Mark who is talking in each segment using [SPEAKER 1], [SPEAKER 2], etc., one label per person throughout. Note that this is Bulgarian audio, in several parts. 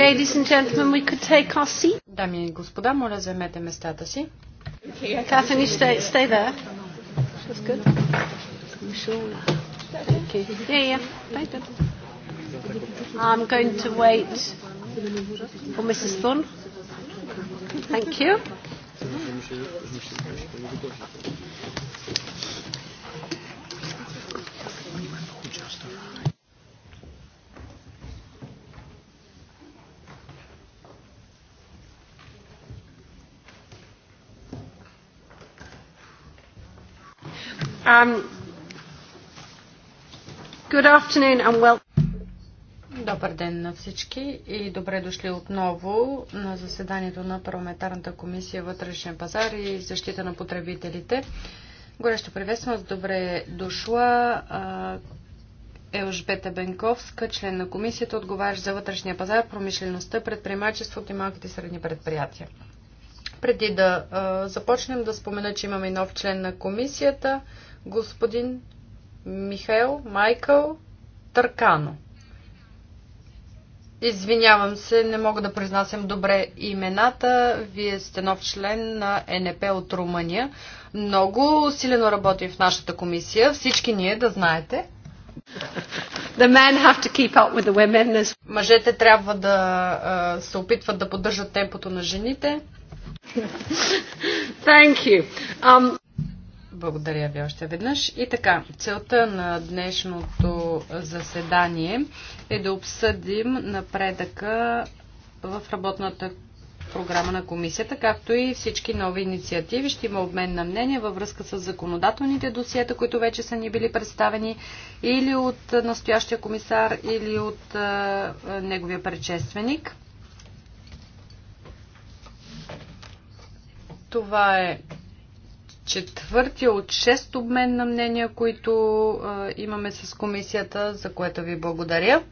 [SPEAKER 1] ladies and gentlemen, we could
[SPEAKER 2] take our seat. Дами и господа, моля заемете местата си. Catherine, you stay, stay there.
[SPEAKER 1] That's good. I'm sure. Thank Yeah, yeah. Thank you. I'm going to wait for Mrs. Thun. Thank you.
[SPEAKER 2] Um, good afternoon and welcome. Добър ден на всички и добре дошли отново на заседанието на Парламентарната комисия Вътрешен пазар и защита на потребителите. Горещо приветствам с добре дошла Елжбета Бенковска, член на комисията, отговарящ за вътрешния пазар, промишлеността, предприемачеството и малките и средни предприятия. Преди да започнем да спомена, че имаме нов член на комисията – господин Михаил Майкъл Търкано. Извинявам се, не мога да произнасям добре имената. Вие сте нов член на НП от Румъния. Много силено работим в нашата комисия. Всички ние да знаете. The men have to keep up with the women. Мъжете трябва да се опитват да поддържат темпото на жените. Thank you. Um... Благодаря ви още веднъж. И така, целта на днешното заседание е да обсъдим напредъка в работната програма на комисията, както и всички нови инициативи. Ще има обмен на мнение във връзка с законодателните досиета, които вече са ни били представени или от настоящия комисар, или от а, неговия предшественик. Това е четвъртия от шест обмен на мнения, които а, имаме с комисията, за което ви благодаря.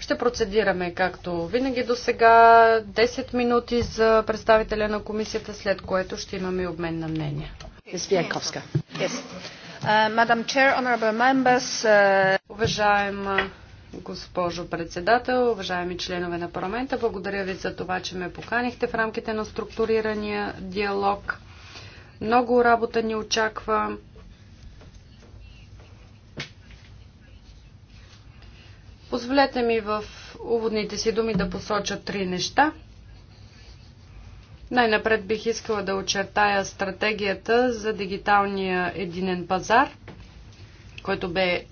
[SPEAKER 2] Ще процедираме, както винаги до сега, 10 минути за представителя на комисията, след което ще имаме обмен на мнения. Uh, uh, Уважаема госпожо председател, уважаеми членове на парламента. Благодаря ви за това, че ме поканихте в рамките на структурирания диалог. Много работа ни очаква. Позволете ми в уводните си думи да посоча три неща. Най-напред бих искала да очертая стратегията за дигиталния единен пазар, който бе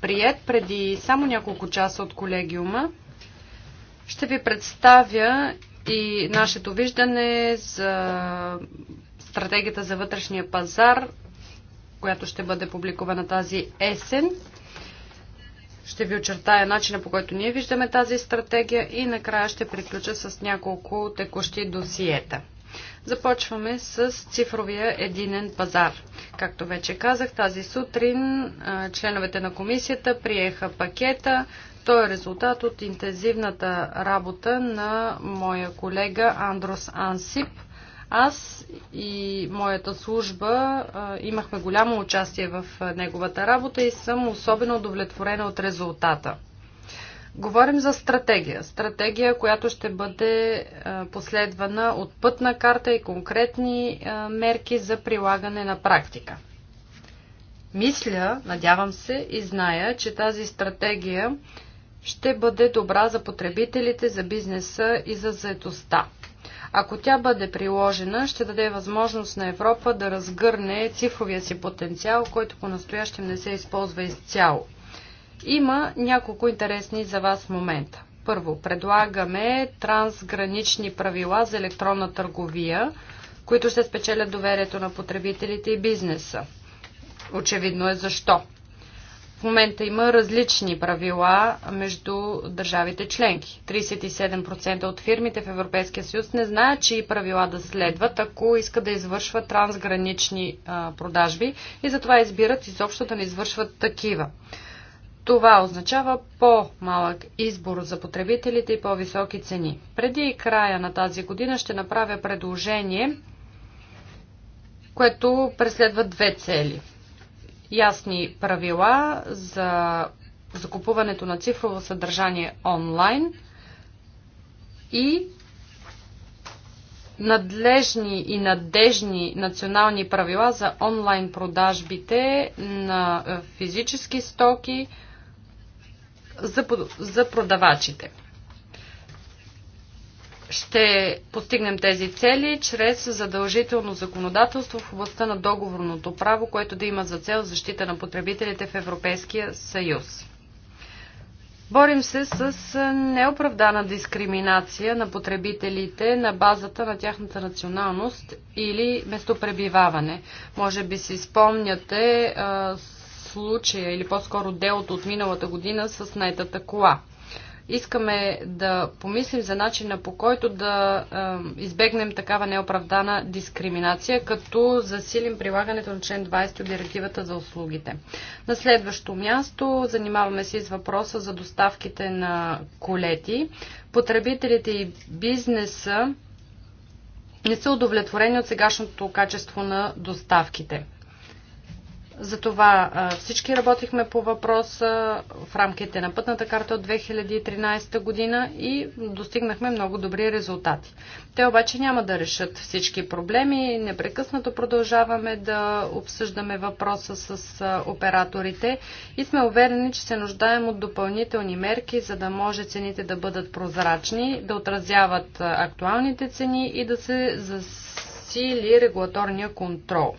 [SPEAKER 2] прият преди само няколко часа от колегиума. Ще ви представя и нашето виждане за стратегията за вътрешния пазар, която ще бъде публикувана тази есен. Ще ви очертая начина по който ние виждаме тази стратегия и накрая ще приключа с няколко текущи досиета. Започваме с цифровия единен пазар. Както вече казах, тази сутрин членовете на комисията приеха пакета. Той е резултат от интензивната работа на моя колега Андрос Ансип – аз и моята служба имахме голямо участие в неговата работа и съм особено удовлетворена от резултата. Говорим за стратегия. Стратегия, която ще бъде последвана от пътна карта и конкретни мерки за прилагане на практика. Мисля, надявам се и зная, че тази стратегия ще бъде добра за потребителите, за бизнеса и за заетостта. Ако тя бъде приложена, ще даде възможност на Европа да разгърне цифровия си потенциал, който по-настоящем не се използва изцяло. Има няколко интересни за вас момента. Първо, предлагаме трансгранични правила за електронна търговия, които ще спечелят доверието на потребителите и бизнеса. Очевидно е защо. В момента има различни правила между държавите членки. 37% от фирмите в Европейския съюз не знаят, че и правила да следват, ако искат да извършват трансгранични продажби и затова избират изобщо да не извършват такива. Това означава по-малък избор за потребителите и по-високи цени. Преди края на тази година ще направя предложение, което преследва две цели – ясни правила за закупуването на цифрово съдържание онлайн и надлежни и надежни национални правила за онлайн продажбите на е, физически стоки за, продавачите ще постигнем тези цели чрез задължително законодателство в областта на договорното право, което да има за цел защита на потребителите в Европейския съюз. Борим се с неоправдана дискриминация на потребителите на базата на тяхната националност или местопребиваване. Може би си спомняте а, случая или по-скоро делото от миналата година с найтата кола – Искаме да помислим за начина по който да избегнем такава неоправдана дискриминация, като засилим прилагането на член 20 от директивата за услугите. На следващо място занимаваме се с въпроса за доставките на колети. Потребителите и бизнеса не са удовлетворени от сегашното качество на доставките. Затова всички работихме по въпроса в рамките на пътната карта от 2013 година и достигнахме много добри резултати. Те обаче няма да решат всички проблеми. Непрекъснато продължаваме да обсъждаме въпроса с операторите и сме уверени, че се нуждаем от допълнителни мерки, за да може цените да бъдат прозрачни, да отразяват актуалните цени и да се засили регулаторния контрол.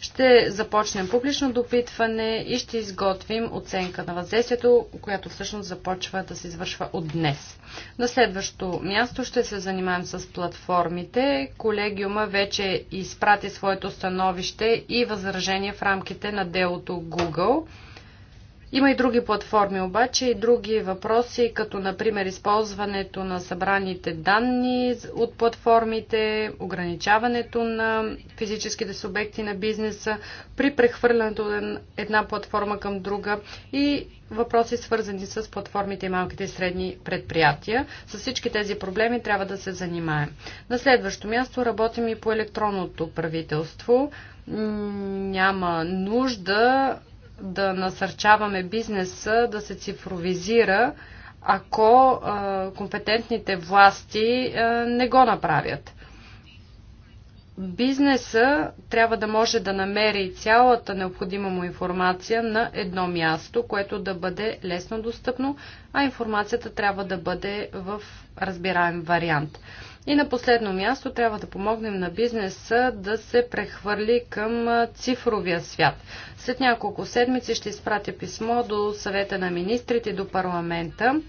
[SPEAKER 2] Ще започнем публично допитване и ще изготвим оценка на въздействието, която всъщност започва да се извършва от днес. На следващото място ще се занимаем с платформите. Колегиума вече изпрати своето становище и възражение в рамките на делото Google. Има и други платформи обаче и други въпроси, като например използването на събраните данни от платформите, ограничаването на физическите субекти на бизнеса при прехвърлянето от една платформа към друга и въпроси свързани с платформите и малките и средни предприятия. С всички тези проблеми трябва да се занимаем. На следващо място работим и по електронното правителство. Няма нужда да насърчаваме бизнеса да се цифровизира, ако компетентните власти не го направят. Бизнеса трябва да може да намери цялата необходима му информация на едно място, което да бъде лесно достъпно, а информацията трябва да бъде в разбираем вариант. И на последно място трябва да помогнем на бизнеса да се прехвърли към цифровия свят. След няколко седмици ще изпратя писмо до съвета на министрите до парламента.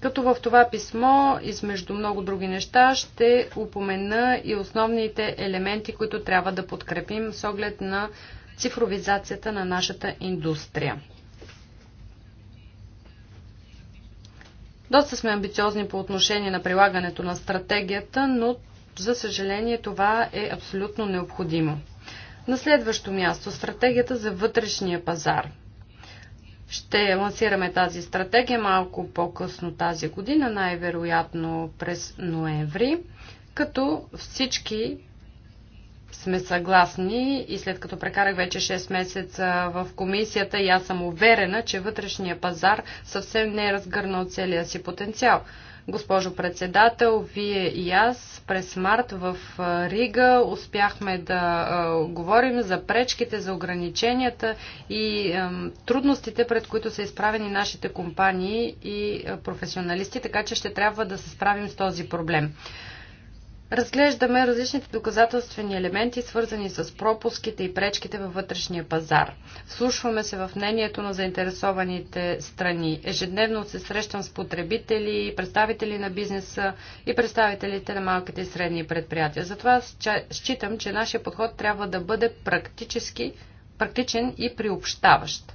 [SPEAKER 2] Като в това писмо, измежду много други неща, ще упомена и основните елементи, които трябва да подкрепим с оглед на цифровизацията на нашата индустрия. Доста сме амбициозни по отношение на прилагането на стратегията, но за съжаление това е абсолютно необходимо. На следващо място стратегията за вътрешния пазар. Ще лансираме тази стратегия малко по-късно тази година, най-вероятно през ноември, като всички сме съгласни и след като прекарах вече 6 месеца в комисията и аз съм уверена, че вътрешния пазар съвсем не е разгърнал целия си потенциал. Госпожо председател, вие и аз през март в Рига успяхме да говорим за пречките, за ограниченията и трудностите, пред които са изправени нашите компании и професионалисти, така че ще трябва да се справим с този проблем разглеждаме различните доказателствени елементи, свързани с пропуските и пречките във вътрешния пазар. Слушваме се в мнението на заинтересованите страни. Ежедневно се срещам с потребители, представители на бизнеса и представителите на малките и средни предприятия. Затова считам, че нашия подход трябва да бъде практически, практичен и приобщаващ.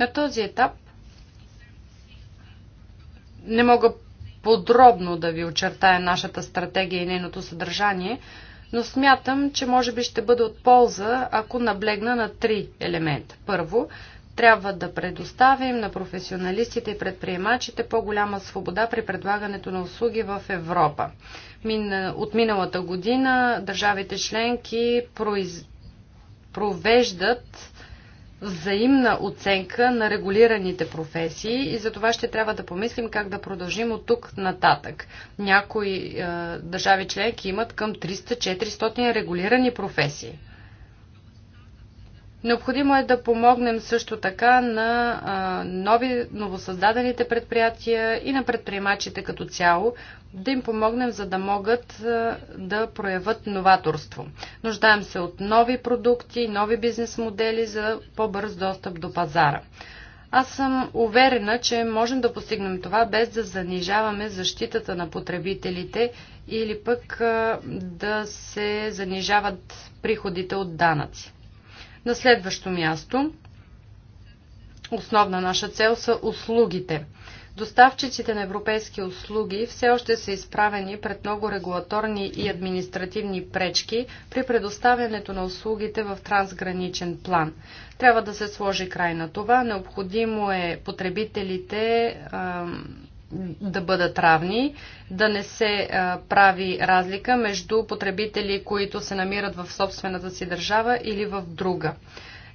[SPEAKER 2] На този етап не мога подробно да ви очертая нашата стратегия и нейното съдържание, но смятам, че може би ще бъде от полза, ако наблегна на три елемента. Първо, трябва да предоставим на професионалистите и предприемачите по-голяма свобода при предлагането на услуги в Европа. От миналата година държавите членки произ... провеждат взаимна оценка на регулираните професии и за това ще трябва да помислим как да продължим от тук нататък. Някои е, държави членки имат към 300-400 регулирани професии. Необходимо е да помогнем също така на а, нови, новосъздадените предприятия и на предприемачите като цяло, да им помогнем, за да могат а, да проявят новаторство. Нуждаем се от нови продукти, нови бизнес модели за по-бърз достъп до пазара. Аз съм уверена, че можем да постигнем това без да занижаваме защитата на потребителите или пък а, да се занижават приходите от данъци. На следващо място, основна наша цел са услугите. Доставчиците на европейски услуги все още са изправени пред много регулаторни и административни пречки при предоставянето на услугите в трансграничен план. Трябва да се сложи край на това. Необходимо е потребителите да бъдат равни, да не се а, прави разлика между потребители, които се намират в собствената си държава или в друга.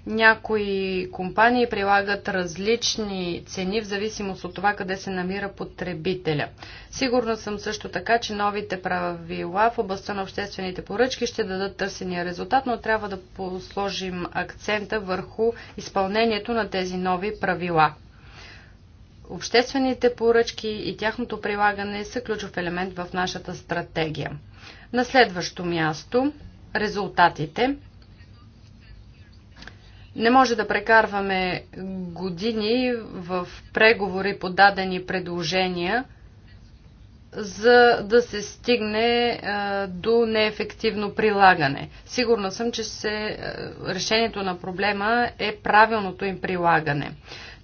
[SPEAKER 2] Някои компании прилагат различни цени в зависимост от това къде се намира потребителя. Сигурна съм също така, че новите правила в областта на обществените поръчки ще дадат търсения резултат, но трябва да посложим акцента върху изпълнението на тези нови правила. Обществените поръчки и тяхното прилагане са ключов елемент в нашата стратегия. На следващо място резултатите. Не може да прекарваме години в преговори по дадени предложения, за да се стигне до неефективно прилагане. Сигурна съм, че се, решението на проблема е правилното им прилагане.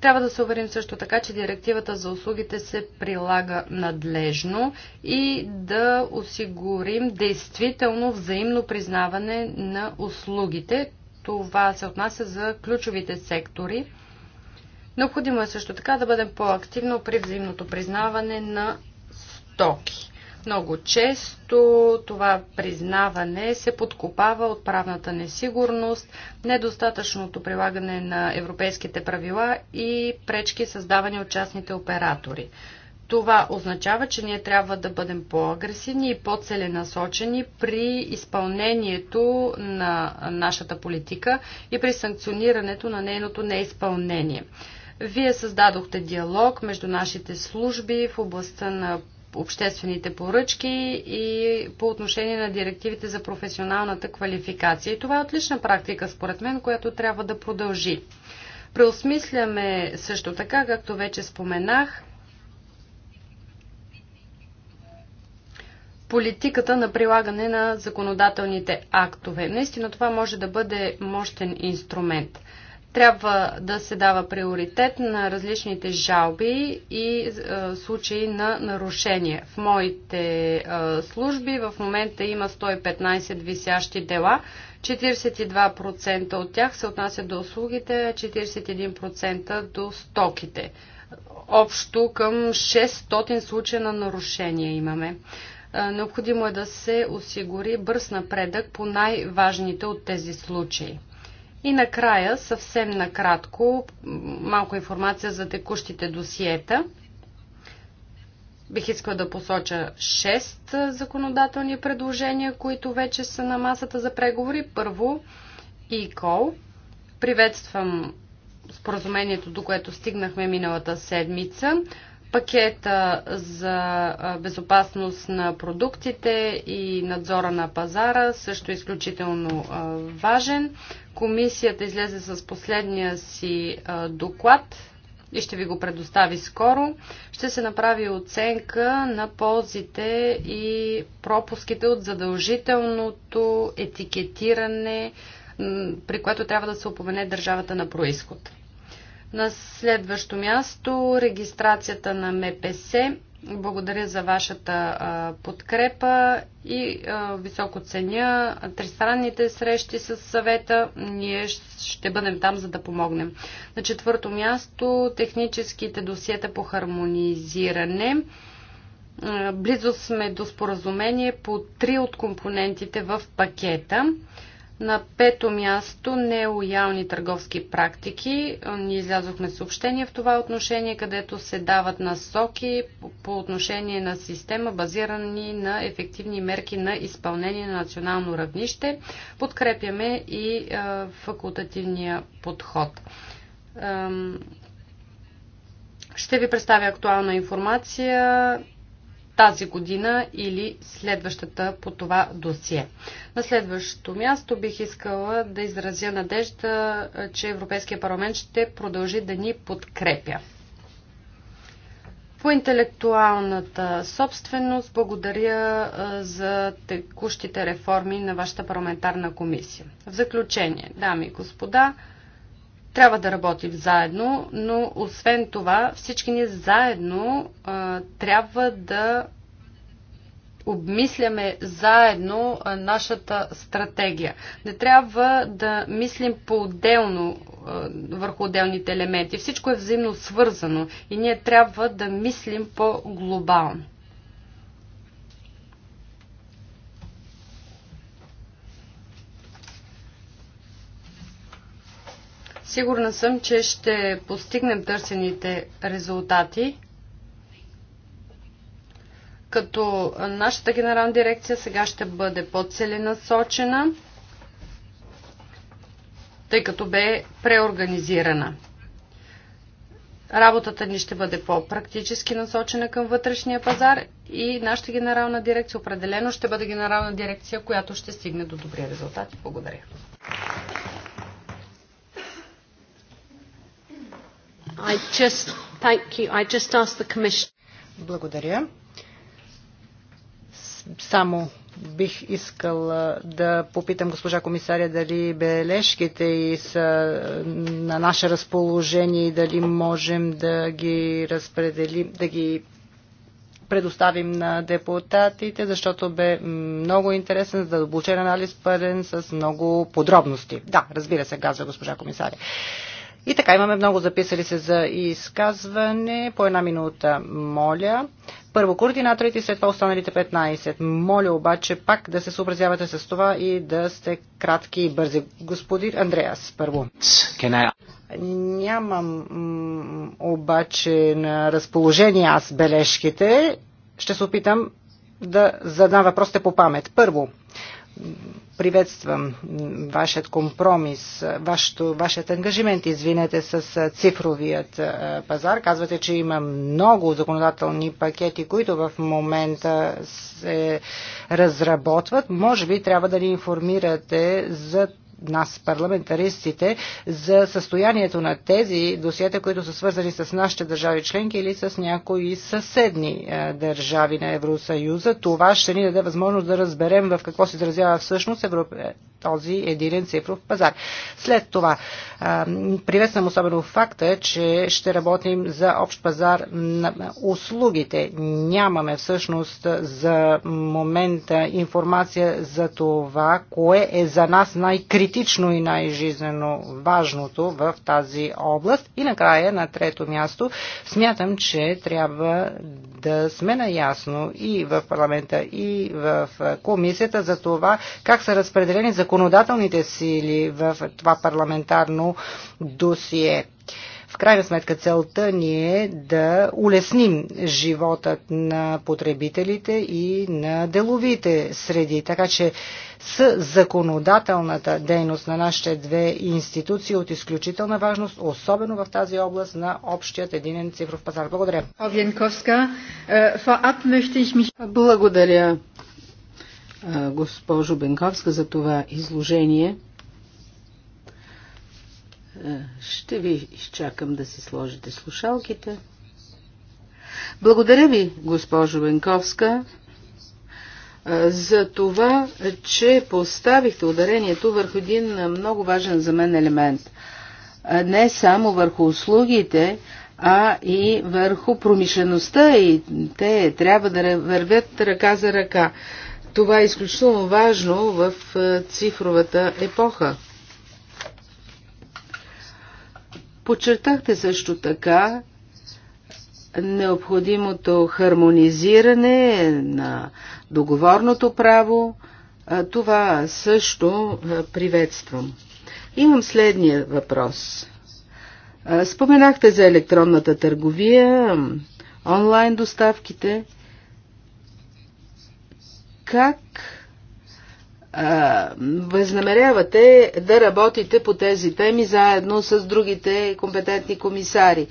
[SPEAKER 2] Трябва да се уверим също така, че директивата за услугите се прилага надлежно и да осигурим действително взаимно признаване на услугите. Това се отнася за ключовите сектори. Необходимо е също така да бъдем по-активно при взаимното признаване на стоки. Много често това признаване се подкопава от правната несигурност, недостатъчното прилагане на европейските правила и пречки създавани от частните оператори. Това означава, че ние трябва да бъдем по-агресивни и по-целенасочени при изпълнението на нашата политика и при санкционирането на нейното неизпълнение. Вие създадохте диалог между нашите служби в областта на обществените поръчки и по отношение на директивите за професионалната квалификация. И това е отлична практика, според мен, която трябва да продължи. Преосмисляме също така, както вече споменах, политиката на прилагане на законодателните актове. Наистина това може да бъде мощен инструмент – трябва да се дава приоритет на различните жалби и е, случаи на нарушение. В моите е, служби в момента има 115 висящи дела. 42% от тях се отнасят до услугите, 41% до стоките. Общо към 600 случая на нарушение имаме. Е, необходимо е да се осигури бърз напредък по най-важните от тези случаи. И накрая, съвсем накратко, малко информация за текущите досиета. Бих искала да посоча 6 законодателни предложения, които вече са на масата за преговори. Първо, ИКОЛ. Приветствам споразумението, до което стигнахме миналата седмица пакета за безопасност на продуктите и надзора на пазара също е изключително важен. Комисията излезе с последния си доклад и ще ви го предостави скоро. Ще се направи оценка на ползите и пропуските от задължителното етикетиране, при което трябва да се упомене държавата на происход. На следващо място регистрацията на МПС. Благодаря за вашата подкрепа и високо ценя тристранните срещи с съвета. Ние ще бъдем там, за да помогнем. На четвърто място техническите досиета по хармонизиране. Близо сме до споразумение по три от компонентите в пакета. На пето място нелоялни търговски практики. Ние излязохме съобщение в това отношение, където се дават насоки по отношение на система, базирани на ефективни мерки на изпълнение на национално равнище. Подкрепяме и е, факултативния подход. Ще ви представя актуална информация тази година или следващата по това досие. На следващото място бих искала да изразя надежда, че Европейския парламент ще продължи да ни подкрепя. По интелектуалната собственост благодаря за текущите реформи на вашата парламентарна комисия. В заключение, дами и господа, трябва да работим заедно, но освен това всички ние заедно а, трябва да обмисляме заедно нашата стратегия. Не трябва да мислим по-отделно върху отделните елементи. Всичко е взаимно свързано и ние трябва да мислим по-глобално. Сигурна съм, че ще постигнем търсените резултати, като нашата генерална дирекция сега ще бъде по-целенасочена, тъй като бе преорганизирана. Работата ни ще бъде по-практически насочена към вътрешния пазар и нашата генерална дирекция определено ще бъде генерална дирекция, която ще стигне до добри резултати. Благодаря. I
[SPEAKER 3] just, thank you. I just the commission. Благодаря. Само бих искал да попитам госпожа комисаря дали бележките и са е, на наше разположение и дали можем да ги разпределим, да ги предоставим на депутатите, защото бе много интересен, за задълбочен анализ, пълен с много подробности. Да, разбира се, казва госпожа комисаря. И така, имаме много записали се за изказване. По една минута, моля. Първо координаторите след това останалите 15. Моля обаче пак да се съобразявате с това и да сте кратки и бързи. Господин Андреас, първо. Нямам обаче на разположение аз бележките. Ще се опитам да задам въпросите по памет. Първо, приветствам вашият компромис, вашето, вашият ангажимент, извинете, с цифровият пазар. Казвате, че има много законодателни пакети, които в момента се разработват. Може би трябва да ни информирате за нас, парламентаристите, за състоянието на тези досиета, които са свързани с нашите държави членки или с някои съседни е, държави на Евросъюза. Това ще ни даде възможност да разберем в какво се изразява всъщност е, този единен цифров пазар. След това, е, приветствам особено факта, че ще работим за общ пазар на услугите. Нямаме всъщност за момента информация за това, кое е за нас най-критично критично и най-жизнено важното в тази област. И накрая, на трето място, смятам, че трябва да сме наясно и в парламента, и в комисията за това как са разпределени законодателните сили в това парламентарно досие. В крайна сметка целта ни е да улесним животът на потребителите и на деловите среди. Така че с законодателната дейност на нашите две институции от изключителна важност, особено в тази област на
[SPEAKER 1] общият единен цифров пазар. Благодаря. Е, Благодаря, е, госпожо Бенковска, за това изложение. Е, ще ви изчакам да си сложите слушалките. Благодаря ви, госпожо Венковска, е, за това, че поставихте ударението върху един много важен за мен елемент. Е, не само върху услугите, а и върху промишлеността и те трябва да вървят ръка за ръка. Това е изключително важно в цифровата епоха. Подчертахте също така необходимото хармонизиране на договорното право. Това също приветствам. Имам следния въпрос. Споменахте за електронната търговия, онлайн доставките. Как възнамерявате да работите по тези теми заедно с другите компетентни комисари?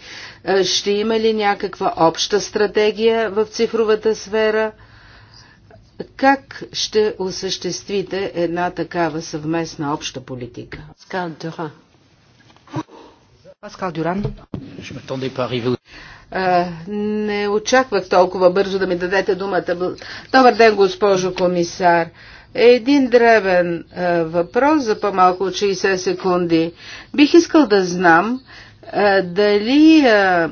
[SPEAKER 1] Ще има ли някаква обща стратегия в цифровата сфера? Как ще осъществите една такава съвместна обща политика? Паскал Дюран. Не очаквах толкова бързо да ми дадете думата. Добър ден, госпожо комисар. Един дребен е, въпрос за по-малко от 60 секунди. Бих искал да знам е, дали е,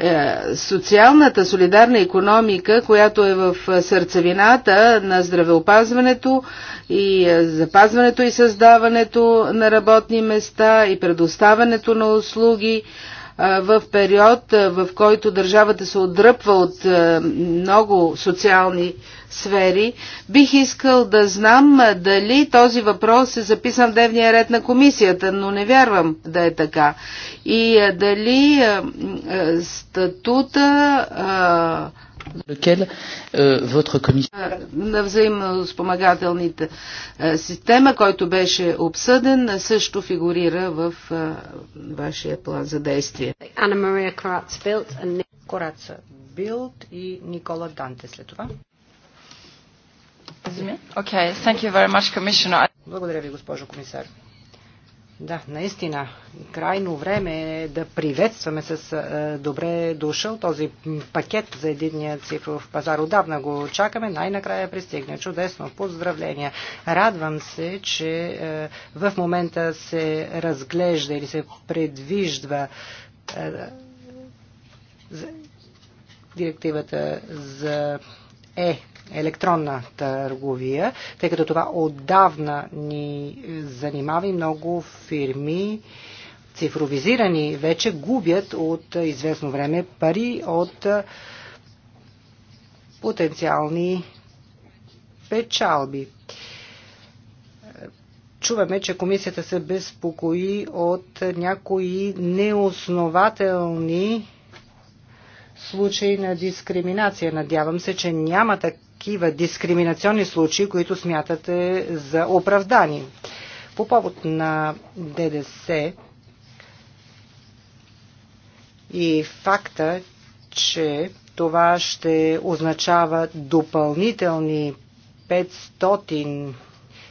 [SPEAKER 1] е, социалната солидарна економика, която е в сърцевината на здравеопазването и е, запазването и създаването на работни места и предоставането на услуги, в период, в който държавата се отдръпва от много социални сфери. Бих искал да знам дали този въпрос е записан в дневния ред на комисията, но не вярвам да е така. И дали статута Lequel, е, на взаимоспомагателните е, система, който беше обсъден, също фигурира в е, вашия план за действие. Анна Мария
[SPEAKER 3] Кораца Билт и Никола Данте след това. Okay, thank you very much, Благодаря ви, госпожо комисар. Да, наистина, крайно време е да приветстваме с е, добре дошъл този пакет за единния цифров пазар. Отдавна го чакаме, най-накрая пристигне. Чудесно, поздравления. Радвам се, че е, в момента се разглежда или се предвижда е, директивата за е електронна търговия, тъй като това отдавна ни занимава и много фирми цифровизирани вече губят от известно време пари от потенциални печалби. Чуваме, че комисията се безпокои от някои неоснователни случаи на дискриминация. Надявам се, че няма так такива дискриминационни случаи, които смятате за оправдани. По повод на ДДС и факта, че това ще означава допълнителни 500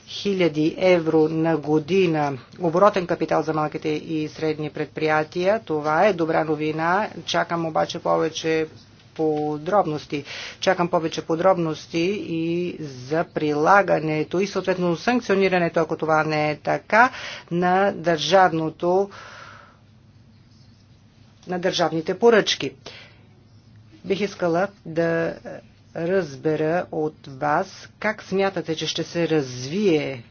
[SPEAKER 3] 000 евро на година оборотен капитал за малките и средни предприятия. Това е добра новина. Чакам обаче повече подробности. Чакам повече подробности и за прилагането и съответно санкционирането, ако това не е така, на държавното на държавните поръчки. Бих искала да разбера от вас как смятате, че ще се развие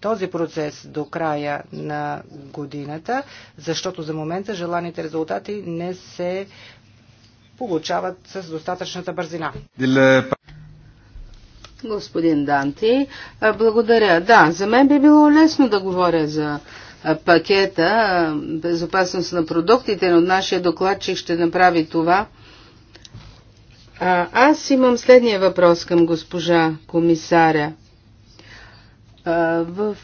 [SPEAKER 3] този процес до края на годината, защото за момента желаните резултати не
[SPEAKER 1] се получават с достатъчната бързина. Господин Данти, благодаря. Да, за мен би било лесно да говоря за пакета безопасност на продуктите, но нашия докладчик ще направи това. А, аз имам следния въпрос към госпожа комисаря. А, в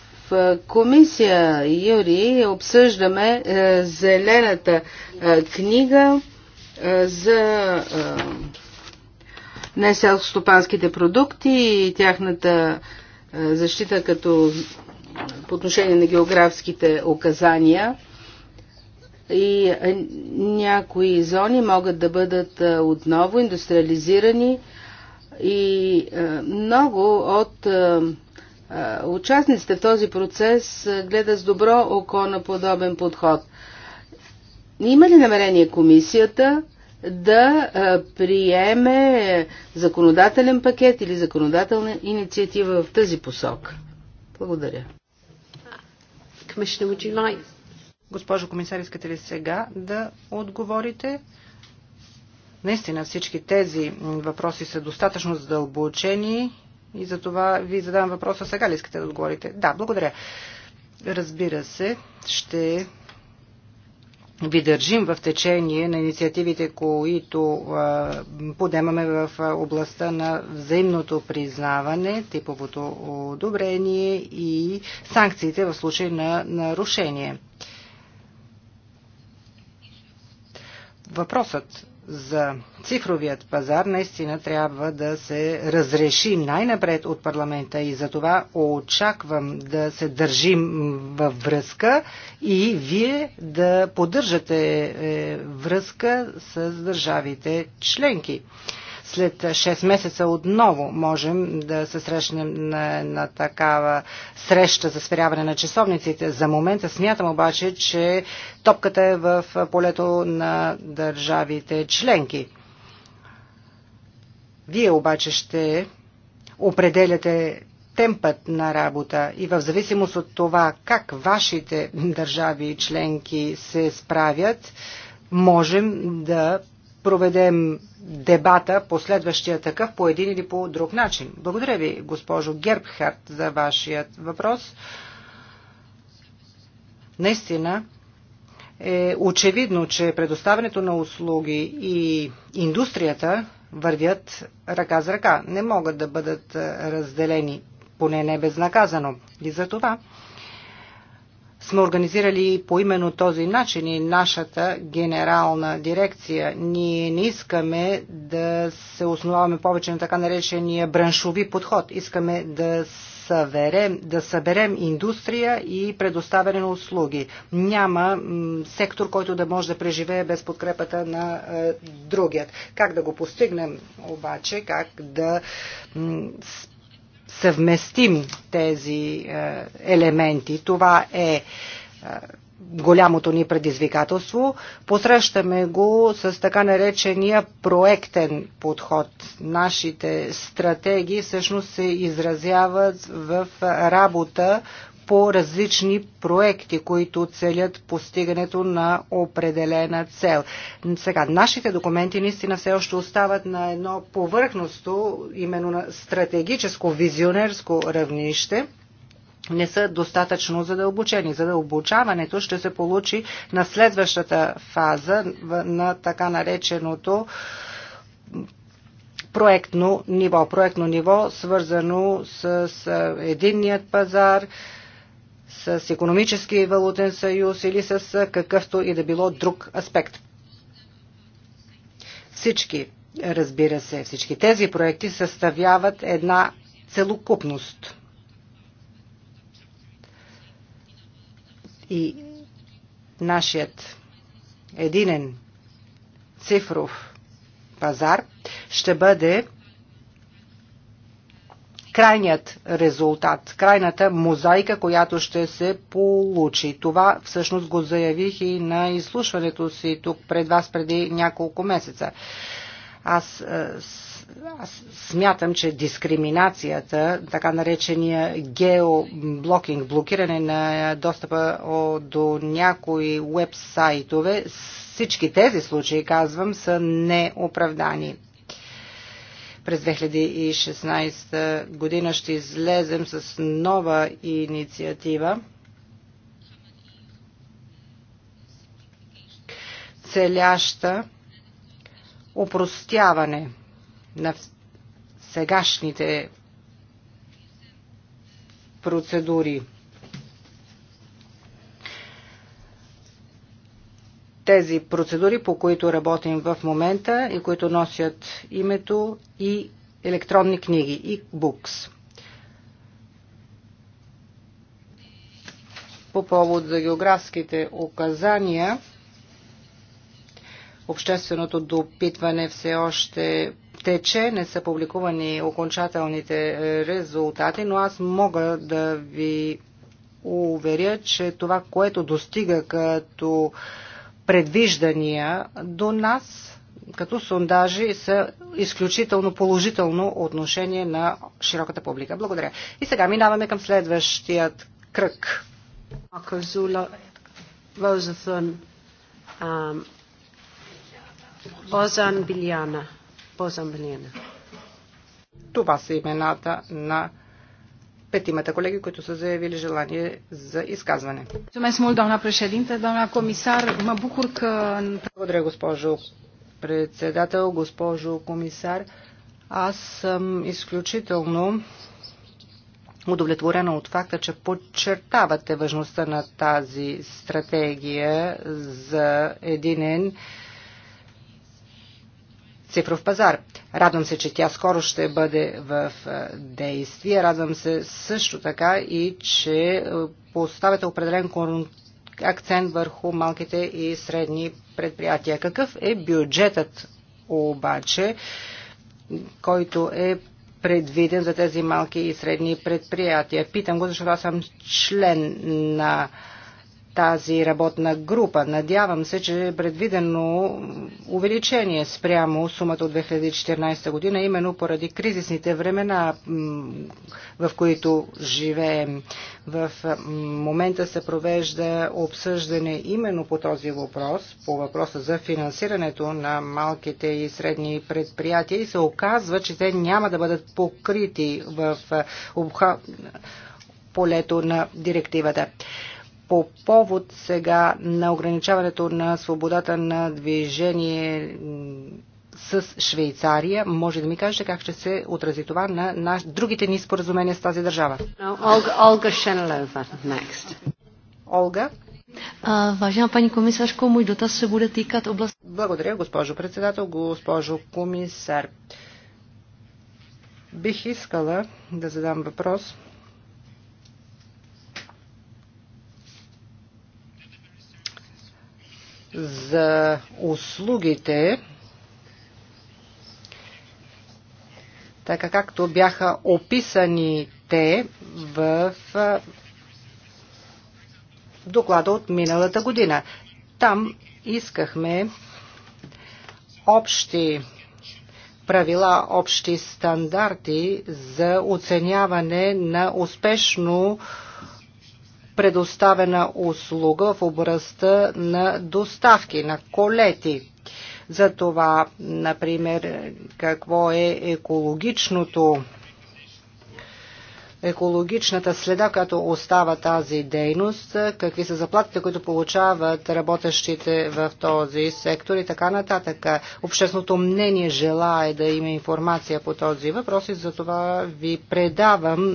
[SPEAKER 1] комисия Юри обсъждаме а, е, зелената а, книга за неселскостопанските продукти и тяхната защита като по отношение на географските указания и някои зони могат да бъдат отново индустриализирани и много от участниците в този процес гледат с добро око на подобен подход. Има ли намерение комисията да приеме законодателен пакет или законодателна инициатива в тази посока. Благодаря.
[SPEAKER 3] Госпожо комисар, искате ли сега да отговорите? Наистина всички тези въпроси са достатъчно задълбочени и за това ви задавам въпроса сега ли искате да отговорите? Да, благодаря. Разбира се, ще ви държим в течение на инициативите, които подемаме в областта на взаимното признаване, типовото одобрение и санкциите в случай на нарушение. Въпросът за цифровият пазар наистина трябва да се разреши най-напред от парламента и за това очаквам да се държим във връзка и вие да поддържате е, връзка с държавите членки след 6 месеца отново можем да се срещнем на, на такава среща за сверяване на часовниците. За момента смятам обаче, че топката е в полето на държавите членки. Вие обаче ще определяте темпът на работа и в зависимост от това как вашите държави и членки се справят, можем да проведем дебата, последващия такъв, по един или по друг начин. Благодаря ви, госпожо Гербхарт, за вашият въпрос. Наистина е очевидно, че предоставянето на услуги и индустрията вървят ръка за ръка. Не могат да бъдат разделени, поне не безнаказано. И за това сме организирали по именно този начин и нашата генерална дирекция. Ние не искаме да се основаваме повече на така наречения браншови подход. Искаме да съберем, да съберем индустрия и предоставяне на услуги. Няма сектор, който да може да преживее без подкрепата на е, другият. Как да го постигнем обаче, как да съвместим тези е, елементи. Това е, е голямото ни предизвикателство. Посрещаме го с така наречения проектен подход. Нашите стратегии всъщност се изразяват в работа по различни проекти, които целят постигането на определена цел. Сега, нашите документи наистина все още остават на едно повърхностно, именно на стратегическо, визионерско равнище не са достатъчно задълбочени. Задълбочаването ще се получи на следващата фаза на така нареченото проектно ниво. Проектно ниво свързано с единният пазар, с економически и валутен съюз или с какъвто и да било друг аспект. Всички, разбира се, всички тези проекти съставяват една целокупност. И нашият единен цифров пазар ще бъде крайният резултат, крайната мозайка, която ще се получи. Това всъщност го заявих и на изслушването си тук пред вас преди няколко месеца. Аз, е, аз смятам, че дискриминацията, така наречения геоблокинг, блокиране на достъпа до някои уебсайтове, всички тези случаи, казвам, са неоправдани. През 2016 година ще излезем с нова инициатива. целяща упростяване на сегашните процедури. тези процедури, по които работим в момента и които носят името и електронни книги и букс. По повод за географските указания, общественото допитване все още тече, не са публикувани окончателните резултати, но аз мога да ви уверя, че това, което достига като предвиждания до нас като сондажи са изключително положително отношение на широката публика. Благодаря. И сега минаваме към следващият кръг. Това са имената на петимата колеги, които са заявили желание за изказване. Благодаря, госпожо председател, госпожо комисар. Аз съм изключително удовлетворена от факта, че подчертавате важността на тази стратегия за единен цифров пазар. Радвам се, че тя скоро ще бъде в е, действие. Радвам се също така и, че е, поставяте определен акцент върху малките и средни предприятия. Какъв е бюджетът обаче, който е предвиден за тези малки и средни предприятия? Питам го, защото аз съм член на тази работна група. Надявам се, че е предвидено увеличение спрямо сумата от 2014 година, именно поради кризисните времена, в които живеем. В момента се провежда обсъждане именно по този въпрос, по въпроса за финансирането на малките и средни предприятия и се оказва, че те няма да бъдат покрити в обха... полето на директивата по повод сега на ограничаването на свободата на движение с Швейцария. Може да ми кажете как ще се отрази това на, наш... другите ни споразумения с тази държава? Олга, Олга Шенелева, next. Олга?
[SPEAKER 2] Важна пани комисарко, мой дотаз се буде тикат област...
[SPEAKER 3] Благодаря, госпожо председател, госпожо комисар. Бих искала да задам въпрос за услугите, така както бяха описани те в доклада от миналата година. Там искахме общи правила, общи стандарти за оценяване на успешно предоставена услуга в областта на доставки, на колети. За това, например, какво е екологичното екологичната следа, която остава тази дейност, какви са заплатите, които получават работещите в този сектор и така нататък. Общественото мнение желае да има информация по този въпрос и за това ви предавам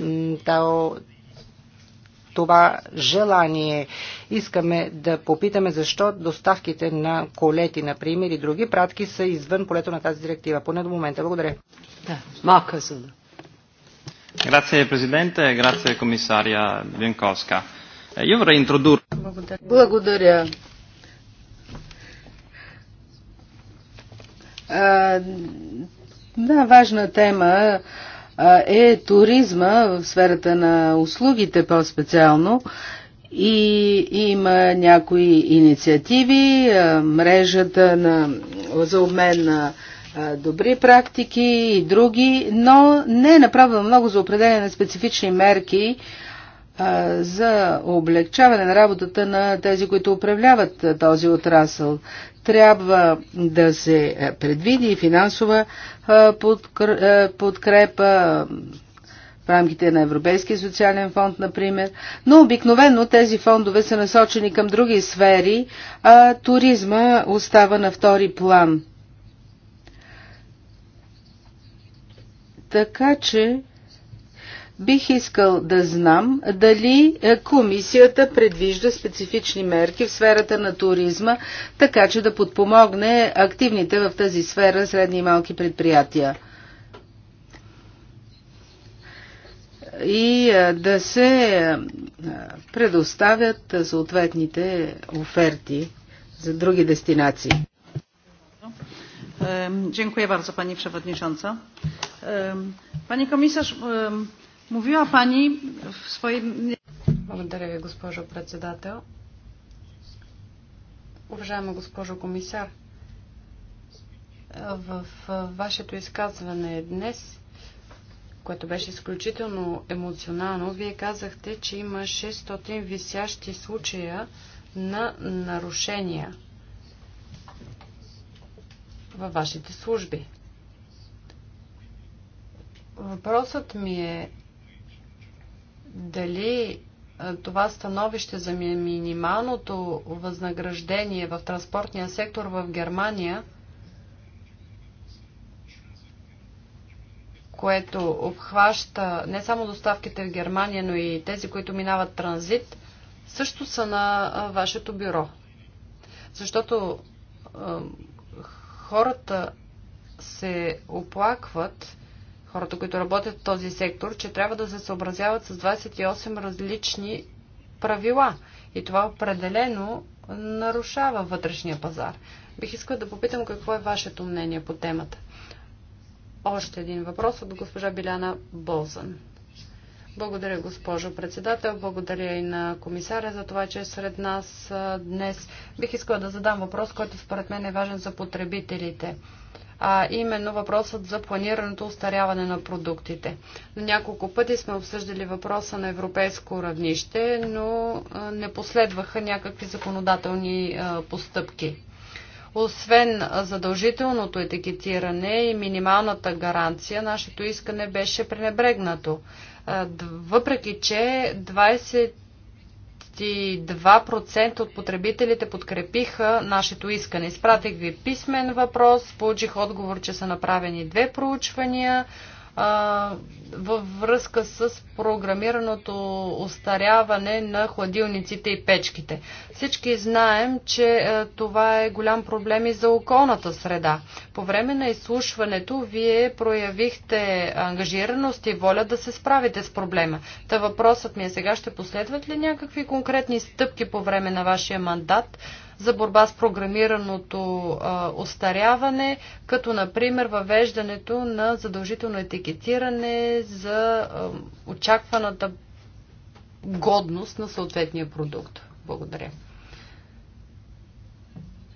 [SPEAKER 3] това желание. Искаме да попитаме защо доставките на колети, например, и други пратки са извън полето на тази директива. Поне до момента. Благодаря. Да, малко е
[SPEAKER 2] Grazie Presidente, grazie Commissaria Bienkowska. Io vorrei
[SPEAKER 1] introdurre... Благодаря. А, да, важна тема е туризма в сферата на услугите по-специално и има някои инициативи, мрежата на, за обмен на добри практики и други, но не е направено много за определение на специфични мерки за облегчаване на работата на тези, които управляват този отрасъл. Трябва да се предвиди финансова подкрепа в рамките на Европейския социален фонд, например. Но обикновено тези фондове са насочени към други сфери, а туризма остава на втори план. Така че Бих искал да знам дали е, комисията предвижда специфични мерки в сферата на туризма, така че да подпомогне активните в тази сфера средни и малки предприятия. И е, да се е, предоставят съответните оферти за други дестинации.
[SPEAKER 3] Дякую, пани Pani Przewodnicząca. Мовила Пани в свои... Благодаря Ви, госпожо председател.
[SPEAKER 2] Уважаема госпожо комисар, в вашето изказване днес, което беше изключително емоционално, вие казахте, че има 600 висящи случая на нарушения във вашите служби. Въпросът ми е дали това становище за минималното възнаграждение в транспортния сектор в Германия, което обхваща не само доставките в Германия, но и тези, които минават транзит, също са на вашето бюро. Защото хората се оплакват, хората, които работят в този сектор, че трябва да се съобразяват с 28 различни правила. И това определено нарушава вътрешния пазар. Бих искала да попитам какво е вашето мнение по темата. Още един въпрос от госпожа Биляна Болзан. Благодаря, госпожо председател. Благодаря и на комисаря за това, че е сред нас днес. Бих искала да задам въпрос, който според мен е важен за потребителите а именно въпросът за планираното устаряване на продуктите. Няколко пъти сме обсъждали въпроса на европейско равнище, но не последваха някакви законодателни постъпки. Освен задължителното етикетиране и минималната гаранция, нашето искане беше пренебрегнато. Въпреки, че 20 92% от потребителите подкрепиха нашето искане. Изпратих ви писмен въпрос, получих отговор, че са направени две проучвания а, във връзка с програмираното остаряване на хладилниците и печките. Всички знаем, че а, това е голям проблем и за околната среда. По време на изслушването вие проявихте ангажираност и воля да се справите с проблема. Та въпросът ми е сега ще последват ли някакви конкретни стъпки по време на вашия мандат? за борба с програмираното а, остаряване, като например въвеждането на задължително етикетиране за а, очакваната годност на съответния продукт. Благодаря.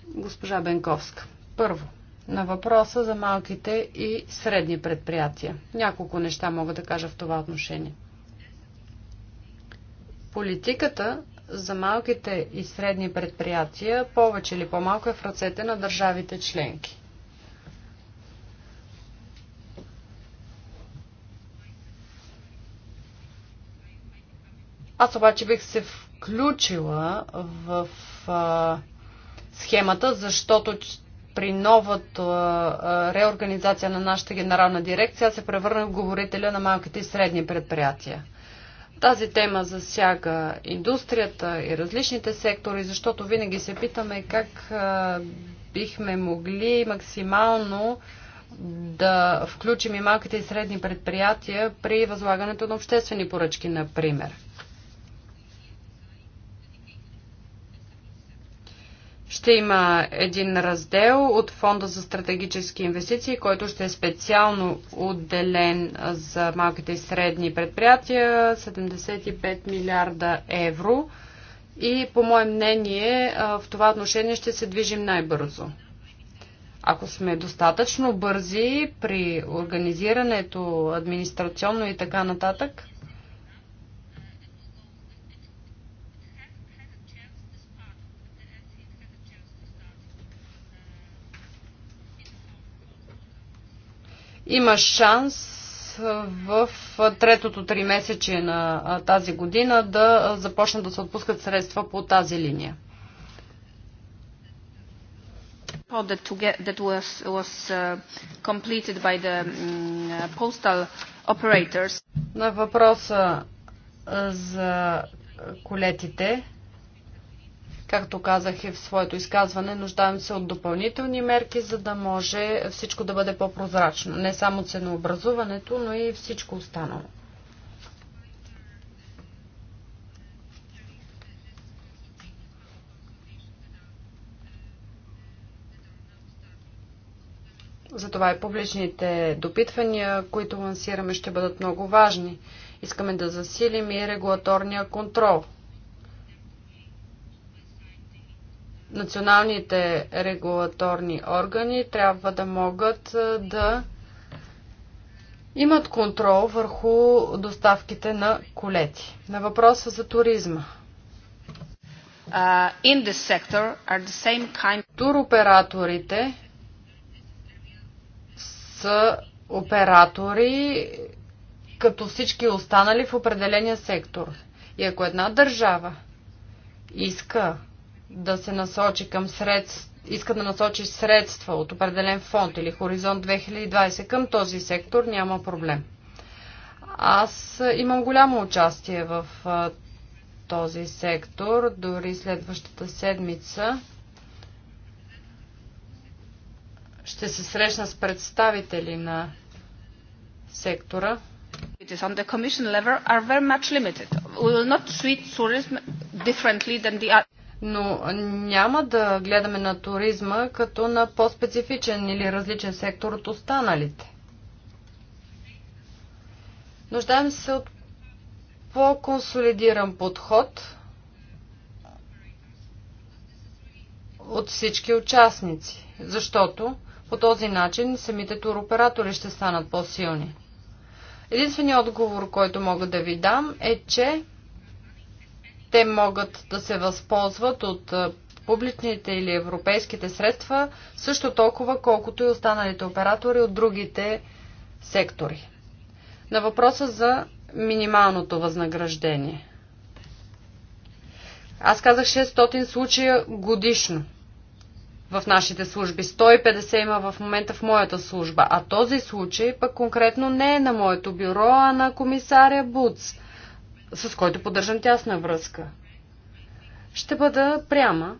[SPEAKER 2] Госпожа Бенковска. Първо, на въпроса за малките и средни предприятия. Няколко неща мога да кажа в това отношение. Политиката за малките и средни предприятия повече или по-малко е в ръцете на държавите членки. Аз обаче бих се включила в а, схемата, защото при новата а, реорганизация на нашата генерална дирекция се превърна в говорителя на малките и средни предприятия. Тази тема засяга индустрията и различните сектори, защото винаги се питаме как бихме могли максимално да включим и малките и средни предприятия при възлагането на обществени поръчки, например. Ще има един раздел от Фонда за стратегически инвестиции, който ще е специално отделен за малките и средни предприятия 75 милиарда евро. И по мое мнение в това отношение ще се движим най-бързо. Ако сме достатъчно бързи при организирането, администрационно и така нататък, има шанс в третото три месече на тази година да започнат да се отпускат средства по тази линия. That was, was completed by the mm, uh, postal operators. На въпроса за колетите Както казах и в своето изказване, нуждаем се от допълнителни мерки, за да може всичко да бъде по-прозрачно. Не само ценообразуването, но и всичко останало. Затова и публичните допитвания, които лансираме, ще бъдат много важни. Искаме да засилим и регулаторния контрол – националните регулаторни органи трябва да могат е, да имат контрол върху доставките на колети. На въпроса за туризма. Uh, kind... Туроператорите са оператори като всички останали в определения сектор. И ако една държава иска да се насочи към средства иска да насочи средства от определен фонд или Хоризонт 2020 към този сектор, няма проблем. Аз имам голямо участие в този сектор, дори следващата седмица ще се срещна с представители на сектора. On the commission level are very much limited. We will not treat tourism differently than the other но няма да гледаме на туризма като на по-специфичен или различен сектор от останалите. Нуждаем се от по-консолидиран подход от всички участници, защото по този начин самите туроператори ще станат по-силни. Единственият отговор, който мога да ви дам е, че те могат да се възползват от публичните или европейските средства, също толкова колкото и останалите оператори от другите сектори. На въпроса за минималното възнаграждение. Аз казах 600 случая годишно в нашите служби. 150 има в момента в моята служба. А този случай пък конкретно не е на моето бюро, а на комисаря Буц с който поддържам тясна връзка. Ще бъда пряма.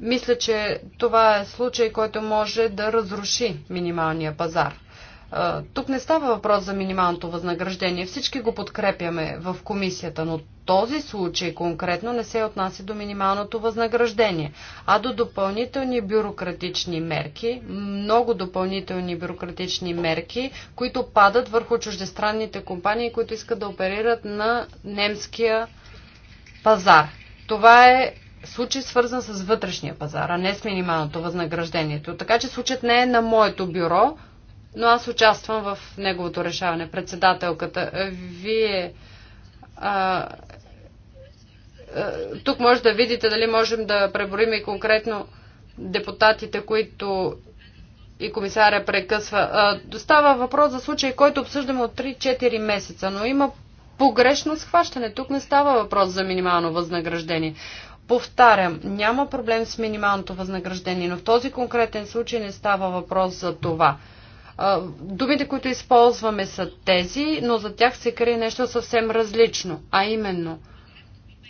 [SPEAKER 2] Мисля, че това е случай, който може да разруши минималния пазар. Тук не става въпрос за минималното възнаграждение. Всички го подкрепяме в комисията, но този случай конкретно не се отнася до минималното възнаграждение, а до допълнителни бюрократични мерки, много допълнителни бюрократични мерки, които падат върху чуждестранните компании, които искат да оперират на немския пазар. Това е случай свързан с вътрешния пазар, а не с минималното възнаграждението. Така че случаят не е на моето бюро, но аз участвам в неговото решаване. Председателката, вие а, а, тук може да видите дали можем да преборим и конкретно депутатите, които и комисаря прекъсва. А, достава въпрос за случай, който обсъждаме от 3-4 месеца, но има погрешно схващане. Тук не става въпрос за минимално възнаграждение. Повтарям, няма проблем с минималното възнаграждение, но в този конкретен случай не става въпрос за това. Думите, които използваме са тези, но за тях се крие нещо съвсем различно, а именно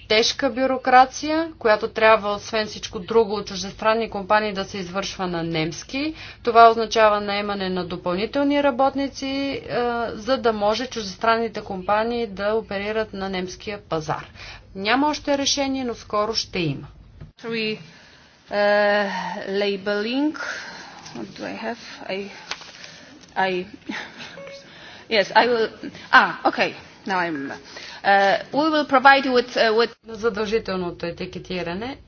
[SPEAKER 2] тежка бюрокрация, която трябва освен всичко друго от чуждестранни компании да се извършва на немски. Това означава наемане на допълнителни работници, за да може чуждестранните компании да оперират на немския пазар. Няма още решение, но скоро ще има. Three, uh,
[SPEAKER 1] labeling. What do I have? I I yes, I will. Ah, okay. Now I remember. Uh, we will provide you with, uh,
[SPEAKER 2] with... Задължителното етикетиране.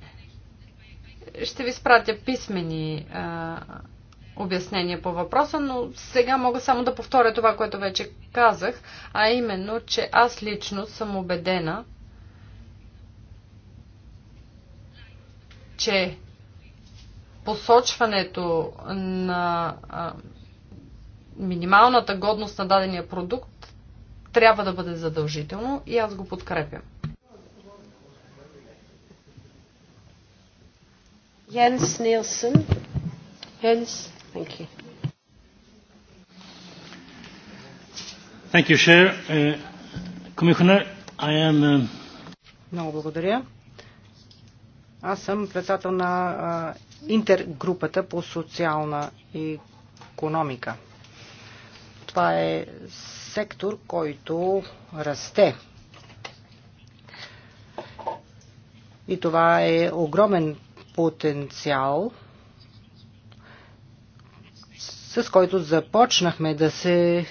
[SPEAKER 2] Ще ви спратя писмени uh, обяснения по въпроса, но сега мога само да повторя това, което вече казах, а именно, че аз лично съм убедена, че посочването на минималната годност на дадения продукт трябва да бъде задължително и аз го подкрепям.
[SPEAKER 1] Jens Nielsen.
[SPEAKER 2] Jens, thank you.
[SPEAKER 1] Thank you, Chair. Uh, Commissioner, I am... Uh...
[SPEAKER 3] Много благодаря. Аз съм председател на uh, интергрупата по социална и економика. Това е сектор, който расте. И това е огромен потенциал, с който започнахме да се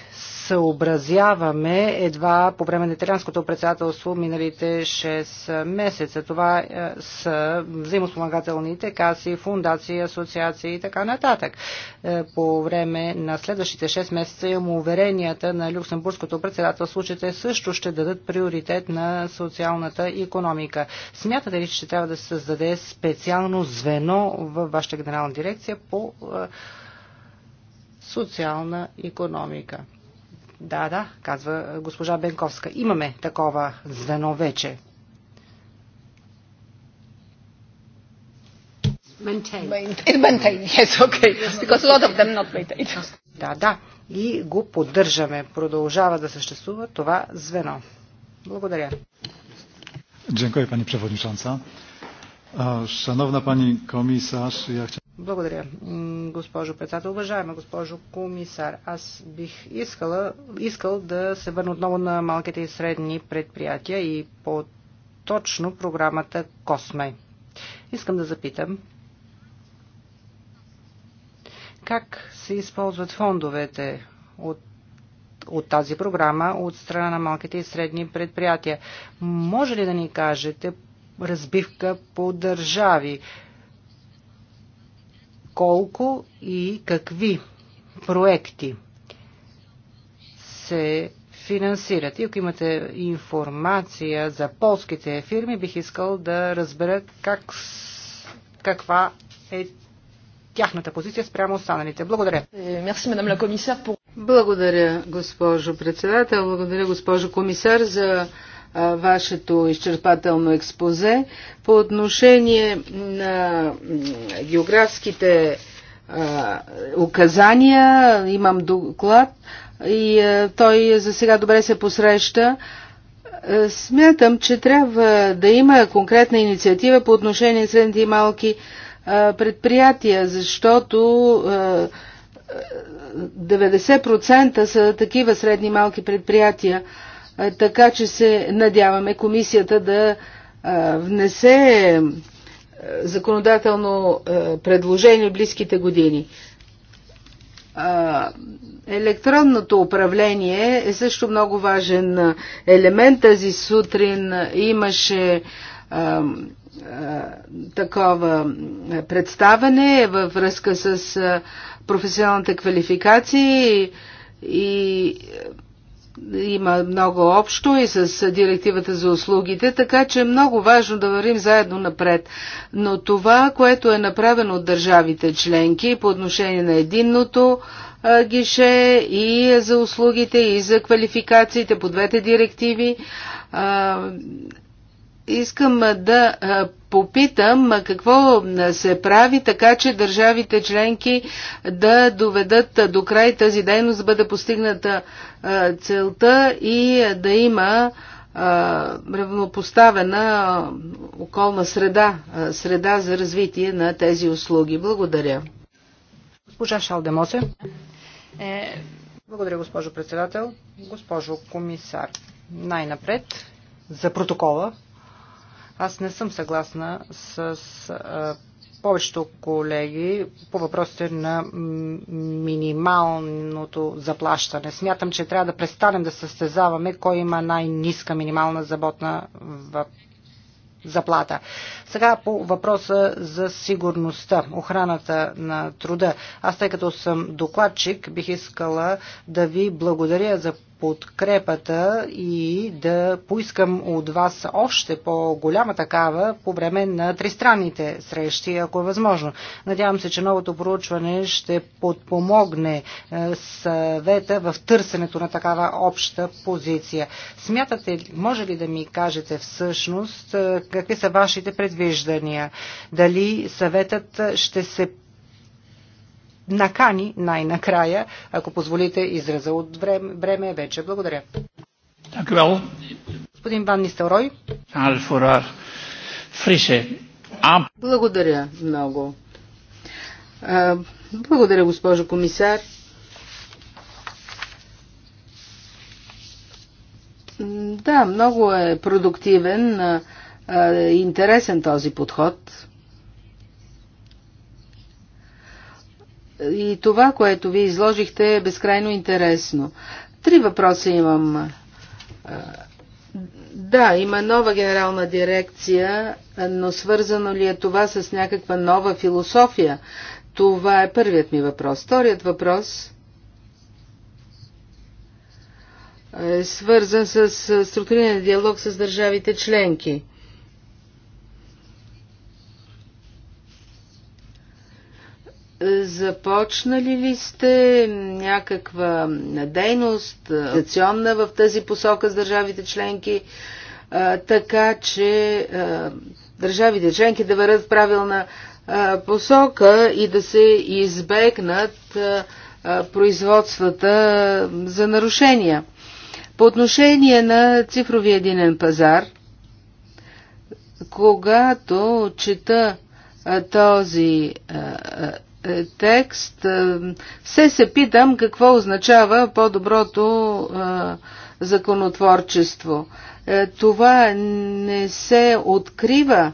[SPEAKER 3] съобразяваме едва по време на италианското председателство миналите 6 месеца. Това е, са взаимоспомагателните каси, фундации, асоциации и така нататък. Е, по време на следващите 6 месеца имам уверенията на Люксембургското председателство, че те също ще дадат приоритет на социалната економика. Смятате ли, че трябва да се създаде специално звено в вашата генерална дирекция по е, социална економика? Да, да, казва госпожа Бенковска. Имаме такова звено вече. Да, да. И го поддържаме. Продължава да съществува това звено. Благодаря. Дякую, пани преводничанца. Шановна пани комисар, я благодаря, госпожо председател. Уважаема госпожо комисар, аз бих искала, искал да се върна отново на малките и средни предприятия и по-точно програмата Косме. Искам да запитам как се използват фондовете от от тази програма от страна на малките и средни предприятия. Може ли да ни кажете разбивка по държави? колко и какви проекти се финансират. И ако имате информация за полските фирми, бих искал да разбера как, каква е тяхната позиция спрямо останалите. Благодаря.
[SPEAKER 1] Благодаря, госпожо председател. Благодаря, госпожо комисар, за вашето изчерпателно експозе. По отношение на географските указания, имам доклад и той за сега добре се посреща. Смятам, че трябва да има конкретна инициатива по отношение на средните и малки предприятия, защото 90% са такива средни и малки предприятия. Е, така че се надяваме комисията да е, внесе е, законодателно предложение в близките години. Електронното управление е също много важен елемент. Тази сутрин имаше такова представане във връзка с професионалните квалификации и има много общо и с директивата за услугите, така че е много важно да вървим заедно напред. Но това, което е направено от държавите членки по отношение на единното гише и за услугите, и за квалификациите по двете директиви, искам да попитам какво се прави така, че държавите членки да доведат до край тази дейност, да бъде постигната целта и да има равнопоставена околна среда, среда за развитие на тези услуги. Благодаря. Госпожа Шалдемосе.
[SPEAKER 3] Е, благодаря, госпожо председател. Госпожо комисар, най-напред за протокола. Аз не съм съгласна с повечето колеги по въпросите на минималното заплащане. Смятам, че трябва да престанем да състезаваме кой има най-ниска минимална заботна в... заплата. Сега по въпроса за сигурността, охраната на труда. Аз тъй като съм докладчик, бих искала да ви благодаря за подкрепата и да поискам от вас още по-голяма такава по време на тристранните срещи, ако е възможно. Надявам се, че новото проучване ще подпомогне е, съвета в търсенето на такава обща позиция. Смятате, може ли да ми кажете всъщност е, какви са вашите предвидения? предвиждания? Дали съветът ще се накани най-накрая, ако позволите израза от време, време вече. Благодаря. Господин Ван Нистелрой.
[SPEAKER 1] Благодаря много. Благодаря, госпожо комисар. Да, много е продуктивен интересен този подход. И това, което ви изложихте, е безкрайно интересно. Три въпроса имам. Да, има нова генерална дирекция, но свързано ли е това с някаква нова философия? Това е първият ми въпрос. Вторият въпрос е свързан с структурния диалог с държавите членки. Започнали ли сте някаква дейност, стационна в тази посока с държавите членки, така че държавите членки да върват в правилна посока и да се избегнат производствата за нарушения? По отношение на цифровия единен пазар, когато чета този е, текст, е, се се питам какво означава по-доброто е, законотворчество. Това не се открива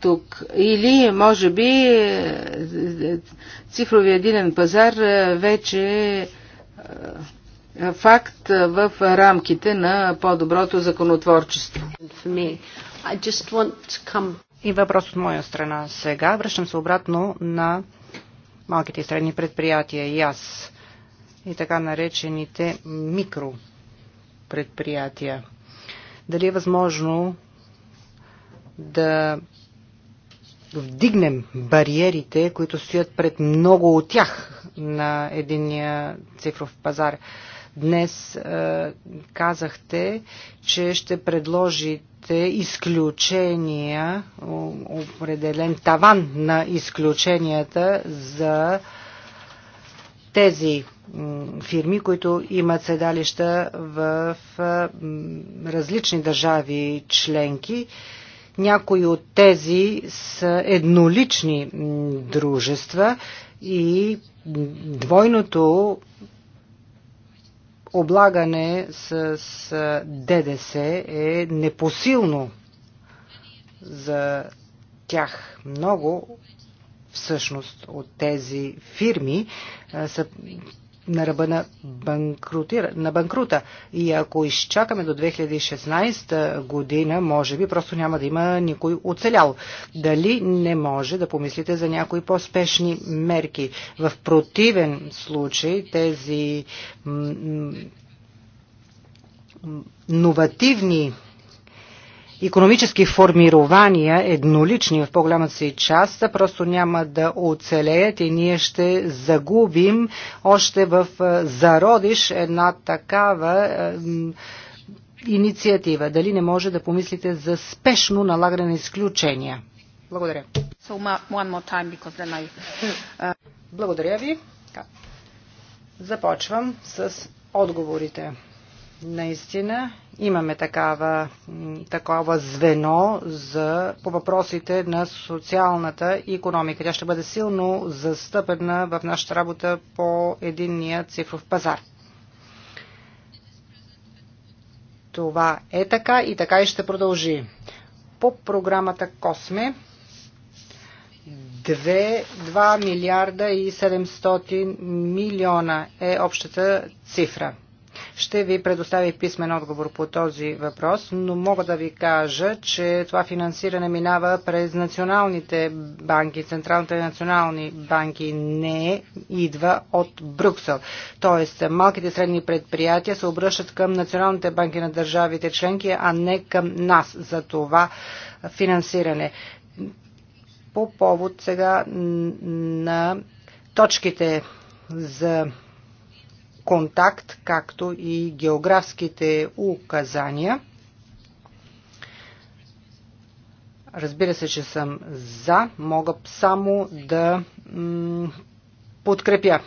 [SPEAKER 1] тук. Или, може би, цифровия единен пазар вече е факт в рамките на по-доброто законотворчество. И въпрос от моя страна сега. Връщам се
[SPEAKER 3] обратно на малките и средни предприятия и аз и така наречените микропредприятия. Дали е възможно да вдигнем бариерите, които стоят пред много от тях на единия цифров пазар? Днес е, казахте, че ще предложите имате изключения, определен таван на изключенията за тези фирми, които имат седалища в различни държави членки. Някои от тези са еднолични дружества и двойното облагане с ДДС е непосилно за тях. Много всъщност от тези фирми са на ръба на, банкрутира, на банкрута. И ако изчакаме до 2016 година, може би просто няма да има никой оцелял. Дали не може да помислите за някои по-спешни мерки? В противен случай тези новативни економически формирования, еднолични в по-голямата си част, просто няма да оцелеят и ние ще загубим още в зародиш една такава инициатива. Дали не може да помислите за спешно налагане на изключения? Благодаря. So, time, I... uh... Благодаря ви. Започвам с отговорите наистина имаме такава, такова звено за, по въпросите на социалната економика. Тя ще бъде силно застъпена в нашата работа по единния цифров пазар. Това е така и така и ще продължи. По програмата Косме 2, 2 милиарда и 700 милиона е общата цифра. Ще ви предостави писмен отговор по този въпрос, но мога да ви кажа, че това финансиране минава през националните банки, централните национални банки не идва от Брюксел. Тоест, малките и средни предприятия се обръщат към националните банки на държавите членки, а не към нас за това финансиране. По повод сега на точките за контакт, както и географските указания. Разбира се, че съм за. Мога само да подкрепя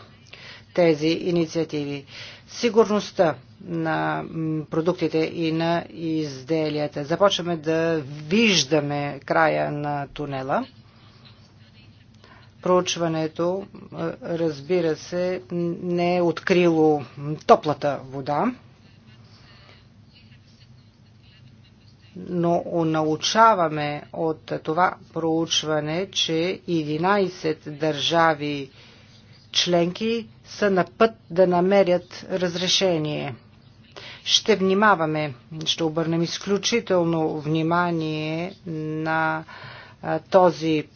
[SPEAKER 3] тези инициативи. Сигурността на продуктите и на изделията. Започваме да виждаме края на тунела проучването, разбира се, не е открило топлата вода, но научаваме от това проучване, че 11 държави членки са на път да намерят разрешение. Ще внимаваме, ще обърнем изключително внимание на този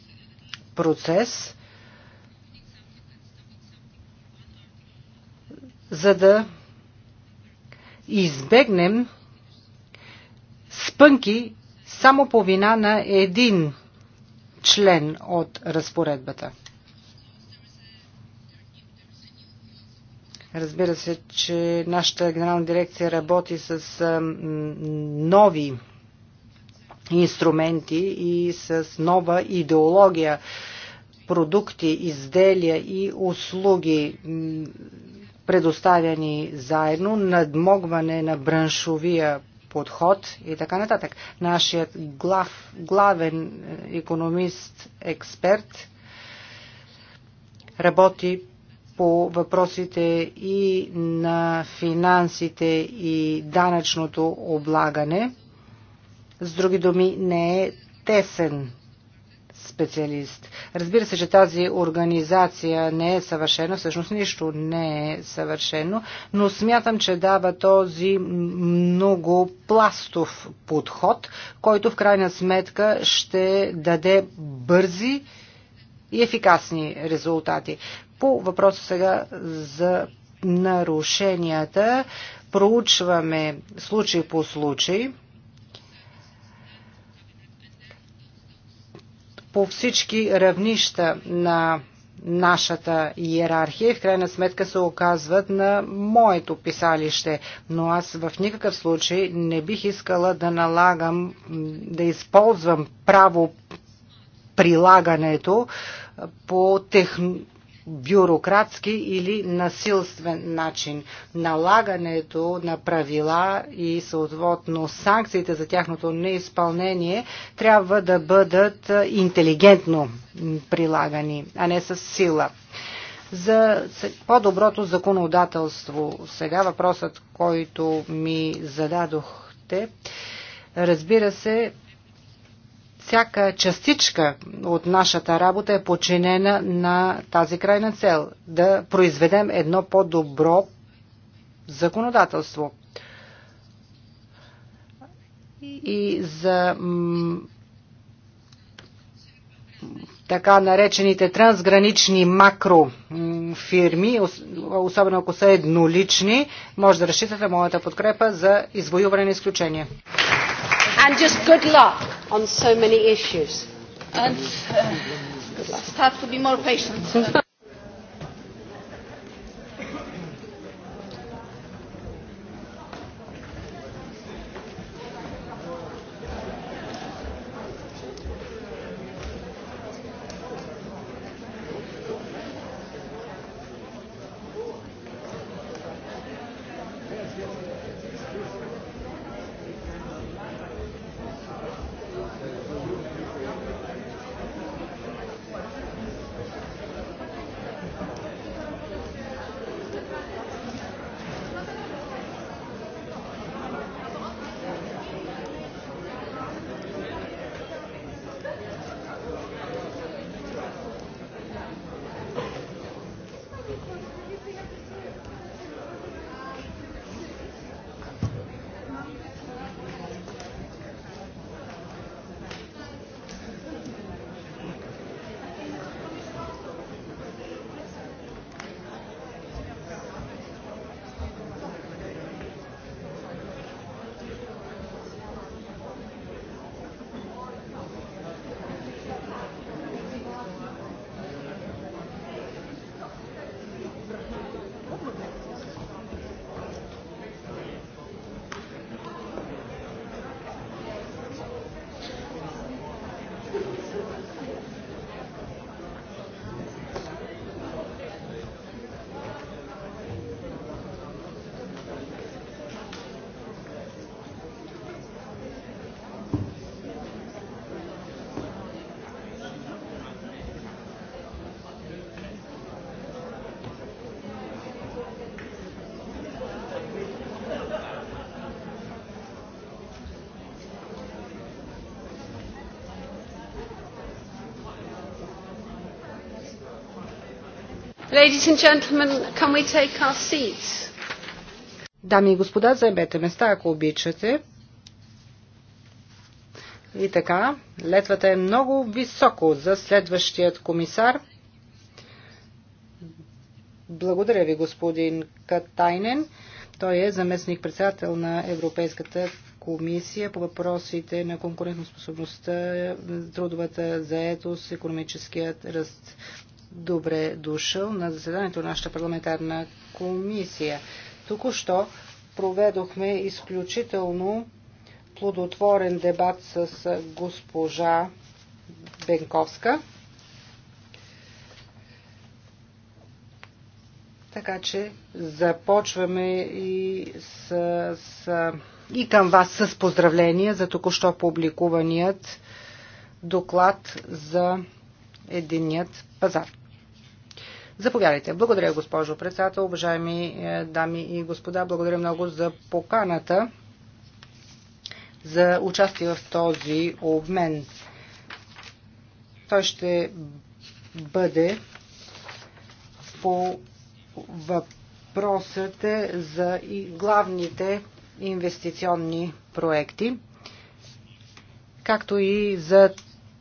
[SPEAKER 3] процес за да избегнем спънки само по вина на един член от разпоредбата. Разбира се, че нашата генерална дирекция работи с нови инструменти и с нова идеология, продукти, изделия и услуги предоставяни заедно, надмогване на браншовия подход и така нататък. Нашият глав, главен е, економист-експерт работи по въпросите и на финансите и данъчното облагане. С други думи, не е тесен специалист. Разбира се, че тази организация не е съвършена, всъщност нищо не е съвършено, но смятам, че дава този много пластов подход, който в крайна сметка ще даде бързи и ефикасни резултати. По въпроса сега за нарушенията, проучваме случай по случай по всички равнища на нашата иерархия и в крайна сметка се оказват на моето писалище. Но аз в никакъв случай не бих искала да налагам, да използвам право прилагането по техно бюрократски или насилствен начин. Налагането на правила и съответно санкциите за тяхното неизпълнение трябва да бъдат интелигентно прилагани, а не с сила. За по-доброто законодателство, сега въпросът, който ми зададохте, разбира се, всяка частичка от нашата работа е подчинена на тази крайна цел да произведем едно по-добро законодателство. И за така наречените трансгранични макрофирми, особено ако са еднолични, може да разчитате моята подкрепа за извоюване на изключения.
[SPEAKER 2] And just good luck on so many issues. And uh,
[SPEAKER 1] start to be more patient.
[SPEAKER 2] Ladies and gentlemen, can we take our seats?
[SPEAKER 3] Дами и господа, заемете места, ако обичате. И така, летвата е много високо за следващият комисар. Благодаря ви, господин Катайнен. Той е заместник-председател на Европейската комисия по въпросите на конкурентоспособността, трудовата заетост, економическият ръст добре дошъл на заседанието на нашата парламентарна комисия. Току-що проведохме изключително плодотворен дебат с госпожа Бенковска. Така че започваме и с, с и към вас с поздравления за току-що публикуваният доклад за единият пазар. Заповядайте. Благодаря, госпожо председател, уважаеми е, дами и господа. Благодаря много за поканата за участие в този обмен. Той ще бъде по въпросите за и главните инвестиционни проекти, както и за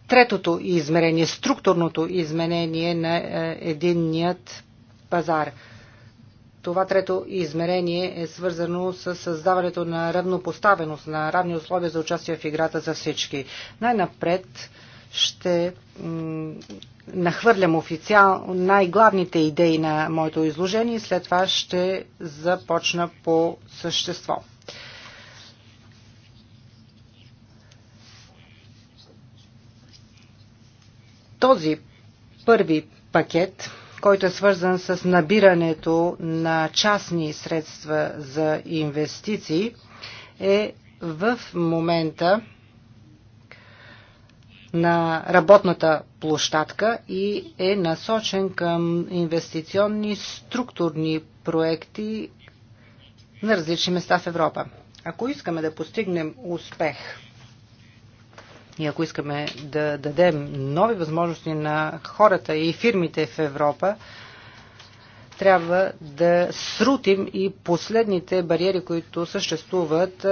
[SPEAKER 3] третото измерение, структурното изменение на е, единният пазар. Това трето измерение е свързано с създаването на равнопоставеност, на равни условия за участие в играта за всички. Най-напред ще нахвърлям официал най-главните идеи на моето изложение и след това ще започна по същество. Този първи пакет, който е свързан с набирането на частни средства за инвестиции, е в момента на работната площадка и е насочен към инвестиционни структурни проекти на различни места в Европа. Ако искаме да постигнем успех и ако искаме да дадем нови възможности на хората и фирмите в Европа, трябва да срутим и последните бариери, които съществуват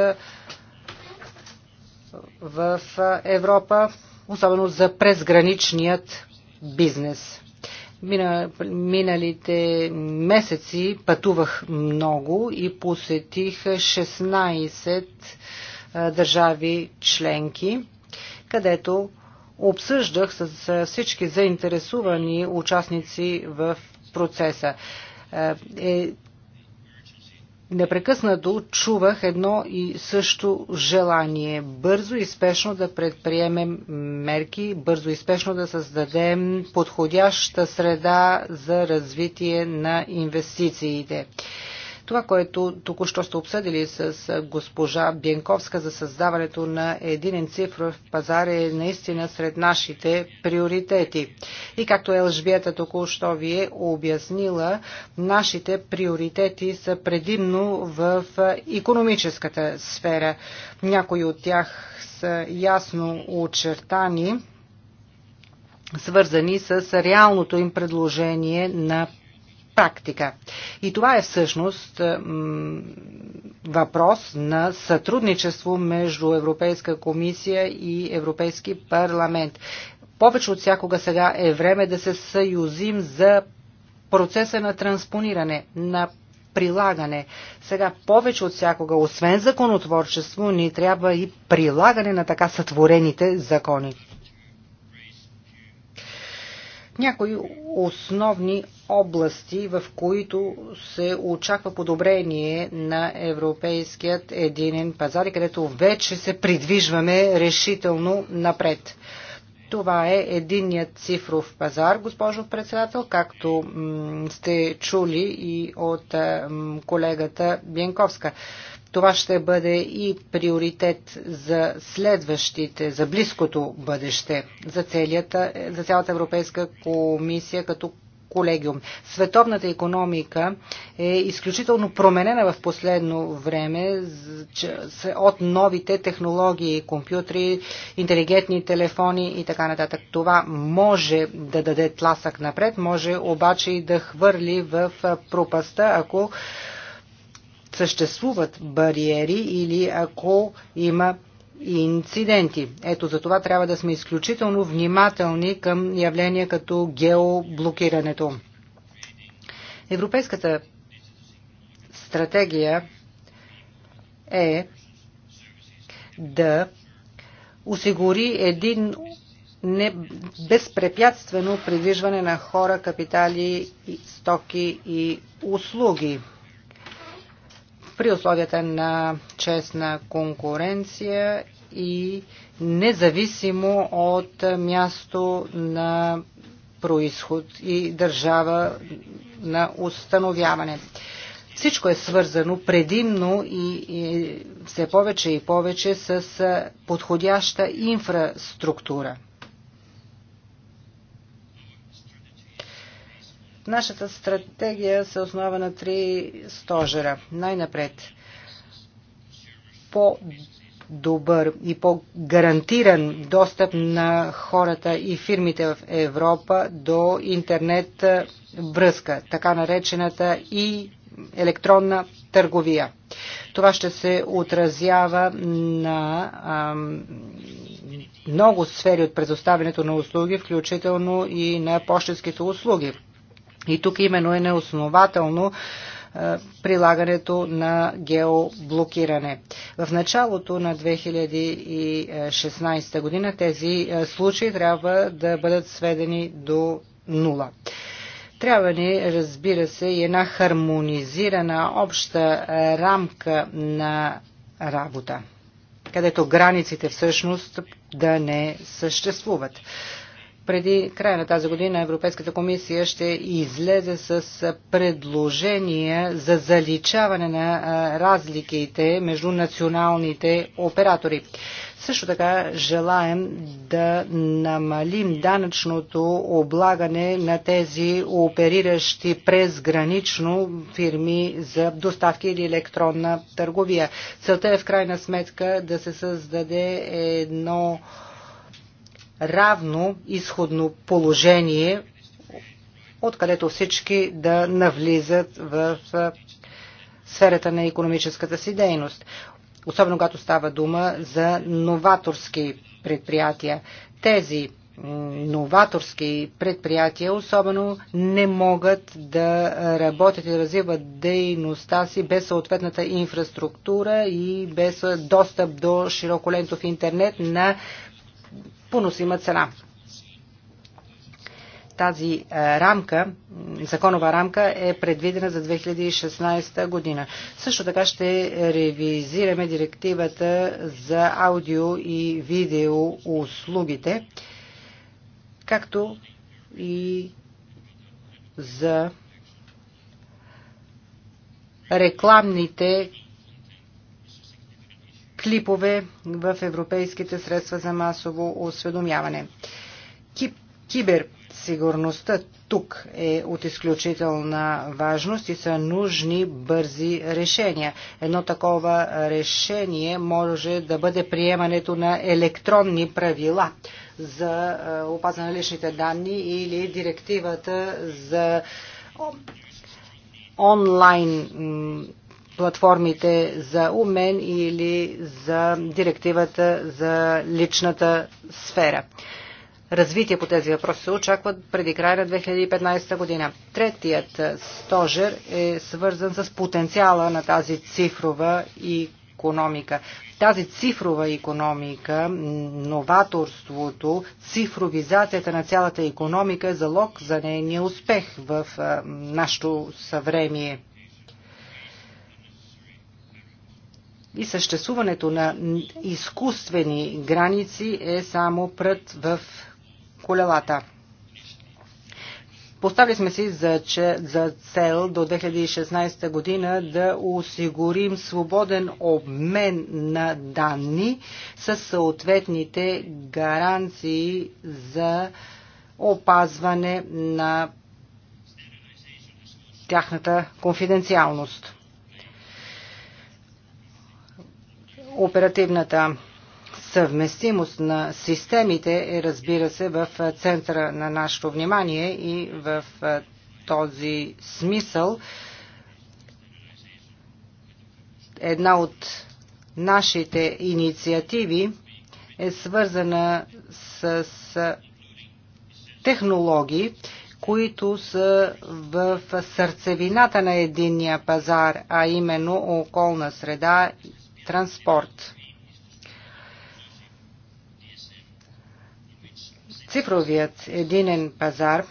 [SPEAKER 3] в Европа, особено за презграничният бизнес. Миналите месеци пътувах много и посетих 16 държави членки където обсъждах с всички заинтересувани участници в процеса. Е, е, непрекъснато чувах едно и също желание бързо и спешно да предприемем мерки, бързо и спешно да създадем подходяща среда за развитие на инвестициите. Това, което току-що сте обсъдили с госпожа Бенковска за създаването на един цифров пазар е наистина сред нашите приоритети. И както Елжбията току-що ви е обяснила, нашите приоритети са предимно в економическата сфера. Някои от тях са ясно очертани свързани с реалното им предложение на практика. И това е всъщност въпрос на сътрудничество между Европейска комисия и Европейски парламент. Повече от всякога сега е време да се съюзим за процеса на транспониране, на прилагане. Сега повече от всякога, освен законотворчество, ни трябва и прилагане на така сътворените закони някои основни области, в които се очаква подобрение на европейският единен пазар и където вече се придвижваме решително напред. Това е единният цифров пазар, госпожо председател, както сте чули и от колегата Бенковска. Това ще бъде и приоритет за следващите, за близкото бъдеще, за, целията, за цялата Европейска комисия като колегиум. Световната економика е изключително променена в последно време от новите технологии, компютри, интелигентни телефони и така нататък. Това може да даде тласък напред, може обаче и да хвърли в пропаста, ако съществуват бариери или ако има инциденти. Ето за това трябва да сме изключително внимателни към явления като геоблокирането. Европейската стратегия е да осигури един не безпрепятствено придвижване на хора, капитали, стоки и услуги при условията на честна конкуренция и независимо от място на происход и държава на установяване. Всичко е свързано предимно и, все повече и повече с подходяща инфраструктура. Нашата стратегия се основа на три стожера. Най-напред по-добър и по-гарантиран достъп на хората и фирмите в Европа до интернет връзка, така наречената и електронна търговия. Това ще се отразява на много сфери от предоставянето на услуги, включително и на почтенските услуги. И тук именно е неоснователно е, прилагането на геоблокиране. В началото на 2016 година тези е, случаи трябва да бъдат сведени до нула. Трябва ни, разбира се, и една хармонизирана обща рамка на работа, където границите всъщност да не съществуват преди края на тази година Европейската комисия ще излезе с предложения за заличаване на разликите между националните оператори. Също така желаем да намалим данъчното облагане на тези опериращи през гранично фирми за доставки или електронна търговия. Целта е в крайна сметка да се създаде едно равно изходно положение, откъдето всички да навлизат в сферата на економическата си дейност. Особено когато става дума за новаторски предприятия. Тези новаторски предприятия особено не могат да работят и да развиват дейността си без съответната инфраструктура и без достъп до широколентов интернет на поносима цена. Тази е, рамка, законова рамка е предвидена за 2016 година. Също така ще ревизираме директивата за аудио и видео услугите, както и за рекламните клипове в европейските средства за масово осведомяване. Киберсигурността тук е от изключителна важност и са нужни бързи решения. Едно такова решение може да бъде приемането на електронни правила за опазване на личните данни или директивата за онлайн платформите за умен или за директивата за личната сфера. Развитие по тези въпроси се очакват преди края на 2015 година. Третият стожер е свързан с потенциала на тази цифрова економика. Тази цифрова економика, новаторството, цифровизацията на цялата економика е залог за нейния успех в нашето съвремие. и съществуването на изкуствени граници е само прът в колелата. Поставили сме си за, че, за цел до 2016 година да осигурим свободен обмен на данни с съответните гаранции за опазване на тяхната конфиденциалност. Оперативната съвместимост на системите е, разбира се, в центъра на нашето внимание и в този смисъл една от нашите инициативи е свързана с технологии, които са в сърцевината на единния пазар, а именно околна среда транспорт. Цифровият единен пазар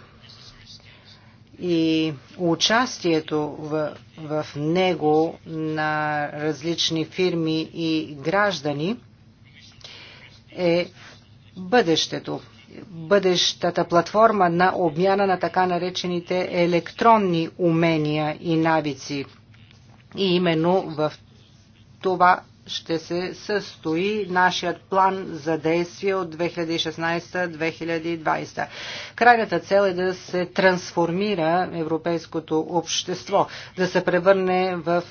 [SPEAKER 3] и участието в, в него на различни фирми и граждани е бъдещето бъдещата платформа на обмяна на така наречените електронни умения и навици. И именно в това ще се състои нашият план за действие от 2016-2020. Крайната цел е да се трансформира европейското общество, да се превърне в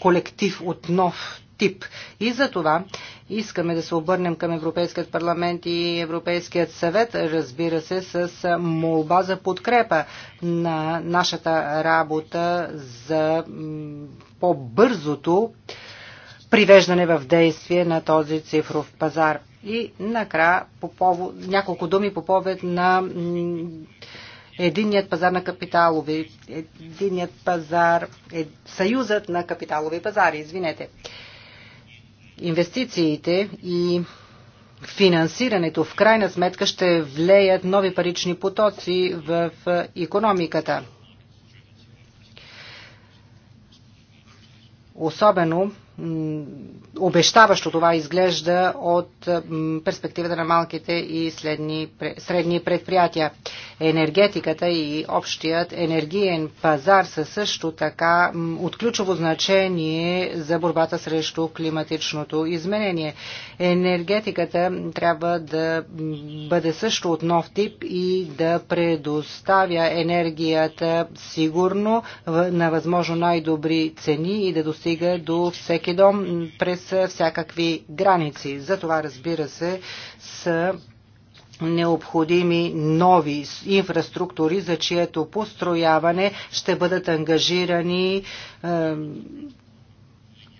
[SPEAKER 3] колектив от нов тип. И за това искаме да се обърнем към Европейският парламент и Европейският съвет, разбира се, с молба за подкрепа на нашата работа за по-бързото привеждане в действие на този цифров пазар. И накрая по повод, няколко думи по повед на единият пазар на капиталови, единият пазар, е, съюзът на капиталови пазари, извинете. Инвестициите и финансирането в крайна сметка ще влеят нови парични потоци в економиката. Особено обещаващо това изглежда от перспективата на малките и средни предприятия. Енергетиката и общият енергиен пазар са също така от ключово значение за борбата срещу климатичното изменение. Енергетиката трябва да бъде също от нов тип и да предоставя енергията сигурно на възможно най-добри цени и да достига до всеки всеки дом през всякакви граници. За това, разбира се, са необходими нови инфраструктури, за чието построяване ще бъдат ангажирани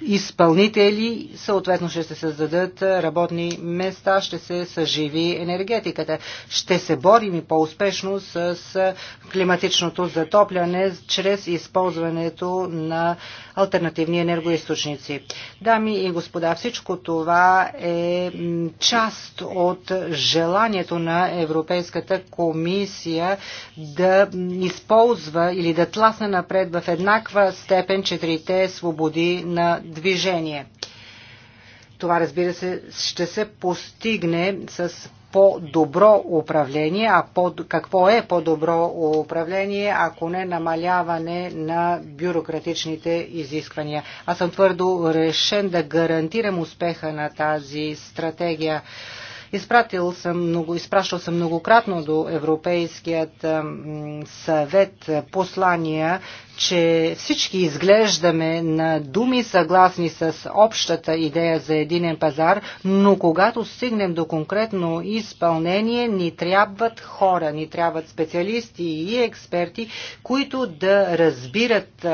[SPEAKER 3] изпълнители, съответно ще се създадат работни места, ще се съживи енергетиката. Ще се борим и по-успешно с климатичното затопляне чрез използването на альтернативни енергоисточници. Дами и господа, всичко това е част от желанието на Европейската комисия да използва или да тласне напред в еднаква степен четирите свободи на движение. Това, разбира се, ще се постигне с по-добро управление, а по, какво е по-добро управление, ако не намаляване на бюрократичните изисквания. Аз съм твърдо решен да гарантирам успеха на тази стратегия. Изпратил съм много, изпращал съм многократно до Европейският съвет послания, че всички изглеждаме на думи съгласни с общата идея за единен пазар, но когато стигнем до конкретно изпълнение, ни трябват хора, ни трябват специалисти и експерти, които да разбират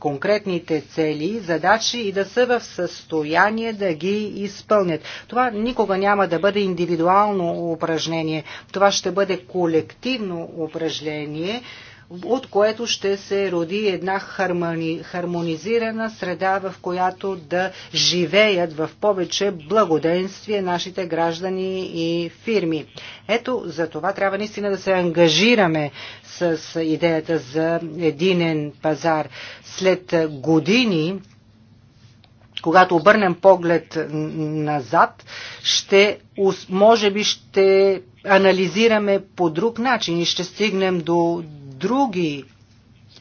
[SPEAKER 3] конкретните цели, задачи и да са в състояние да ги изпълнят. Това никога няма да бъде индивидуално упражнение, това ще бъде колективно упражнение, от което ще се роди една хармони, хармонизирана среда, в която да живеят в повече благоденствие нашите граждани и фирми. Ето, за това трябва наистина да се ангажираме с идеята за единен пазар. След години когато обърнем поглед назад, ще, може би ще анализираме по друг начин и ще стигнем до други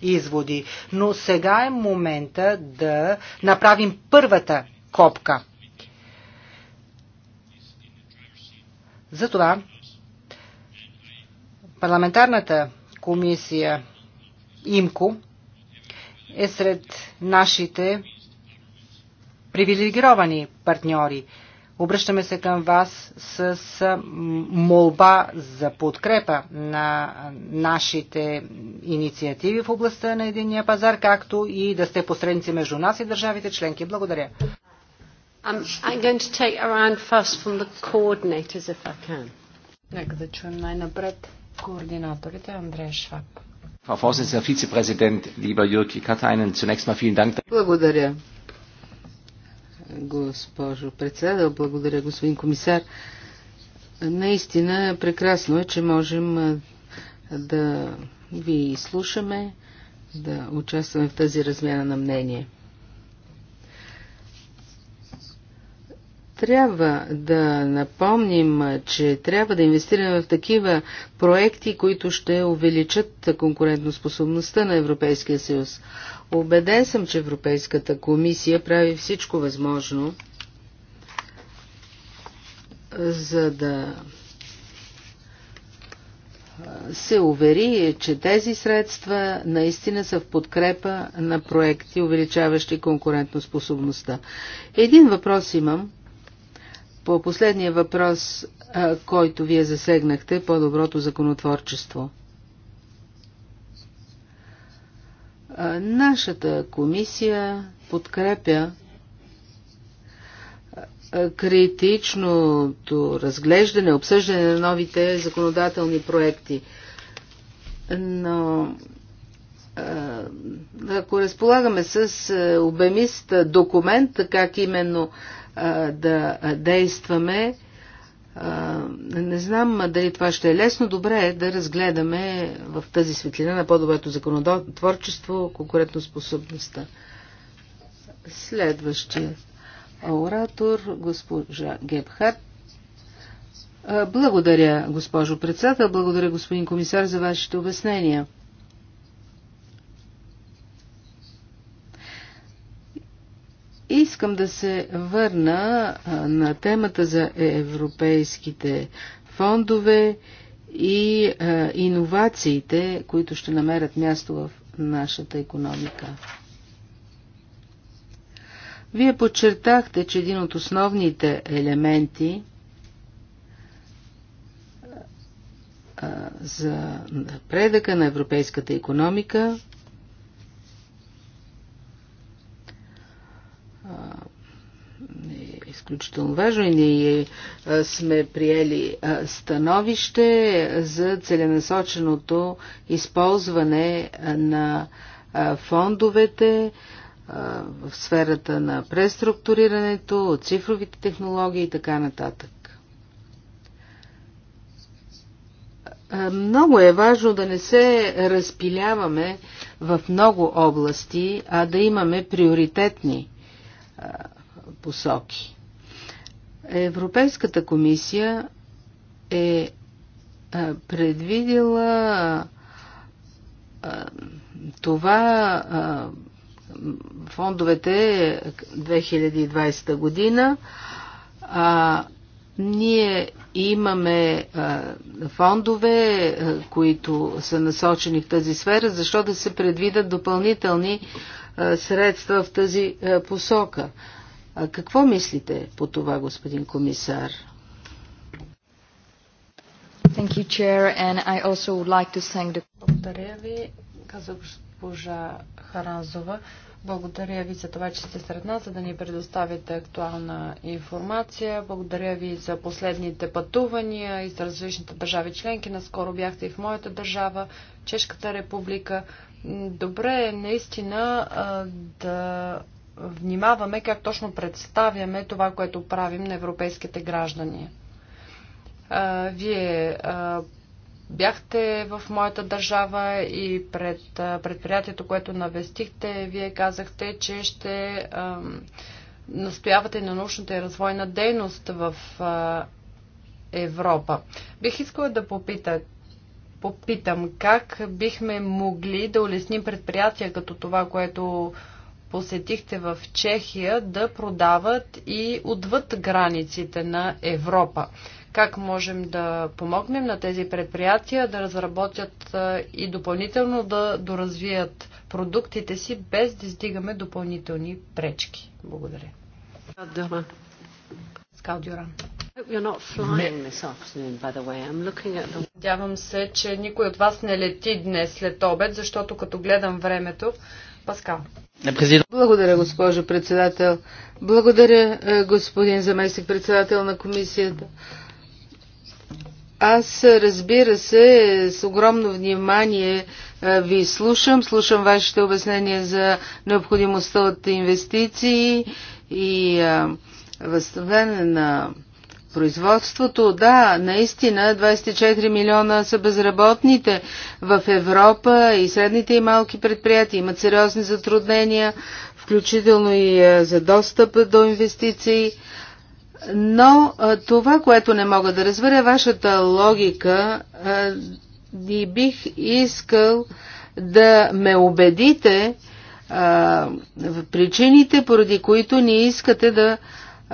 [SPEAKER 3] изводи. Но сега е момента да направим първата копка. Затова парламентарната комисия ИМКО е сред нашите привилегировани партньори. Обръщаме се към вас с молба за подкрепа на нашите инициативи в областта на единния пазар, както и да сте посредници между нас и държавите членки. Благодаря.
[SPEAKER 2] Um, Нека да чуем най-напред координаторите Андрея Шваб.
[SPEAKER 1] Благодаря, госпожо председател. Благодаря, господин комисар. Наистина прекрасно е, че можем да ви слушаме, да участваме в тази размяна на мнение. Трябва да напомним, че трябва да инвестираме в такива проекти, които ще увеличат конкурентоспособността на Европейския съюз. Обеден съм, че Европейската комисия прави всичко възможно, за да се увери, че тези средства наистина са в подкрепа на проекти, увеличаващи конкурентоспособността. Един въпрос имам по последния въпрос, който вие засегнахте, по-доброто законотворчество. Нашата комисия подкрепя критичното разглеждане, обсъждане на новите законодателни проекти. Но ако разполагаме с обемист документ, как именно да действаме. Не знам дали това ще е лесно. Добре е да разгледаме в тази светлина на по-доброто законотворчество конкурентоспособността. Следващия оратор, госпожа Гебхарт. Благодаря, госпожо председател. Благодаря, господин комисар, за вашите обяснения. Искам да се върна на темата за европейските фондове и иновациите, които ще намерят място в нашата економика. Вие подчертахте, че един от основните елементи за напредъка на европейската економика е изключително важно и ние е, сме приели становище за целенасоченото използване на фондовете в сферата на преструктурирането, цифровите технологии и така нататък. Много е важно да не се разпиляваме в много области, а да имаме приоритетни посоки. Европейската комисия е предвидила това фондовете 2020 година. А, ние имаме а, фондове, а, които са насочени в тази сфера, защо да се предвидат допълнителни средства в тази посока. Какво мислите по това, господин комисар?
[SPEAKER 2] You, Chair, like the... Благодаря ви, каза госпожа Харанзова. Благодаря ви за това, че сте сред нас, за да ни предоставите актуална информация. Благодаря ви за последните пътувания и за различните държави членки. Наскоро бяхте и в моята държава, Чешката република добре е наистина да внимаваме как точно представяме това, което правим на европейските граждани. Вие бяхте в моята държава и пред предприятието, което навестихте, вие казахте, че ще настоявате на научната и развойна дейност в Европа. Бих искала да попитат попитам как бихме могли да улесним предприятия като това, което посетихте в Чехия, да продават и отвъд границите на Европа. Как можем да помогнем на тези предприятия да разработят и допълнително да доразвият продуктите си, без да издигаме допълнителни пречки? Благодаря. Надявам се, че никой от вас не лети днес след обед, защото
[SPEAKER 1] като гледам времето, Паскал. Благодаря, госпожо председател. Благодаря, е, господин заместник председател на комисията. Аз, разбира се, с огромно внимание е, ви слушам. Слушам вашите обяснения за необходимостта от инвестиции и е, възстановене на производството, да, наистина 24 милиона са безработните в Европа и средните и малки предприятия имат сериозни затруднения, включително и е, за достъп до инвестиции. Но е, това, което не мога да разбера, е вашата логика и бих искал да ме убедите в причините, поради които не искате да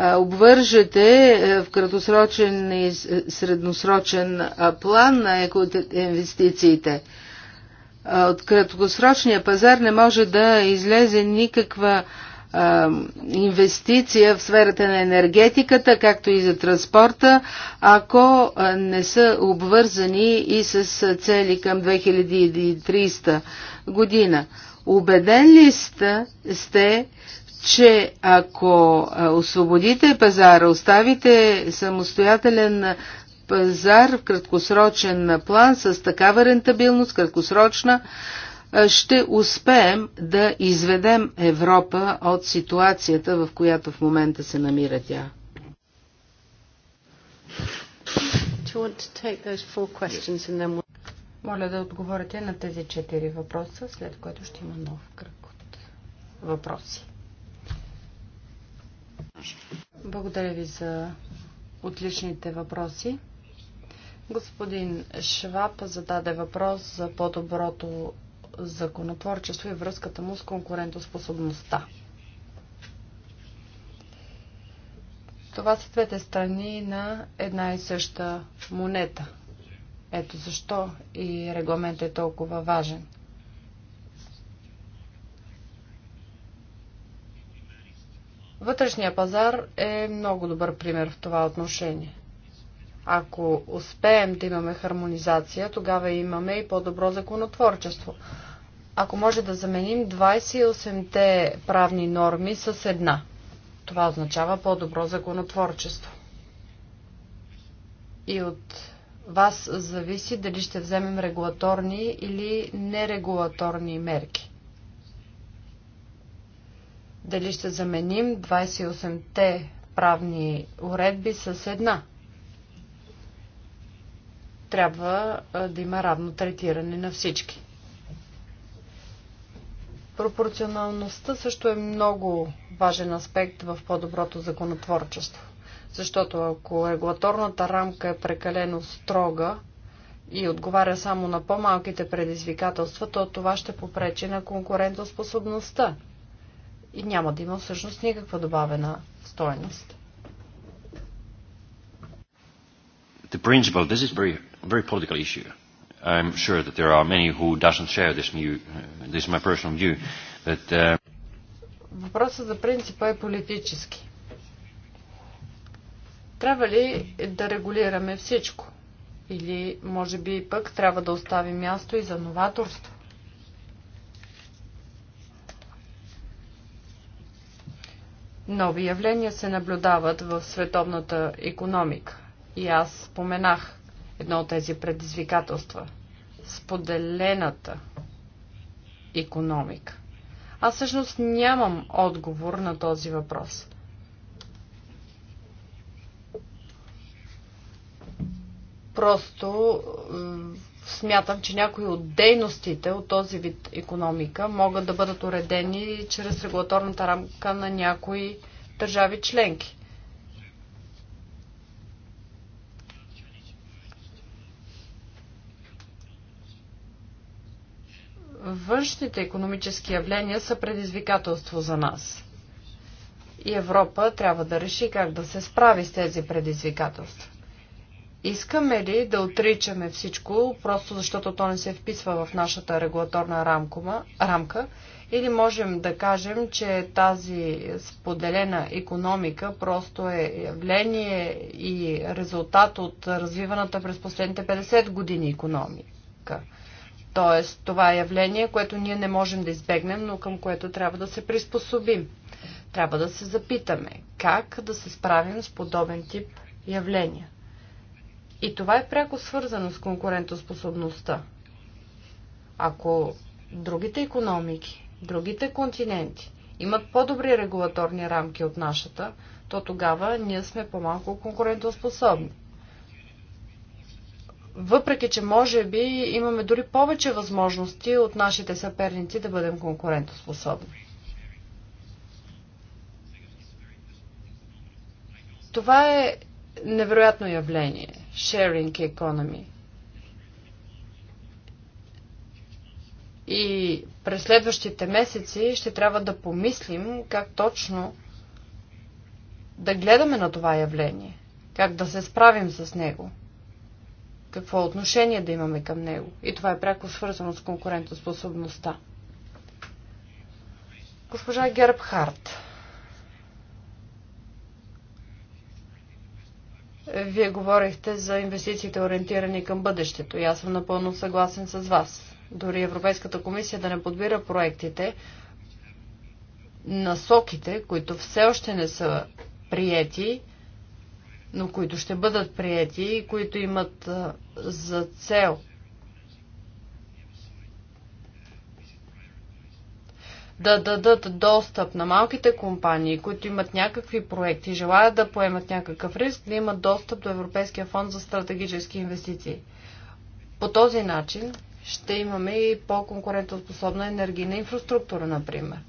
[SPEAKER 1] обвържете е, в краткосрочен и е, средносрочен план на инвестициите. От краткосрочния пазар не може да излезе никаква инвестиция в сферата на енергетиката, както и за транспорта, ако не са обвързани и с цели към 2300 година. Убеден ли сте, че ако освободите пазара, оставите самостоятелен пазар в краткосрочен план с такава рентабилност, краткосрочна, ще успеем да изведем Европа от ситуацията, в която в момента се намира тя.
[SPEAKER 2] Моля да отговорите на тези четири въпроса, след което ще има нов кръг от въпроси. Благодаря ви за отличните въпроси. Господин Шваб зададе въпрос за по-доброто законотворчество и връзката му с конкурентоспособността. Това са двете страни на една и съща монета. Ето защо и регламент е толкова важен – Вътрешния пазар е много добър пример в това отношение. Ако успеем да имаме хармонизация, тогава имаме и по-добро законотворчество. Ако може да заменим 28-те правни норми с една, това означава по-добро законотворчество. И от вас зависи дали ще вземем регулаторни или нерегулаторни мерки дали ще заменим 28-те правни уредби с една. Трябва да има равно третиране на всички. Пропорционалността също е много важен аспект в по-доброто законотворчество. Защото ако регулаторната рамка е прекалено строга и отговаря само на по-малките предизвикателства, то това ще попречи на конкурентоспособността и няма да има всъщност никаква добавена стоеност. The principle, this is very, very political issue. I'm sure that there are many who doesn't share this new, uh, this is my personal view, but... Uh... Въпросът за принципа е политически. Трябва ли да регулираме всичко? Или, може би, пък трябва да оставим място и за новаторство? Нови явления се наблюдават в световната економика. И аз споменах едно от тези предизвикателства. Споделената економика. Аз всъщност нямам отговор на този въпрос. Просто смятам, че някои от дейностите от този вид економика могат да бъдат уредени чрез регулаторната рамка на някои държави членки. Външните економически явления са предизвикателство за нас. И Европа трябва да реши как да се справи с тези предизвикателства. Искаме ли да отричаме всичко, просто защото то не се вписва в нашата регулаторна рамкома, рамка? Или можем да кажем, че тази споделена економика просто е явление и резултат от развиваната през последните 50 години економика? Тоест, това е явление, което ние не можем да избегнем, но към което трябва да се приспособим. Трябва да се запитаме как да се справим с подобен тип явления. И това е пряко свързано с конкурентоспособността. Ако другите економики, другите континенти имат по-добри регулаторни рамки от нашата, то тогава ние сме по-малко конкурентоспособни. Въпреки, че може би имаме дори повече възможности от нашите съперници да бъдем конкурентоспособни. Това е невероятно явление. Sharing economy. И през следващите месеци ще трябва да помислим как точно да гледаме на това явление, как да се справим с него, какво отношение да имаме към него. И това е пряко свързано с конкурентоспособността. Госпожа Герб Харт, Вие говорихте за инвестициите ориентирани към бъдещето и аз съм напълно съгласен с вас. Дори Европейската комисия да не подбира проектите, насоките, които все още не са приети, но които ще бъдат приети и които имат за цел да дадат достъп на малките компании, които имат някакви проекти, желаят да поемат някакъв риск, да имат достъп до Европейския фонд за стратегически инвестиции. По този начин ще имаме и по-конкурентоспособна енергийна инфраструктура, например.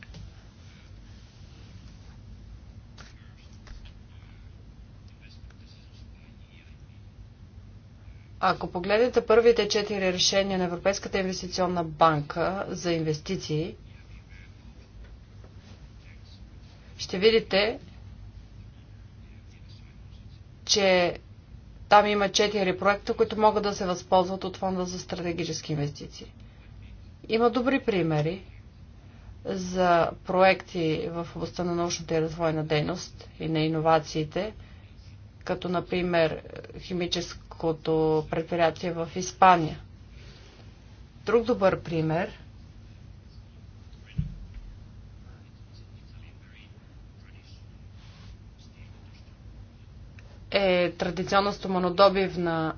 [SPEAKER 2] Ако погледнете първите четири решения на Европейската инвестиционна банка за инвестиции, ще видите, че там има четири проекта, които могат да се възползват от фонда за стратегически инвестиции. Има добри примери за проекти в областта на научната и развойна дейност и на иновациите, като например химическото предприятие в Испания. Друг добър пример е традиционна стоманодобивна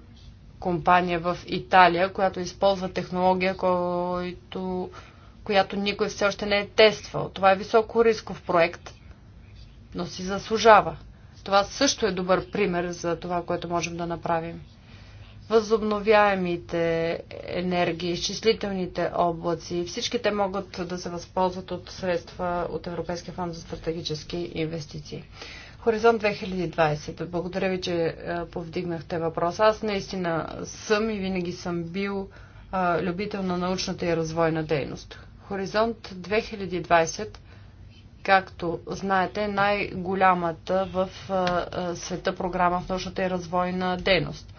[SPEAKER 2] компания в Италия, която използва технология, който, която никой все още не е тествал. Това е високо рисков проект, но си заслужава. Това също е добър пример за това, което можем да направим. Възобновяемите енергии, изчислителните облаци, всички те могат да се възползват от средства от Европейския фонд за стратегически инвестиции. Хоризонт 2020. Благодаря ви, че повдигнахте въпроса. Аз наистина съм и винаги съм бил любител на научната и развойна дейност. Хоризонт 2020, както знаете, е най-голямата в света програма в научната и развойна дейност.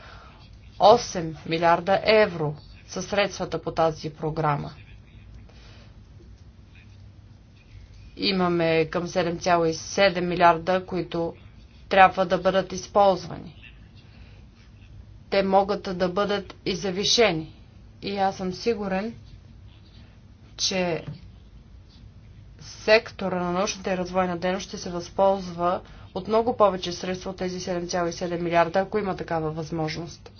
[SPEAKER 2] 8 милиарда евро са средствата по тази програма. Имаме към 7,7 милиарда, които трябва да бъдат използвани. Те могат да бъдат и завишени. И аз съм сигурен, че сектора на научната и развойна дейност ще се възползва от много повече средства от тези 7,7 милиарда, ако има такава възможност.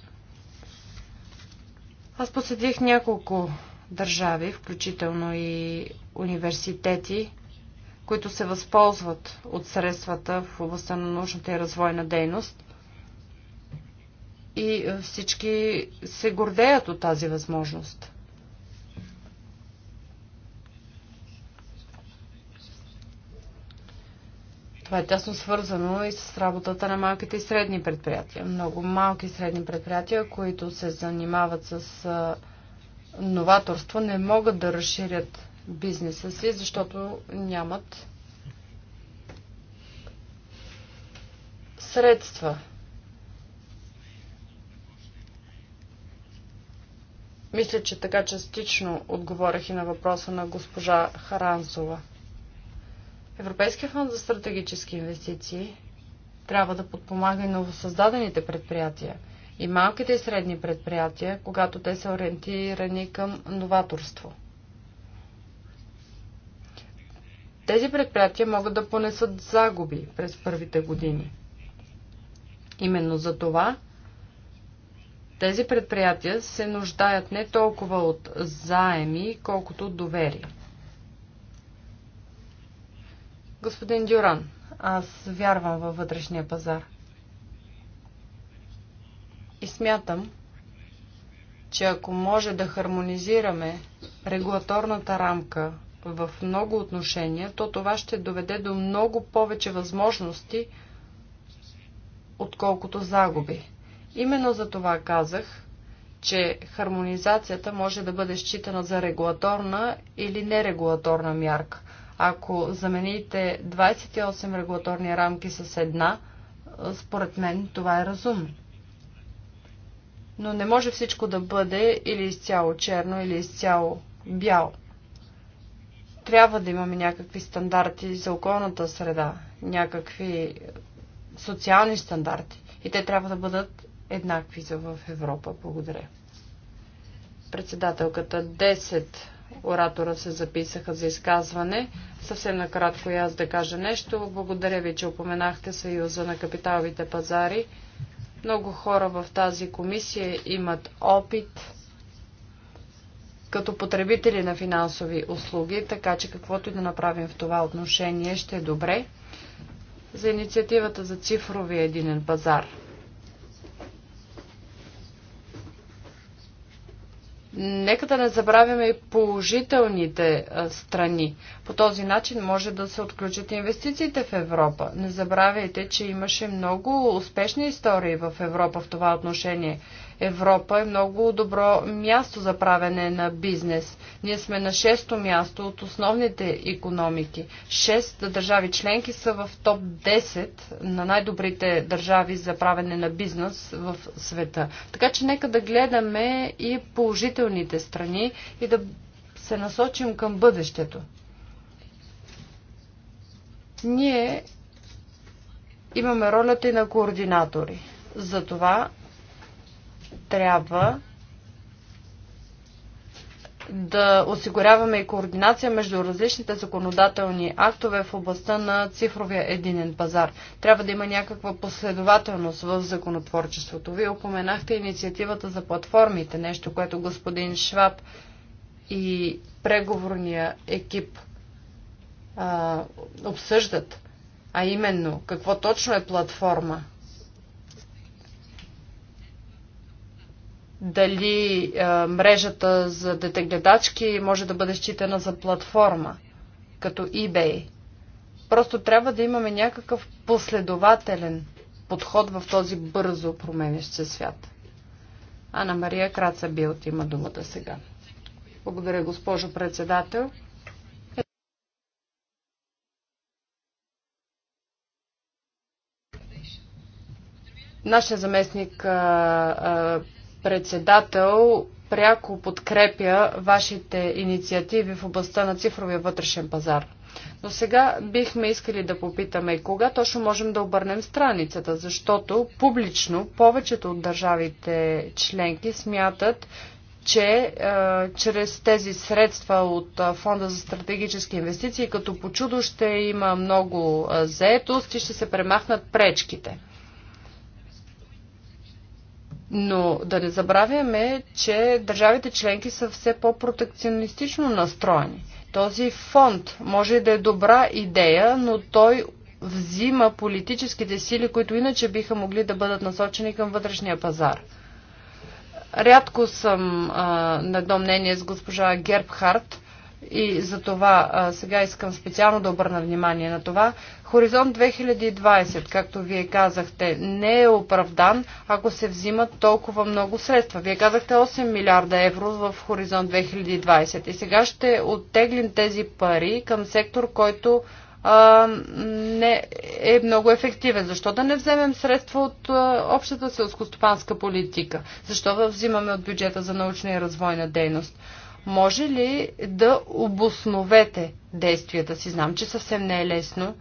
[SPEAKER 2] Аз посетих няколко държави, включително и университети, които се възползват от средствата в областта на научната и развойна дейност. И е, всички се гордеят от тази възможност. Това е тясно свързано и с работата на малките и средни предприятия. Много малки и средни предприятия, които се занимават с е, новаторство, не могат да разширят бизнеса си, защото нямат средства. Мисля, че така частично отговорих и на въпроса на госпожа Харанцова. Европейския фонд за стратегически инвестиции трябва да подпомага и новосъздадените предприятия и малките и средни предприятия, когато те са ориентирани към новаторство – Тези предприятия могат да понесат загуби през първите години. Именно за това тези предприятия се нуждаят не толкова от заеми, колкото от доверие. Господин Дюран, аз вярвам във вътрешния пазар. И смятам, че ако може да хармонизираме регулаторната рамка в много отношения, то това ще доведе до много повече възможности, отколкото загуби. Именно за това казах, че хармонизацията може да бъде считана за регулаторна или нерегулаторна мярка. Ако замените 28 регулаторни рамки с една, според мен това е разумно. Но не може всичко да бъде или изцяло черно, или изцяло бяло трябва да имаме някакви стандарти за околната среда, някакви социални стандарти. И те трябва да бъдат еднакви за в Европа. Благодаря. Председателката 10 оратора се записаха за изказване. Съвсем накратко и аз да кажа нещо. Благодаря ви, че упоменахте Съюза на капиталовите пазари. Много хора в тази комисия имат опит като потребители на финансови услуги, така че каквото и да направим в това отношение ще е добре. За инициативата за цифровия единен пазар. Нека да не забравяме и положителните страни. По този начин може да се отключат инвестициите в Европа. Не забравяйте, че имаше много успешни истории в Европа в това отношение. Европа е много добро място за правене на бизнес. Ние сме на шесто място от основните економики. Шест държави членки са в топ 10 на най-добрите държави за правене на бизнес в света. Така че нека да гледаме и положителните страни и да се насочим към бъдещето. Ние имаме ролята и на координатори. Затова трябва да осигуряваме и координация между различните законодателни актове в областта на цифровия единен пазар. Трябва да има някаква последователност в законотворчеството. Вие упоменахте инициативата за платформите, нещо, което господин Шваб и преговорния екип а, обсъждат. А именно, какво точно е платформа? дали а, е, мрежата за детегледачки може да бъде считана за платформа, като eBay. Просто трябва да имаме някакъв последователен подход в този бързо променящ се свят. Ана Мария Краца Билт има думата сега. Благодаря, госпожо председател. Нашия заместник а, а, председател, пряко подкрепя вашите инициативи в областта на цифровия вътрешен пазар. Но сега бихме искали да попитаме кога точно можем да обърнем страницата, защото публично повечето от държавите членки смятат, че е, чрез тези средства от е, Фонда за стратегически инвестиции, като по чудо ще има много е, заетост и ще се премахнат пречките. Но да не забравяме, че държавите членки са все по-протекционистично настроени. Този фонд може да е добра идея, но той взима политическите сили, които иначе биха могли да бъдат насочени към вътрешния пазар. Рядко съм а, на едно мнение с госпожа Гербхарт, и за това а, сега искам специално да обърна внимание на това. Хоризонт 2020, както вие казахте, не е оправдан, ако се взимат толкова много средства. Вие казахте 8 милиарда евро в Хоризонт 2020. И сега ще оттеглим тези пари към сектор, който а, не е много ефективен. Защо да не вземем средства от а, общата селскостопанска политика? Защо да взимаме от бюджета за научна и развойна дейност? Може ли да обосновете действията си? Знам, че съвсем не е лесно.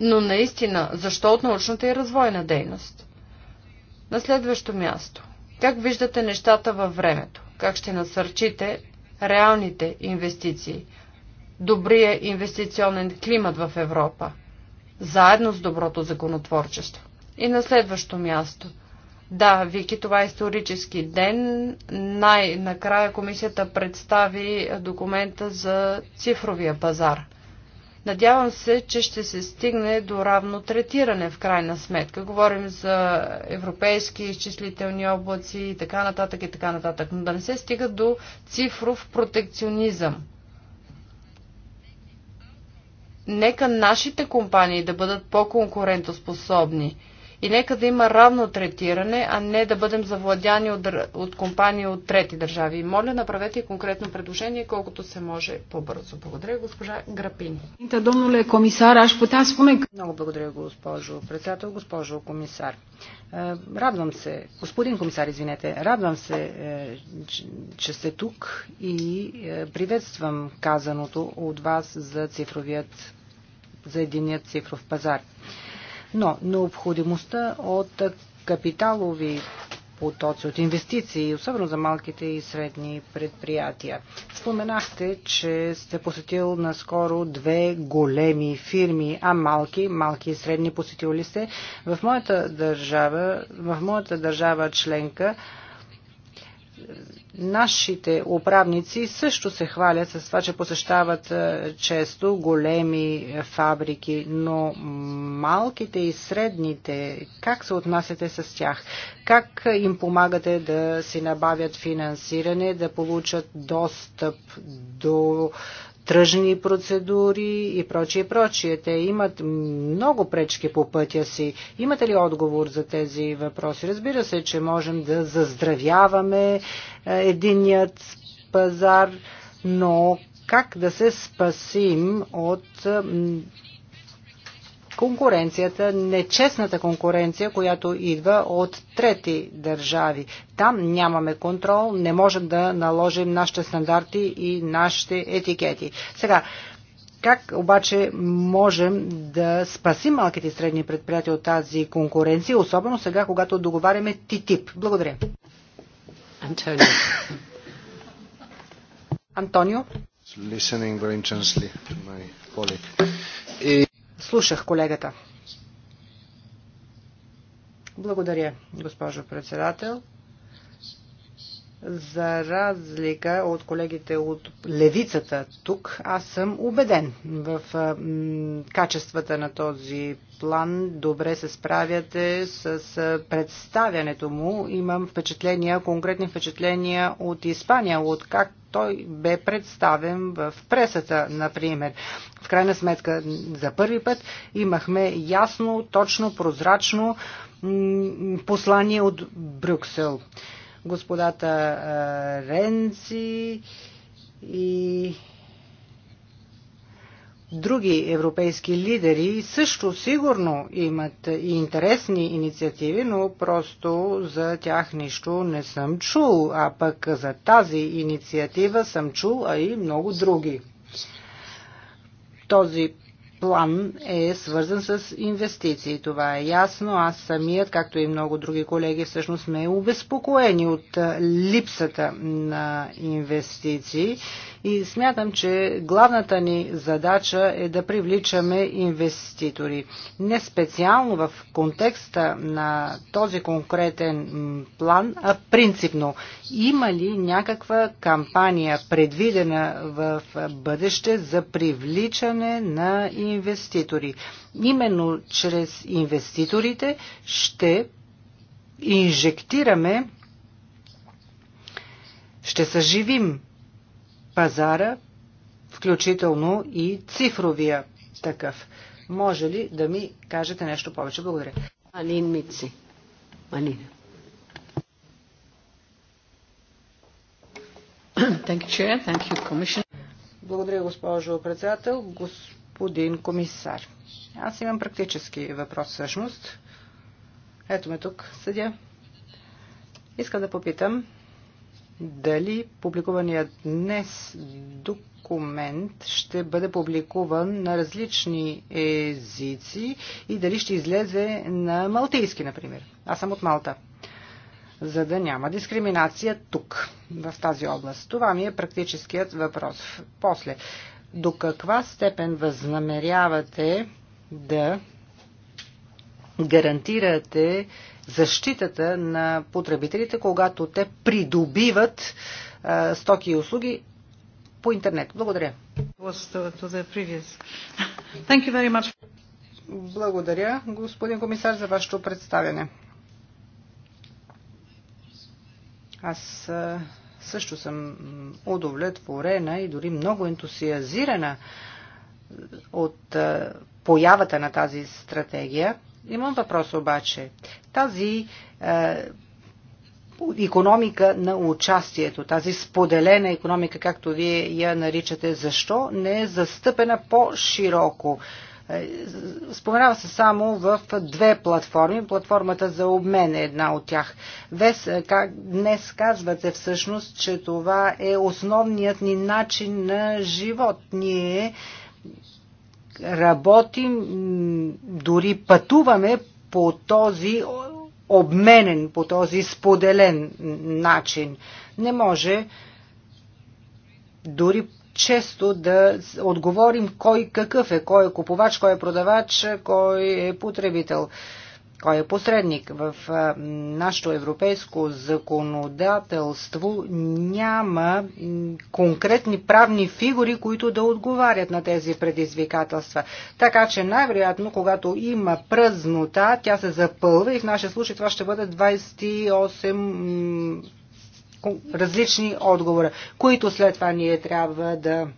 [SPEAKER 2] Но наистина, защо от научната и развойна дейност? На следващо място. Как виждате нещата във времето? Как ще насърчите реалните инвестиции? Добрия инвестиционен климат в Европа? Заедно с доброто законотворчество. И на следващо място – да, Вики, това е исторически ден. Най-накрая комисията представи документа за цифровия пазар. Надявам се, че ще се стигне до равно третиране в крайна сметка. Говорим за европейски изчислителни облаци и така нататък и така нататък. Но да не се стига до цифров протекционизъм. Нека нашите компании да бъдат по-конкурентоспособни – и нека да има равно третиране, а не да бъдем завладяни от, от компании от трети държави. И моля, направете конкретно предложение, колкото се може
[SPEAKER 3] по-бързо. Благодаря, госпожа Грапини.
[SPEAKER 2] Домнуле комисар, аз putea spune...
[SPEAKER 3] Много благодаря, госпожо председател, госпожо комисар. Е, радвам се, господин комисар, извинете, радвам се, е, че сте тук и е, приветствам казаното от вас за цифровият, за единият цифров пазар. Но необходимостта от капиталови потоци от инвестиции, особено за малките и средни предприятия. Споменахте, че сте посетил наскоро две големи фирми, а малки, малки и средни посетил ли сте? В моята държава, в моята държава членка Нашите управници също се хвалят с това, че посещават е, често големи фабрики, но малките и средните, как се отнасяте с тях? Как е, им помагате да си набавят финансиране, да получат достъп до тръжни процедури и прочие, прочие. Те имат много пречки по пътя си. Имате ли отговор за тези въпроси? Разбира се, че можем да заздравяваме е, единият пазар, но как да се спасим от конкуренцията, нечестната конкуренция, която идва от трети държави. Там нямаме контрол, не можем да наложим нашите стандарти и нашите етикети. Сега, как обаче можем да спасим малките и средни предприятия от тази конкуренция, особено сега, когато договаряме ТИТИП? Благодаря. Антонио. Антонио. Слушах колегата. Благодаря, госпожо председател. За разлика от колегите от левицата тук, аз съм убеден в качествата на този план. Добре се справяте с представянето му. Имам впечатления, конкретни впечатления от Испания, от как той бе представен в пресата, например. В крайна сметка, за първи път имахме ясно, точно, прозрачно послание от Брюксел господата Ренци и други европейски лидери също сигурно имат и интересни инициативи, но просто за тях нищо не съм чул, а пък за тази инициатива съм чул, а и много други. Този план е свързан с инвестиции. Това е ясно. Аз самият, както и много други колеги, всъщност сме обезпокоени от липсата на инвестиции и смятам, че главната ни задача е да привличаме инвеститори. Не специално в контекста на този конкретен план, а принципно. Има ли някаква кампания предвидена в бъдеще за привличане на инвеститори? Именно чрез инвеститорите ще инжектираме, ще съживим пазара, включително и цифровия такъв. Може ли да ми кажете
[SPEAKER 1] нещо повече? Благодаря. Алин Мици. Алина. Благодаря,
[SPEAKER 3] госпожо председател. Господин комисар, аз имам практически въпрос всъщност. Ето ме тук, съдя. Искам да попитам дали публикуваният днес документ ще бъде публикуван на различни езици и дали ще излезе на малтийски, например. Аз съм от Малта. За да няма дискриминация тук, в тази област. Това ми е практическият въпрос. После, до каква степен възнамерявате да гарантирате защитата на потребителите, когато те придобиват а, стоки и услуги по интернет. Благодаря. Благодаря, господин комисар, за вашето представяне. Аз също съм удовлетворена и дори много ентусиазирана от появата на тази стратегия – Имам въпрос обаче. Тази е, економика на участието, тази споделена економика, както вие я наричате, защо не е застъпена по-широко? Е, споменава се само в две платформи. Платформата за обмен е една от тях. Вес, е, как, днес казвате всъщност, че това е основният ни начин на живот. Ние работим, дори пътуваме по този обменен, по този споделен начин. Не може дори често да отговорим кой какъв е, кой е купувач, кой е продавач, кой е потребител кой е посредник. В нашето европейско законодателство няма конкретни правни фигури, които да отговарят на тези предизвикателства. Така че най-вероятно, когато има празнота, тя се запълва и в нашия случай това ще бъде 28 различни отговора, които след това ние трябва да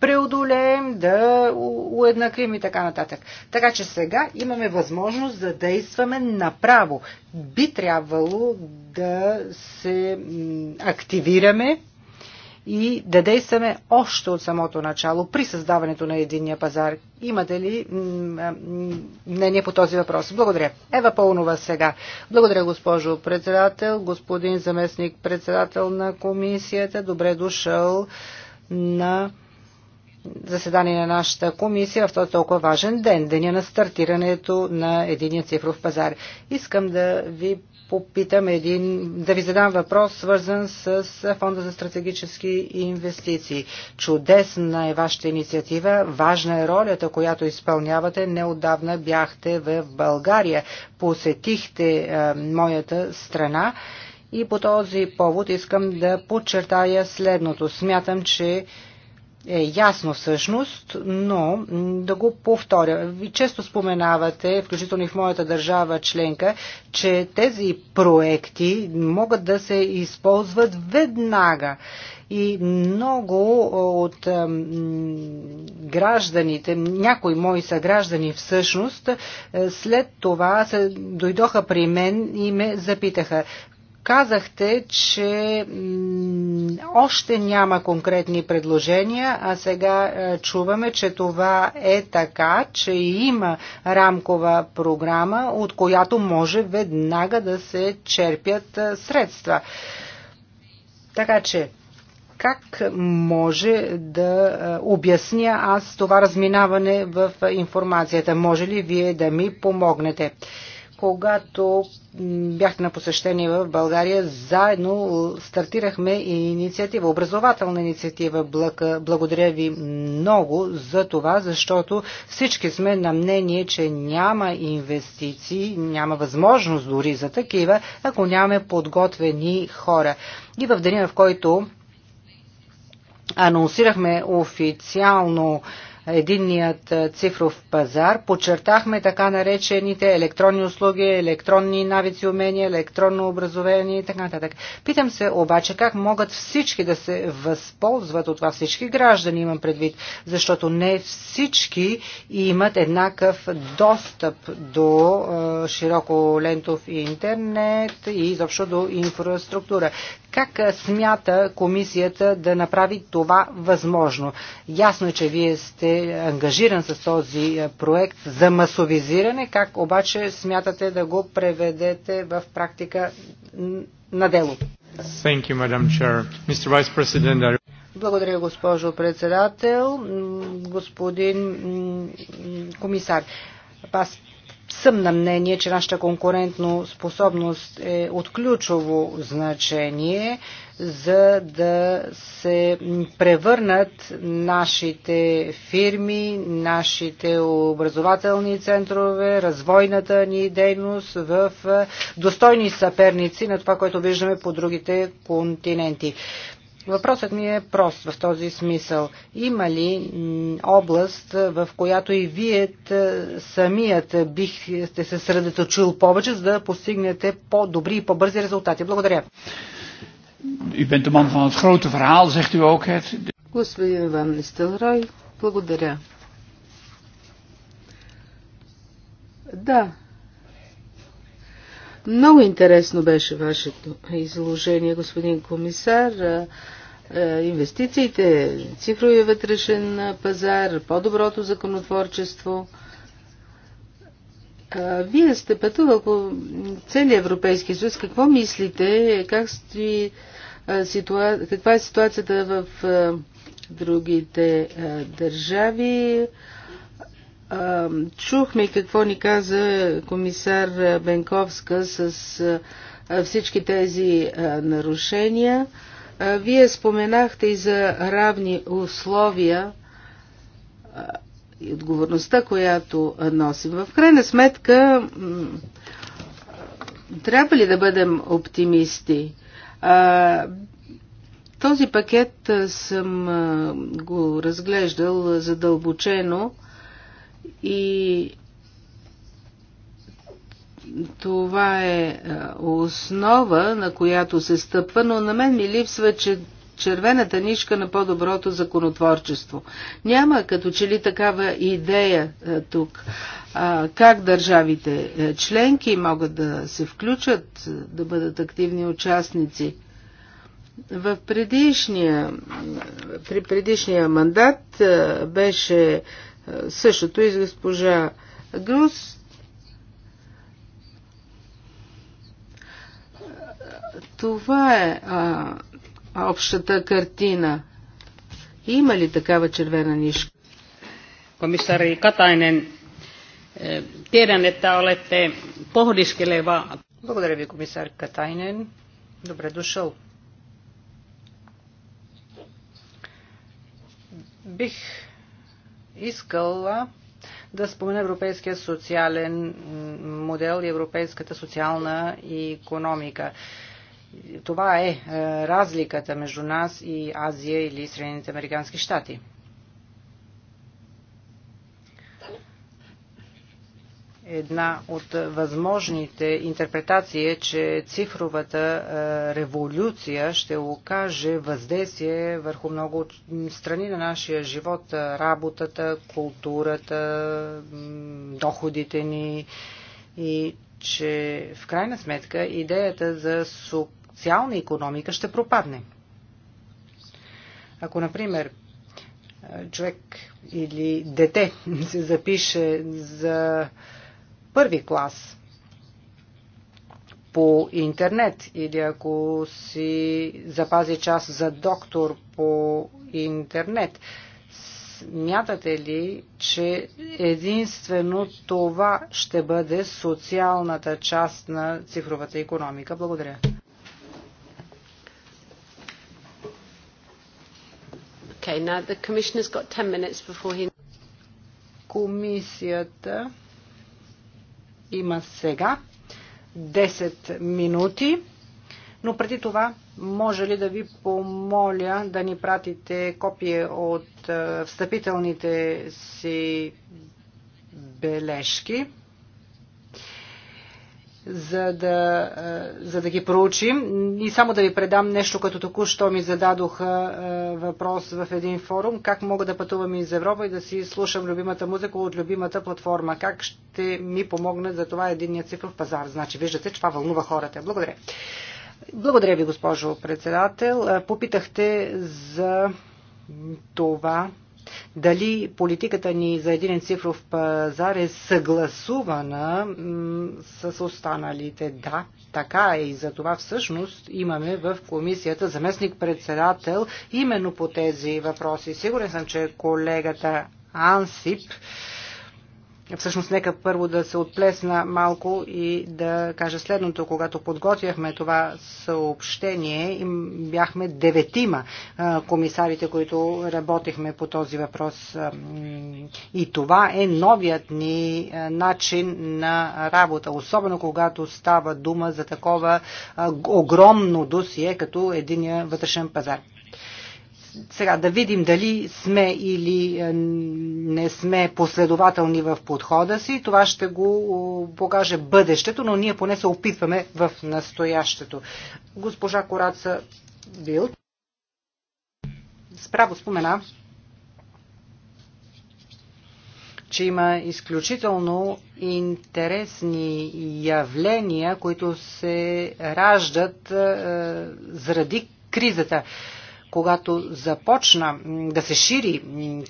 [SPEAKER 3] преодолеем, да уеднаквим и така нататък. Така че сега имаме възможност да действаме направо. Би трябвало да се активираме и да действаме още от самото начало при създаването на единния пазар. Имате ли мнение по този въпрос? Благодаря. Ева Пълнова сега. Благодаря, госпожо председател, господин заместник председател на комисията. Добре дошъл на заседание на нашата комисия в този толкова важен ден, деня на стартирането на единия цифров пазар. Искам да ви попитам един, да ви задам въпрос, свързан с Фонда за стратегически инвестиции. Чудесна е вашата инициатива, важна е ролята, която изпълнявате. Неодавна бяхте в България, посетихте а, моята страна. И по този повод искам да подчертая следното. Смятам, че е ясно всъщност, но да го повторя. Ви често споменавате, включително и в моята държава членка, че тези проекти могат да се използват веднага. И много от гражданите, някои мои са граждани всъщност, е, след това се дойдоха при мен и ме запитаха Казахте, че още няма конкретни предложения, а сега е, чуваме, че това е така, че има рамкова програма, от която може веднага да се черпят е, средства. Така че, как може да е, обясня аз това разминаване в информацията? Може ли вие да ми помогнете? когато бяхте на посещение в България, заедно стартирахме и инициатива, образователна инициатива. Благодаря ви много за това, защото всички сме на мнение, че няма инвестиции, няма възможност дори за такива, ако нямаме подготвени хора. И в деня, в който анонсирахме официално единният цифров пазар, подчертахме така наречените електронни услуги, електронни навици, умения, електронно образование и така нататък. Питам се обаче как могат всички да се възползват от това, всички граждани имам предвид, защото не всички имат еднакъв достъп до широко лентов интернет и изобщо до инфраструктура. Как смята комисията да направи това възможно? Ясно е, че вие сте ангажиран с този проект за масовизиране. Как обаче смятате да го преведете в практика на дело? Thank you, Madam Chair. Mr. Vice President, Благодаря, госпожо председател. Господин комисар, аз съм на мнение, че нашата конкурентно способност е от ключово значение, за да се превърнат нашите фирми, нашите образователни центрове, развойната ни дейност в достойни съперници на това, което виждаме по другите континенти. Въпросът ми е прост в този смисъл. Има ли област, в която и вие самият бих сте се средоточил повече, за да постигнете по-добри и
[SPEAKER 1] по-бързи резултати? Благодаря.
[SPEAKER 2] ook.
[SPEAKER 1] Het... Господин Ван Нистелрой, благодаря. Да, много интересно беше вашето изложение, господин комисар. Инвестициите, цифровия вътрешен пазар, по-доброто законотворчество. Вие сте пътувал по целия Европейски съюз. Какво мислите? Как стои Каква е ситуацията в другите държави? Чухме какво ни каза комисар Бенковска с всички тези нарушения. Вие споменахте и за равни условия и отговорността, която носим. В крайна сметка, трябва ли да бъдем оптимисти? Този пакет съм го разглеждал задълбочено и това е, е основа, на която се стъпва, но на мен ми липсва, че червената нишка на по-доброто законотворчество. Няма като че ли такава идея е, тук. Как държавите е, членки могат да се включат, да бъдат активни участници. В предишния, при предишния мандат беше Същото и с госпожа Груз. Това е а, общата картина. Има ли такава червена нишка? Комисари Катайнен, е, tiedän, että olette pohdiskeleva. Благодаря ви, комисар
[SPEAKER 3] Катайнен. Добре дошъл. Бих искала да спомена европейския социален модел и европейската социална економика. Това е, е разликата между нас и Азия или Средните Американски щати. една от възможните интерпретации е, че цифровата е, революция ще окаже въздействие върху много страни на нашия живот, работата, културата, доходите ни и че в крайна сметка идеята за социална економика ще пропадне. Ако, например, е, човек или дете се запише за първи клас по интернет или ако си запази част за доктор по интернет. Смятате ли, че единствено това ще бъде социалната част на цифровата економика? Благодаря.
[SPEAKER 2] Okay, now the commissioner's got 10 minutes before he... Комисията
[SPEAKER 3] има сега 10 минути. Но преди това, може ли да ви помоля да ни пратите копие от встъпителните си бележки? за да, за да ги проучим. И само да ви предам нещо, като току-що ми зададоха въпрос в един форум. Как мога да пътувам из Европа и да си слушам любимата музика от любимата платформа? Как ще ми помогне за това единния цифров пазар? Значи, виждате, това вълнува хората. Благодаря. Благодаря ви, госпожо председател. Попитахте за това, дали политиката ни за един цифров пазар е съгласувана с останалите. Да, така е и за това всъщност имаме в комисията заместник-председател именно по тези въпроси. Сигурен съм, че колегата Ансип Всъщност, нека първо да се отплесна малко и да кажа следното. Когато подготвяхме това съобщение, бяхме деветима комисарите, които работихме по този въпрос. И това е новият ни начин на работа, особено когато става дума за такова огромно досие, като единия вътрешен пазар сега да видим дали сме или е, не сме последователни в подхода си. Това ще го покаже бъдещето, но ние поне се опитваме в настоящето. Госпожа Кораца Бил справо спомена, че има изключително интересни явления, които се раждат е, заради кризата. Е, когато започна да се шири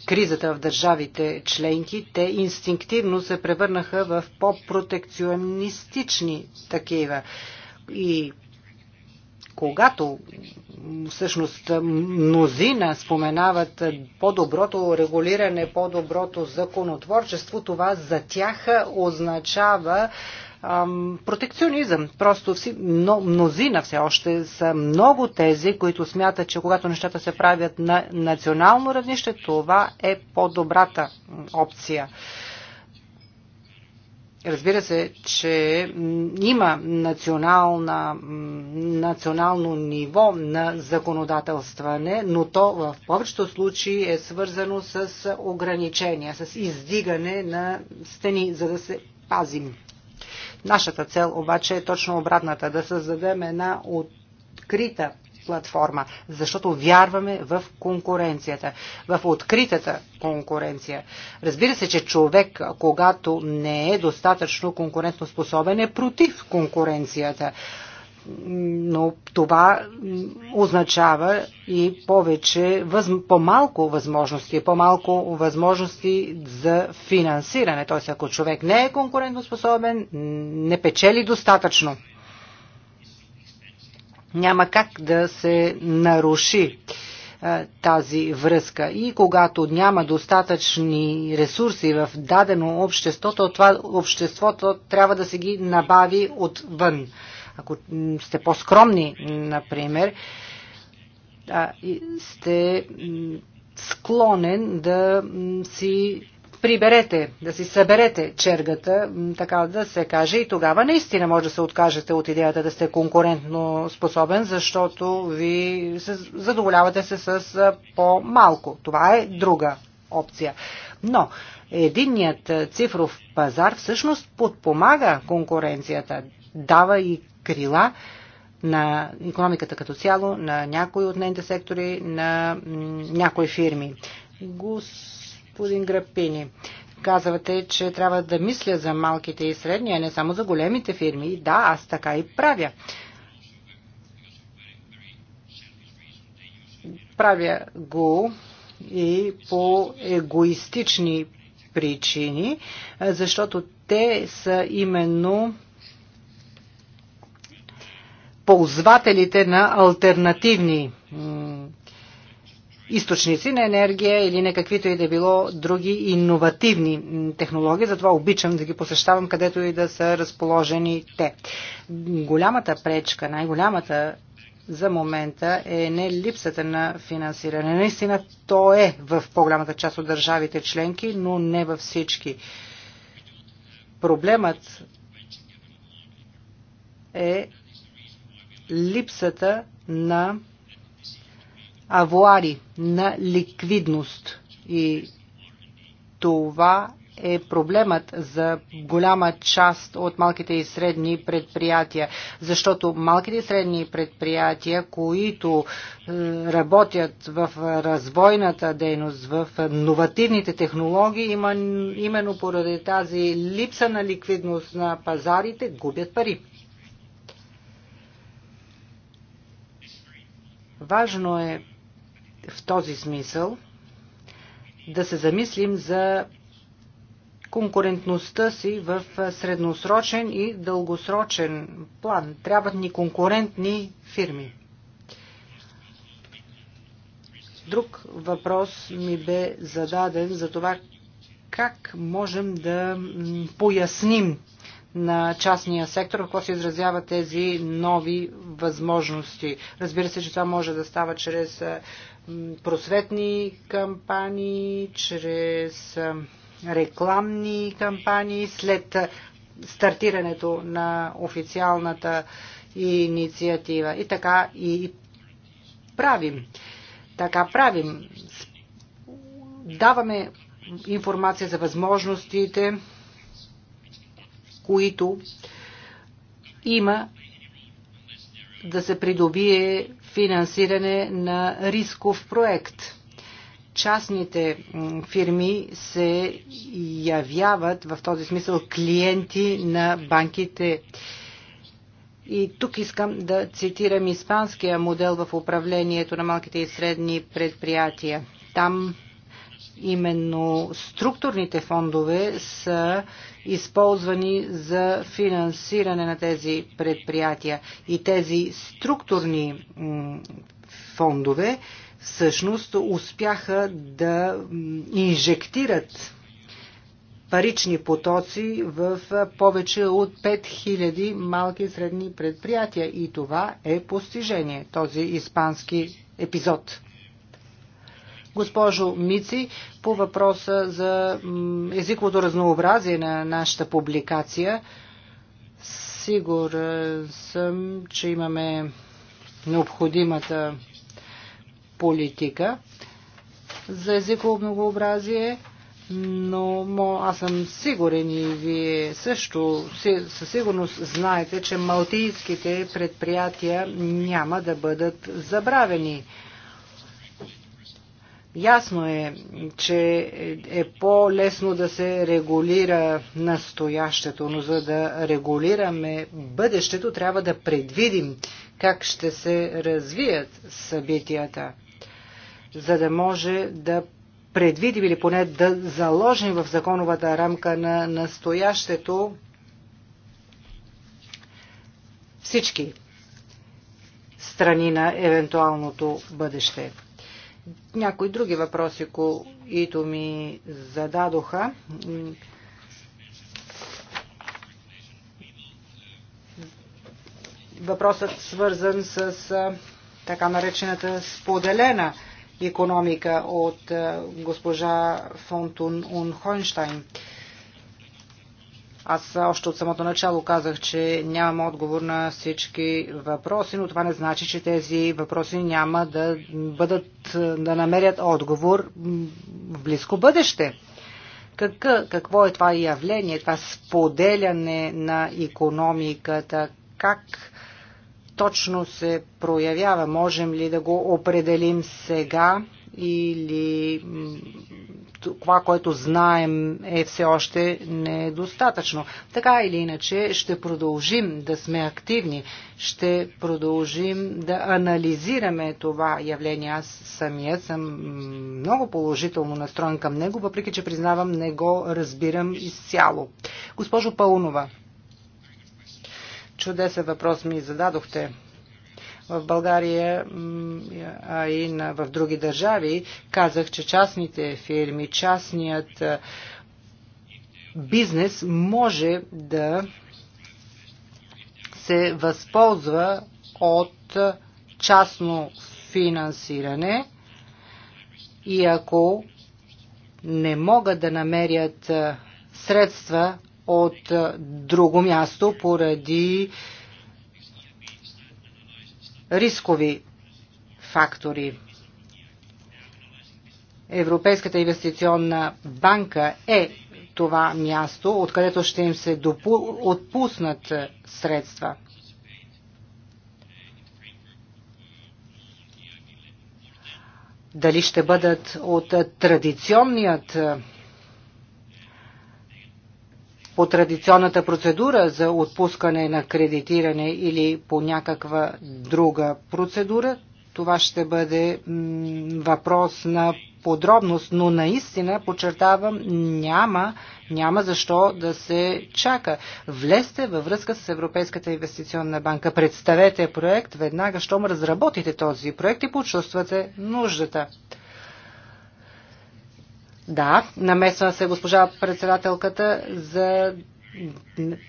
[SPEAKER 3] кризата в държавите членки, те инстинктивно се превърнаха в по-протекционистични такива. И когато всъщност мнозина споменават по-доброто регулиране, по-доброто законотворчество, това за тях означава ам, протекционизъм. Просто вси, но, мнозина все още са много тези, които смятат, че когато нещата се правят на национално равнище, това е по-добрата опция. Разбира се, че има национална, национално ниво на законодателстване, но то в повечето случаи е свързано с ограничения, с издигане на стени, за да се пазим. Нашата цел обаче е точно обратната, да създадем една открита платформа, защото вярваме в конкуренцията, в откритата конкуренция. Разбира се, че човек, когато не е достатъчно конкурентно способен, е против конкуренцията но това означава и повече, въз, по-малко възможности, по-малко възможности за финансиране. Т.е. ако човек не е конкурентоспособен, не печели достатъчно. Няма как да се наруши тази връзка. И когато няма достатъчни ресурси в дадено общество, то това обществото трябва да се ги набави отвън ако сте по-скромни, например, и сте склонен да си приберете, да си съберете чергата, така да се каже, и тогава наистина може да се откажете от идеята да сте конкурентно способен, защото ви се задоволявате се с по-малко. Това е друга опция. Но единният цифров пазар всъщност подпомага конкуренцията, дава и крила на економиката като цяло, на някои от нейните сектори, на някои фирми. Господин Грапини, казвате, че трябва да мисля за малките и средни, а не само за големите фирми. Да, аз така и правя. Правя го и по егоистични причини, защото те са именно ползвателите на альтернативни източници на енергия или на каквито и да е било други иновативни технологии. Затова обичам да ги посещавам където и да са разположени те. Голямата пречка, най-голямата за момента е не липсата на финансиране. Наистина то е в по-голямата част от държавите членки, но не във всички. Проблемът е липсата на авуари, на ликвидност. И това е проблемът за голяма част от малките и средни предприятия. Защото малките и средни предприятия, които е, работят в развойната дейност, в новативните технологии, има именно поради тази липса на ликвидност на пазарите, губят пари. Важно е в този смисъл да се замислим за конкурентността си в средносрочен и дългосрочен план. Трябват ни конкурентни фирми. Друг въпрос ми бе зададен за това как можем да поясним на частния сектор, в какво се изразяват тези нови възможности. Разбира се, че това може да става чрез просветни кампании, чрез рекламни кампании, след стартирането на официалната инициатива. И така и правим. Така правим. Даваме информация за възможностите, които има да се придобие финансиране на рисков проект. Частните фирми се явяват в този смисъл клиенти на банките. И тук искам да цитирам испанския модел в управлението на малките и средни предприятия. Там именно структурните фондове са използвани за финансиране на тези предприятия. И тези структурни фондове всъщност успяха да инжектират парични потоци в повече от 5000 малки и средни предприятия. И това е постижение, този испански епизод госпожо Мици по въпроса за езиковото разнообразие на нашата публикация. Сигурен съм, че имаме необходимата политика за езиково многообразие, но аз съм сигурен и вие също със сигурност знаете, че малтийските предприятия няма да бъдат забравени. Ясно е, че е по-лесно да се регулира настоящето, но за да регулираме бъдещето, трябва да предвидим как ще се развият събитията, за да може да предвидим или поне да заложим в законовата рамка на настоящето всички страни на евентуалното бъдеще някои други въпроси, които ми зададоха. Въпросът свързан с така наречената споделена економика от госпожа Фонтун Унхонштайн. Хойнштайн аз още от самото начало казах, че нямам отговор на всички въпроси, но това не значи, че тези въпроси няма да бъдат, да намерят отговор в близко бъдеще. какво е това явление, това споделяне на економиката, как точно се проявява, можем ли да го определим сега или това, което знаем е все още недостатъчно. Така или иначе ще продължим да сме активни, ще продължим да анализираме това явление. Аз самия съм много положително настроен към него, въпреки че признавам не го разбирам изцяло. Госпожо Паунова, чудесен въпрос ми зададохте в България, а и на, в други държави, казах, че частните фирми, частният бизнес може да се възползва от частно финансиране и ако не могат да намерят средства от друго място поради рискови фактори. Европейската инвестиционна банка е това място, откъдето ще им се допу... отпуснат средства. Дали ще бъдат от традиционният по традиционната процедура за отпускане на кредитиране или по някаква друга процедура, това ще бъде въпрос на подробност, но наистина, подчертавам, няма, няма защо да се чака. Влезте във връзка с Европейската инвестиционна банка, представете проект, веднага щом разработите този проект и почувствате нуждата. Да, намесва се госпожа председателката за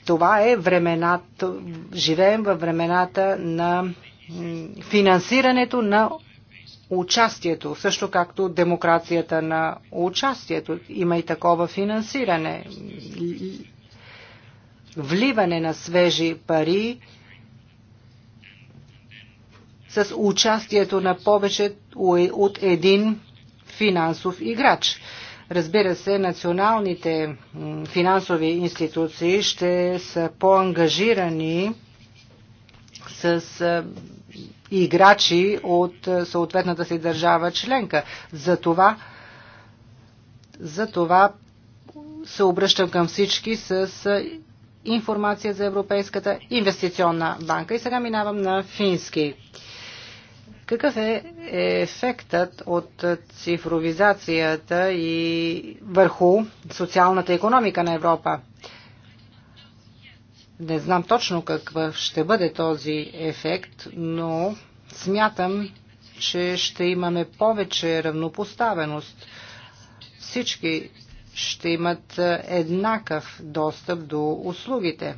[SPEAKER 3] това е времената, живеем във времената на финансирането на участието, също както демокрацията на участието. Има и такова финансиране. Вливане на свежи пари с участието на повече от един финансов играч. Разбира се, националните финансови институции ще са по-ангажирани с играчи от съответната си държава членка. За това, за това се обръщам към всички с информация за Европейската инвестиционна банка. И сега минавам на фински какъв е ефектът от цифровизацията и върху социалната економика на Европа? Не знам точно какъв ще бъде този ефект, но смятам, че ще имаме повече равнопоставеност. Всички ще имат еднакъв достъп до услугите.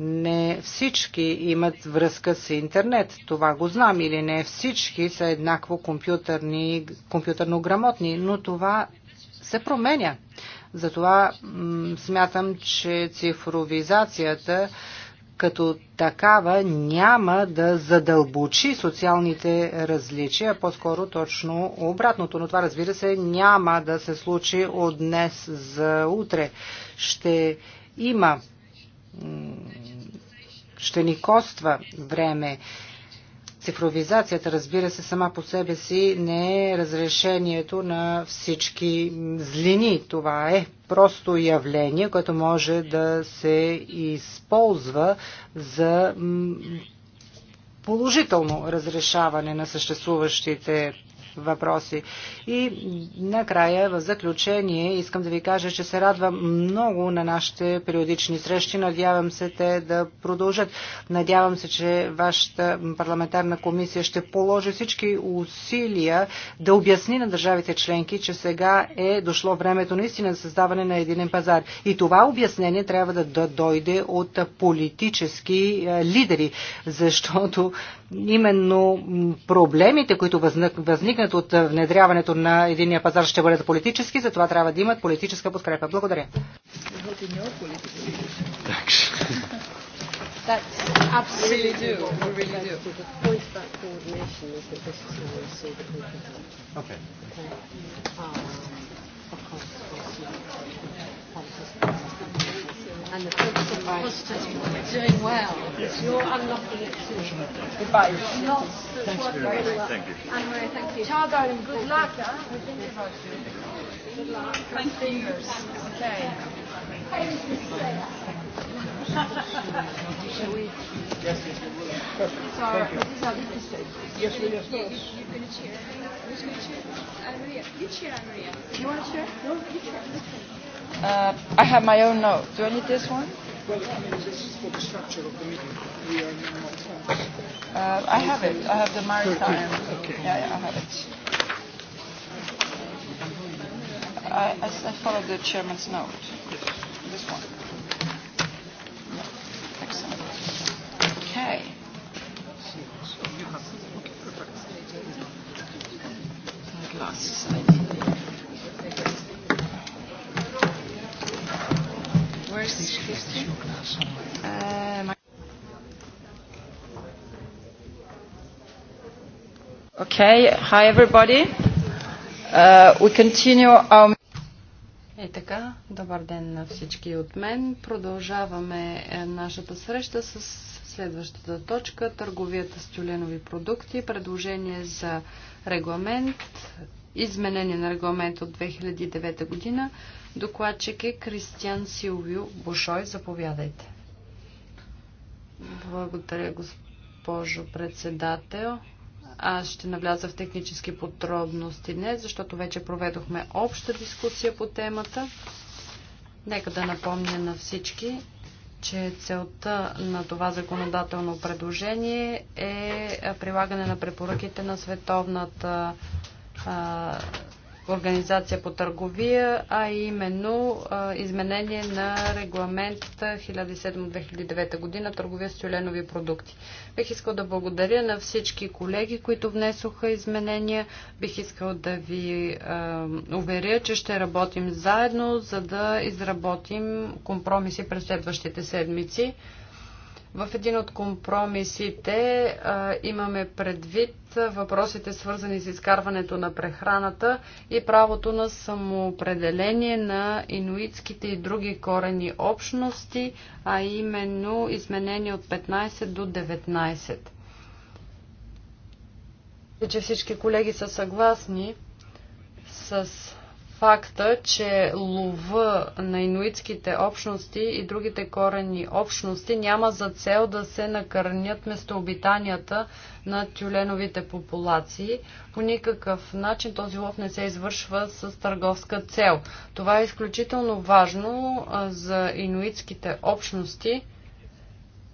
[SPEAKER 3] не всички имат връзка с интернет. Това го знам. Или не всички са еднакво компютърно грамотни. Но това се променя. Затова смятам, че цифровизацията като такава няма да задълбочи социалните различия, по-скоро точно обратното. Но това, разбира се, няма да се случи от днес за утре. Ще има ще ни коства време. Цифровизацията, разбира се, сама по себе си не е разрешението на всички злини. Това е просто явление, което може да се използва за положително разрешаване на съществуващите въпроси. И накрая, в заключение, искам да ви кажа, че се радвам много на нашите периодични срещи. Надявам се те да продължат. Надявам се, че вашата парламентарна комисия ще положи всички усилия да обясни на държавите членки, че сега е дошло времето наистина за създаване на единен пазар. И това обяснение трябва да, да дойде от политически е, лидери, защото именно проблемите, които възникнат откъснат от внедряването на единия пазар ще бъдат политически, затова трябва да имат политическа подкрепа. Благодаря. That's absolutely do. We really do. The point about coordination is that this is how we see the conflict. Okay. okay. Um, of course.
[SPEAKER 2] and the focus of positives doing well. Yes. You're unlocking it too. Goodbye. Lots of work very well. Thank you. Anne-Marie, thank you. Ciao, darling. Good luck. Huh? We're you. Good luck. Thank
[SPEAKER 3] you. Okay. Shall
[SPEAKER 1] we? Yes, yes. Perfect. So, Thank you. These are different stages. Yes, yes, yes.
[SPEAKER 3] you,
[SPEAKER 2] you're going to cheer. Who's going to cheer? Anne-Maria. You cheer, Anne-Maria. You want to cheer? No, you cheer. Listen. Uh, I have my own note. Do I need this one? Well,
[SPEAKER 3] I mean, this is for the structure of the
[SPEAKER 1] meeting. We are in on France.
[SPEAKER 3] Uh, I have
[SPEAKER 2] it. I have the maritime.
[SPEAKER 1] Okay. Yeah, yeah, I have it.
[SPEAKER 2] I, I, I followed the chairman's note. Yes. This one. Excellent.
[SPEAKER 1] Okay. So, you have, perfect. My glasses.
[SPEAKER 2] okay, hi everybody. Uh, we continue our... Е така, добър ден на всички от мен. Продължаваме е, нашата среща с следващата точка търговията с тюленови продукти, предложение за регламент, изменение на регламент от 2009 година Докладчик е Кристиан Силвио Бушой. Заповядайте. Благодаря, госпожо председател. Аз ще навляза в технически подробности днес, защото вече проведохме обща дискусия по темата. Нека да напомня на всички, че целта на това законодателно предложение е прилагане на препоръките на Световната организация по търговия, а именно изменение на регламент 1007-2009 година търговия с тюленови продукти. Бих искал да благодаря на всички колеги, които внесоха изменения. Бих искал да ви уверя, че ще работим заедно, за да изработим компромиси през следващите седмици. В един от компромисите а, имаме предвид въпросите свързани с изкарването на прехраната и правото на самоопределение на инуитските и други корени общности, а именно изменение от 15 до 19. Че всички колеги са съгласни с факта, че лова на инуитските общности и другите корени общности няма за цел да се накърнят местообитанията на тюленовите популации. По никакъв начин този лов не се извършва с търговска цел. Това е изключително важно за инуитските общности,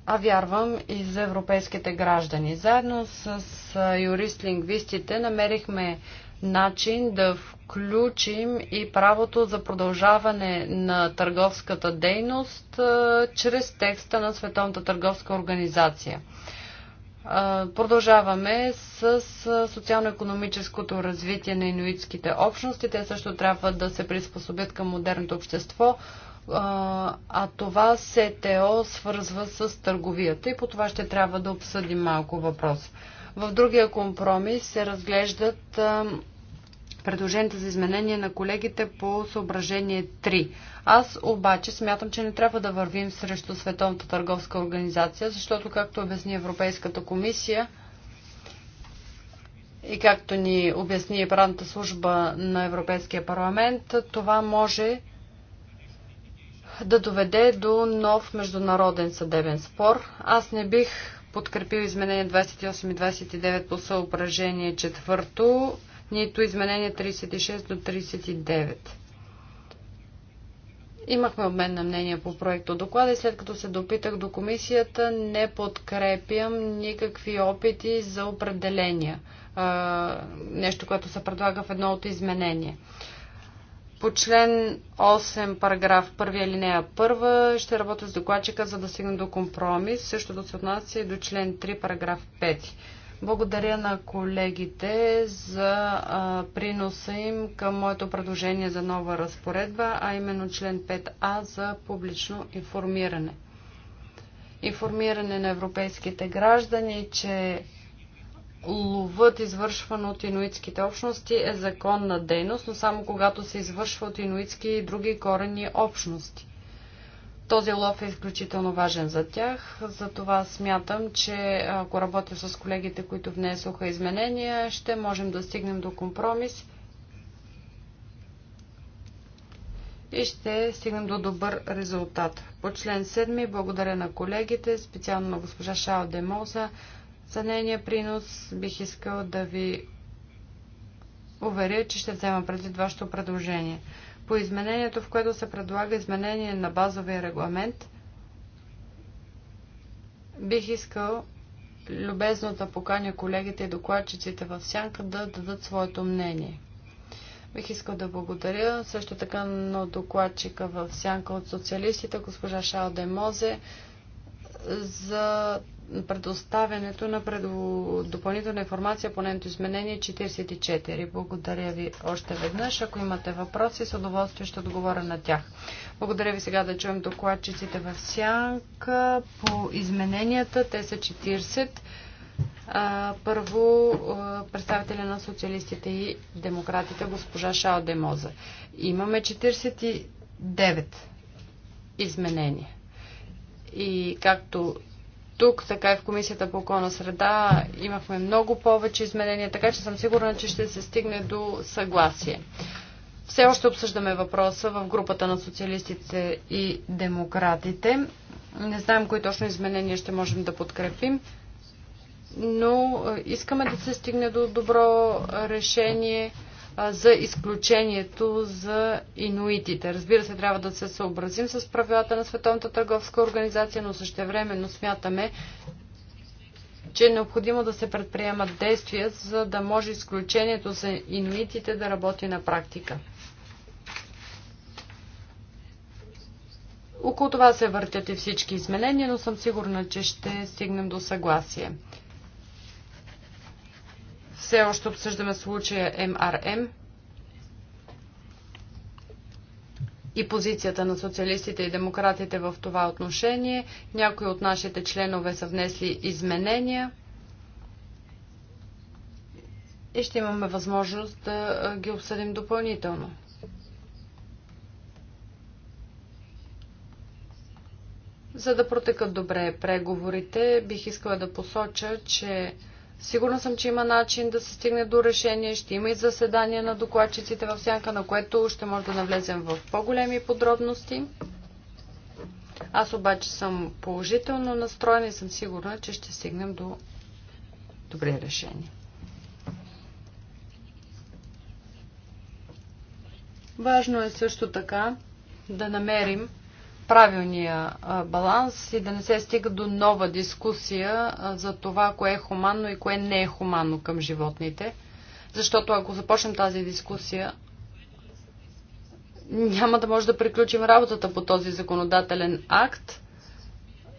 [SPEAKER 2] а вярвам и за европейските граждани. Заедно с юрист-лингвистите намерихме начин да включим и правото за продължаване на търговската дейност чрез текста на Световната търговска организация. Продължаваме с социално-економическото развитие на инуитските общности. Те също трябва да се приспособят към модерното общество, а това СТО свързва с търговията и по това ще трябва да обсъдим малко въпроса. В другия компромис се разглеждат предложенията за изменение на колегите по съображение 3. Аз обаче смятам, че не трябва да вървим срещу Световната търговска организация, защото, както обясни Европейската комисия и както ни обясни правната служба на Европейския парламент, това може да доведе до нов международен съдебен спор. Аз не бих подкрепил изменение 28 и 29 по съображение четвърто, нито изменение 36 до 39. Имахме обмен на мнения по проекто доклада и след като се допитах до комисията, не подкрепям никакви опити за определения. нещо, което се предлага в едно от изменения. По член 8, параграф 1, алинея 1 ще работя с докладчика, за да стигна до компромис. също да се отнася и до член 3, параграф 5. Благодаря на колегите за а, приноса им към моето предложение за нова разпоредба, а именно член 5а за публично информиране. Информиране на европейските граждани, че ловът, извършван от инуитските общности, е законна дейност, но само когато се извършва от инуитски и други корени общности. Този лов е изключително важен за тях, затова смятам, че ако работя с колегите, които внесоха изменения, ще можем да стигнем до компромис и ще стигнем до добър резултат. По член 7 благодаря на колегите, специално на госпожа Шао Демоза, за нейния принос бих искал да ви уверя, че ще взема предвид вашето предложение. По изменението, в което се предлага изменение на базовия регламент, бих искал любезно да поканя колегите и докладчиците в сянка да дадат своето мнение. Бих искал да благодаря също така на докладчика в сянка от социалистите, госпожа Шао Демозе, за предоставянето на предо... допълнителна информация по нейното изменение 44. Е Благодаря ви още веднъж. Ако имате въпроси, с удоволствие ще отговоря на тях. Благодаря ви сега да чуем докладчиците в сянка по измененията. Те са 40. първо представителя на социалистите и демократите, госпожа Шао Демоза. Имаме 49 изменения. И както тук, така и в Комисията по околна среда имахме много повече изменения, така че съм сигурна, че ще се стигне до съгласие. Все още обсъждаме въпроса в групата на социалистите и демократите. Не знаем кои точно изменения ще можем да подкрепим, но е, искаме да се стигне до добро решение за изключението за инуитите. Разбира се, трябва да се съобразим с правилата на Световната търговска организация, но същевременно смятаме, че е необходимо да се предприемат действия, за да може изключението за инуитите да работи на практика. Около това се въртят и всички изменения, но съм сигурна, че ще стигнем до съгласие. Все още обсъждаме случая МРМ и позицията на социалистите и демократите в това отношение. Някои от нашите членове са внесли изменения и ще имаме възможност да ги обсъдим допълнително. За да протекат добре преговорите, бих искала да посоча, че Сигурна съм, че има начин да се стигне до решение. Ще има и заседание на докладчиците в сянка, на което ще може да навлезем в по-големи подробности. Аз обаче съм положително настроена и съм сигурна, че ще стигнем до добри решения. Важно е също така да намерим правилния баланс и да не се стига до нова дискусия за това, кое е хуманно и кое не е хуманно към животните. Защото ако започнем тази дискусия, няма да може да приключим работата по този законодателен акт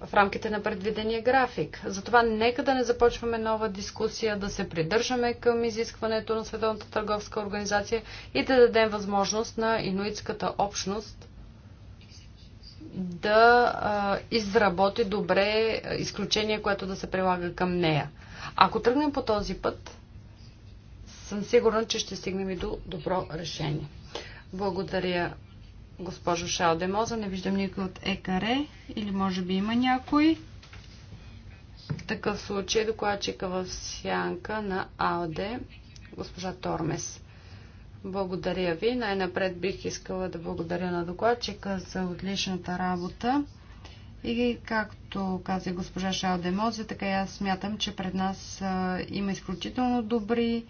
[SPEAKER 2] в рамките на предвидения график. Затова нека да не започваме нова дискусия, да се придържаме към изискването на Световната търговска организация и да дадем възможност на инуитската общност да а, изработи добре изключение, което да се прилага към нея. Ако тръгнем по този път, съм сигурна, че ще стигнем и до добро решение. Благодаря, госпожо Шалдемоза. Не виждам никой от ЕКАРЕ или може би има някой. В такъв случай докладчика в сянка на АОД, госпожа Тормес. Благодаря ви. Най-напред бих искала да благодаря на докладчика за отличната работа. И както каза госпожа Шалдемозе, така и аз смятам, че пред нас има изключително добри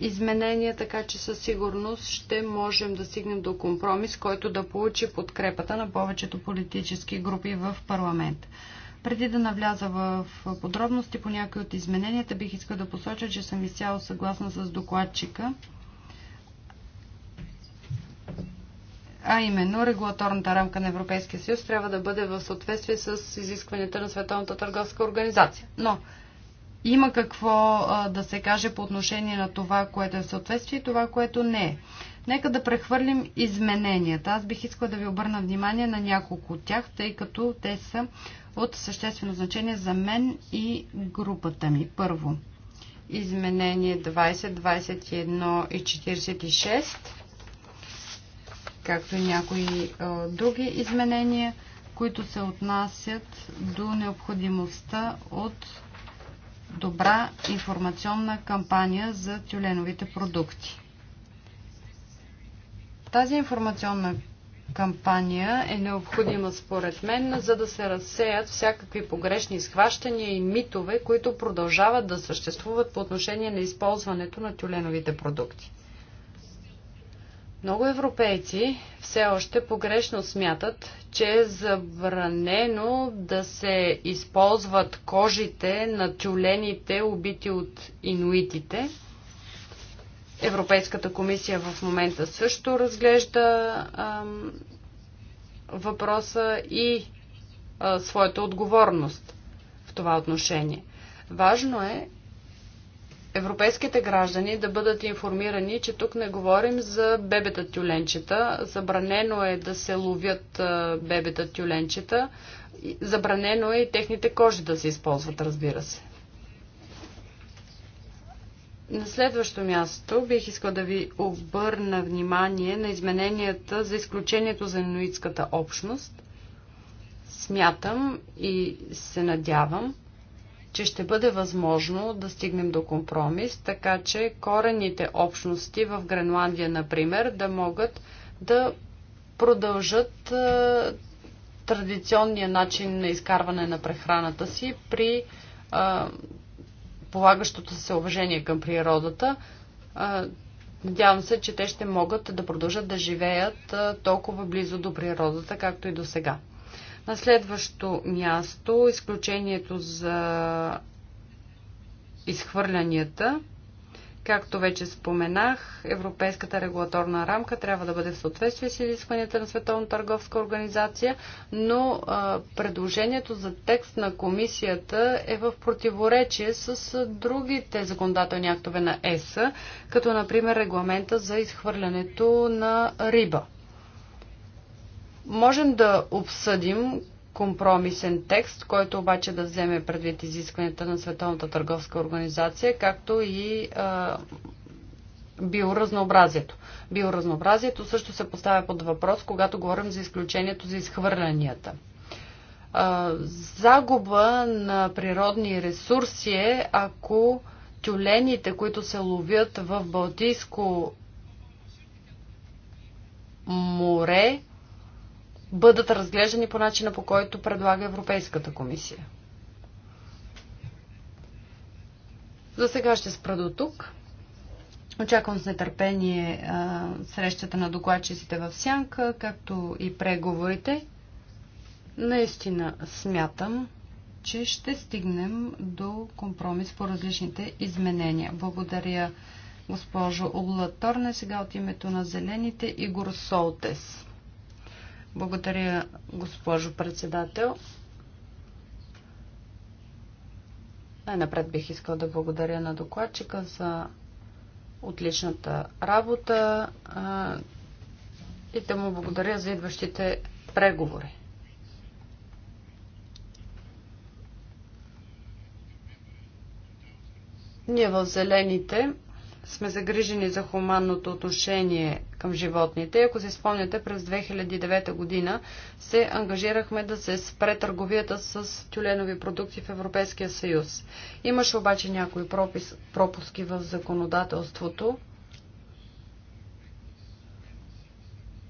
[SPEAKER 2] изменения, така че със сигурност ще можем да стигнем до компромис, който да получи подкрепата на повечето политически групи в парламент. Преди да навляза в подробности по някои от измененията, бих искал да посоча, че съм изцяло съгласна с докладчика. а именно регулаторната рамка на Европейския съюз трябва да бъде в съответствие с изискванията на Световната търговска организация. Но има какво а, да се каже по отношение на това, което е в съответствие и това, което не е. Нека да прехвърлим измененията. Аз бих искала да ви обърна внимание на няколко от тях, тъй като те са от съществено значение за мен и групата ми. Първо, изменение 20, 21 и 46 както и някои други изменения, които се отнасят до необходимостта от добра информационна кампания за тюленовите продукти. Тази информационна кампания е необходима според мен, за да се разсеят всякакви погрешни схващания и митове, които продължават да съществуват по отношение на използването на тюленовите продукти. Много европейци все още погрешно смятат, че е забранено да се използват кожите на тюлените, убити от инуитите. Европейската комисия в момента също разглежда ам, въпроса и а, своята отговорност в това отношение. Важно е европейските граждани да бъдат информирани, че тук не говорим за бебета тюленчета. Забранено е да се ловят бебета тюленчета. Забранено е и техните кожи да се използват, разбира се. На следващо място бих искал да ви обърна внимание на измененията за изключението за инуитската общност. Смятам и се надявам, че ще бъде възможно да стигнем до компромис, така че корените общности в Гренландия, например, да могат да продължат е, традиционния начин на изкарване на прехраната си при е, полагащото се уважение към природата. Е, надявам се, че те ще могат да продължат да живеят е, толкова близо до природата, както и до сега. На следващо място изключението за изхвърлянията. Както вече споменах, европейската регулаторна рамка трябва да бъде в съответствие с изискванията на Световната търговска организация, но а, предложението за текст на комисията е в противоречие с другите законодателни актове на ЕС, като например регламента за изхвърлянето на риба. Можем да обсъдим компромисен текст, който обаче да вземе предвид изискванията на Световната търговска организация, както и а, биоразнообразието. Биоразнообразието също се поставя под въпрос, когато говорим за изключението за изхвърлянията. А, загуба на природни ресурси е, ако тюлените, които се ловят в Балтийско море, бъдат разглеждани по начина по който предлага Европейската комисия. За сега ще спра до тук. Очаквам с нетърпение а, срещата на докладчиците в Сянка, както и преговорите. Наистина смятам, че ще стигнем до компромис по различните изменения. Благодаря, госпожо Торне, сега от името на Зелените и Солтес. Благодаря, госпожо председател. Най-напред бих искал да благодаря на докладчика за отличната работа и да му благодаря за идващите преговори. Ние в Зелените сме загрижени за хуманното отношение към животните. Ако се спомняте, през 2009 година се ангажирахме да се спре търговията с тюленови продукти в Европейския съюз. Имаше обаче някои пропис, пропуски в законодателството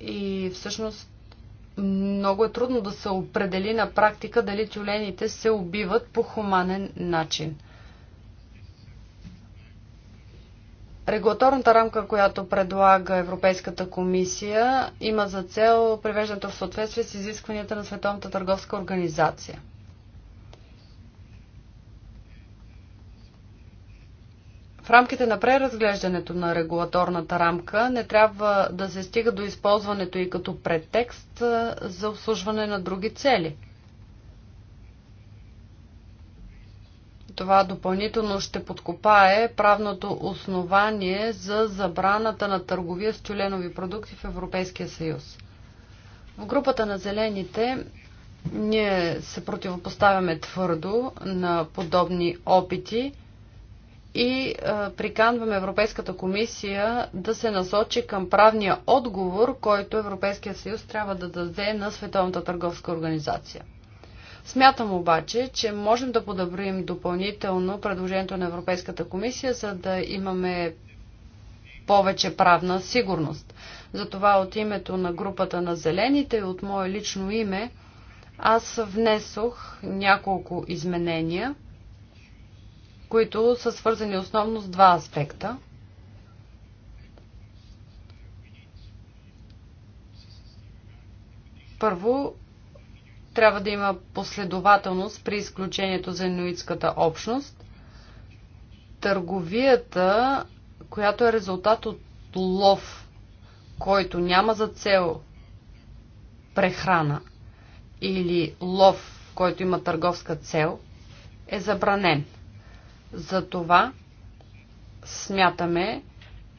[SPEAKER 2] и всъщност много е трудно да се определи на практика дали тюлените се убиват по хуманен начин. Регулаторната рамка, която предлага Европейската комисия, има за цел привеждането в съответствие с изискванията на Световната търговска организация. В рамките на преразглеждането на регулаторната рамка не трябва да се стига до използването и като претекст за обслужване на други цели – Това допълнително ще подкопае правното основание за забраната на търговия с тюленови продукти в Европейския съюз. В групата на зелените ние се противопоставяме твърдо на подобни опити и е, приканваме Европейската комисия да се насочи към правния отговор, който Европейския съюз трябва да даде на Световната търговска организация. Смятам обаче, че можем да подобрим допълнително предложението на Европейската комисия, за да имаме повече правна сигурност. Затова от името на групата на зелените и от мое лично име аз внесох няколко изменения, които са свързани основно с два аспекта. Първо, трябва да има последователност при изключението за инуитската общност. Търговията, която е резултат от лов, който няма за цел прехрана или лов, който има търговска цел, е забранен. Затова смятаме,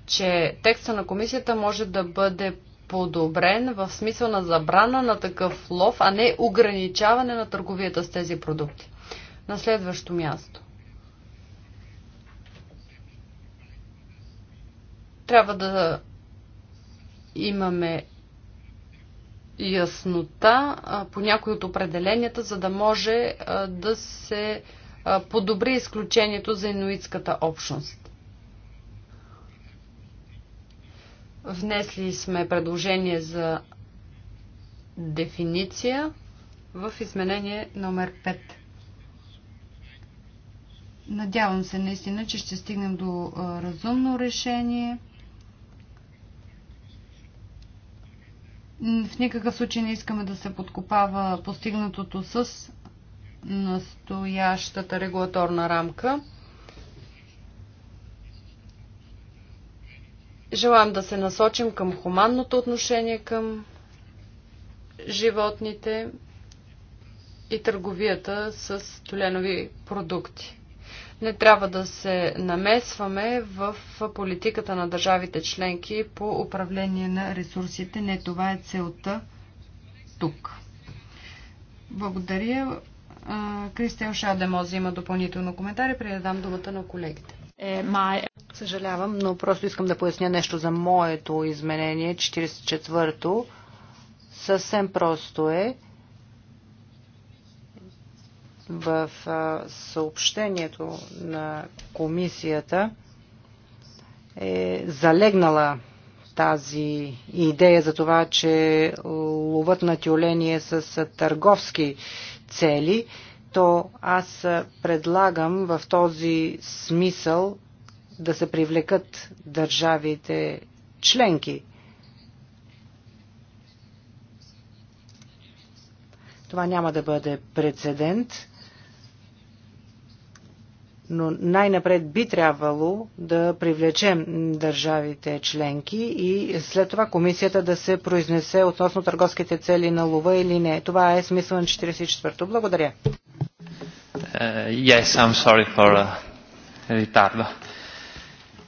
[SPEAKER 2] че текста на комисията може да бъде подобрен в смисъл на забрана на такъв лов, а не ограничаване на търговията с тези продукти. На следващо място. Трябва да имаме яснота по някои от определенията, за да може да се подобри изключението за инуитската общност. Внесли сме предложение за дефиниция в изменение номер 5. Надявам се наистина, че ще стигнем до разумно решение. В никакъв случай не искаме да се подкопава постигнатото с настоящата регулаторна рамка. Желаем да се насочим към хуманното отношение към животните и търговията с толенови продукти. Не трябва да се намесваме в политиката на държавите членки по управление на ресурсите. Не това е целта тук. Благодаря. Кристиан Шадемоз има допълнително коментари. Предадам думата на колегите.
[SPEAKER 3] Е, Съжалявам, но просто искам да поясня нещо за моето изменение, 44-то. Съвсем просто е в съобщението на комисията е залегнала тази идея за това, че ловът на тюлени е с търговски цели то аз предлагам в този смисъл да се привлекат държавите членки. Това няма да бъде прецедент, но най-напред би трябвало да привлечем държавите членки и след това комисията да се произнесе относно търговските цели на лова или не. Това е смисъл на 44-то. Благодаря.
[SPEAKER 2] Eh, yes, I'm sorry for uh, retard. Um...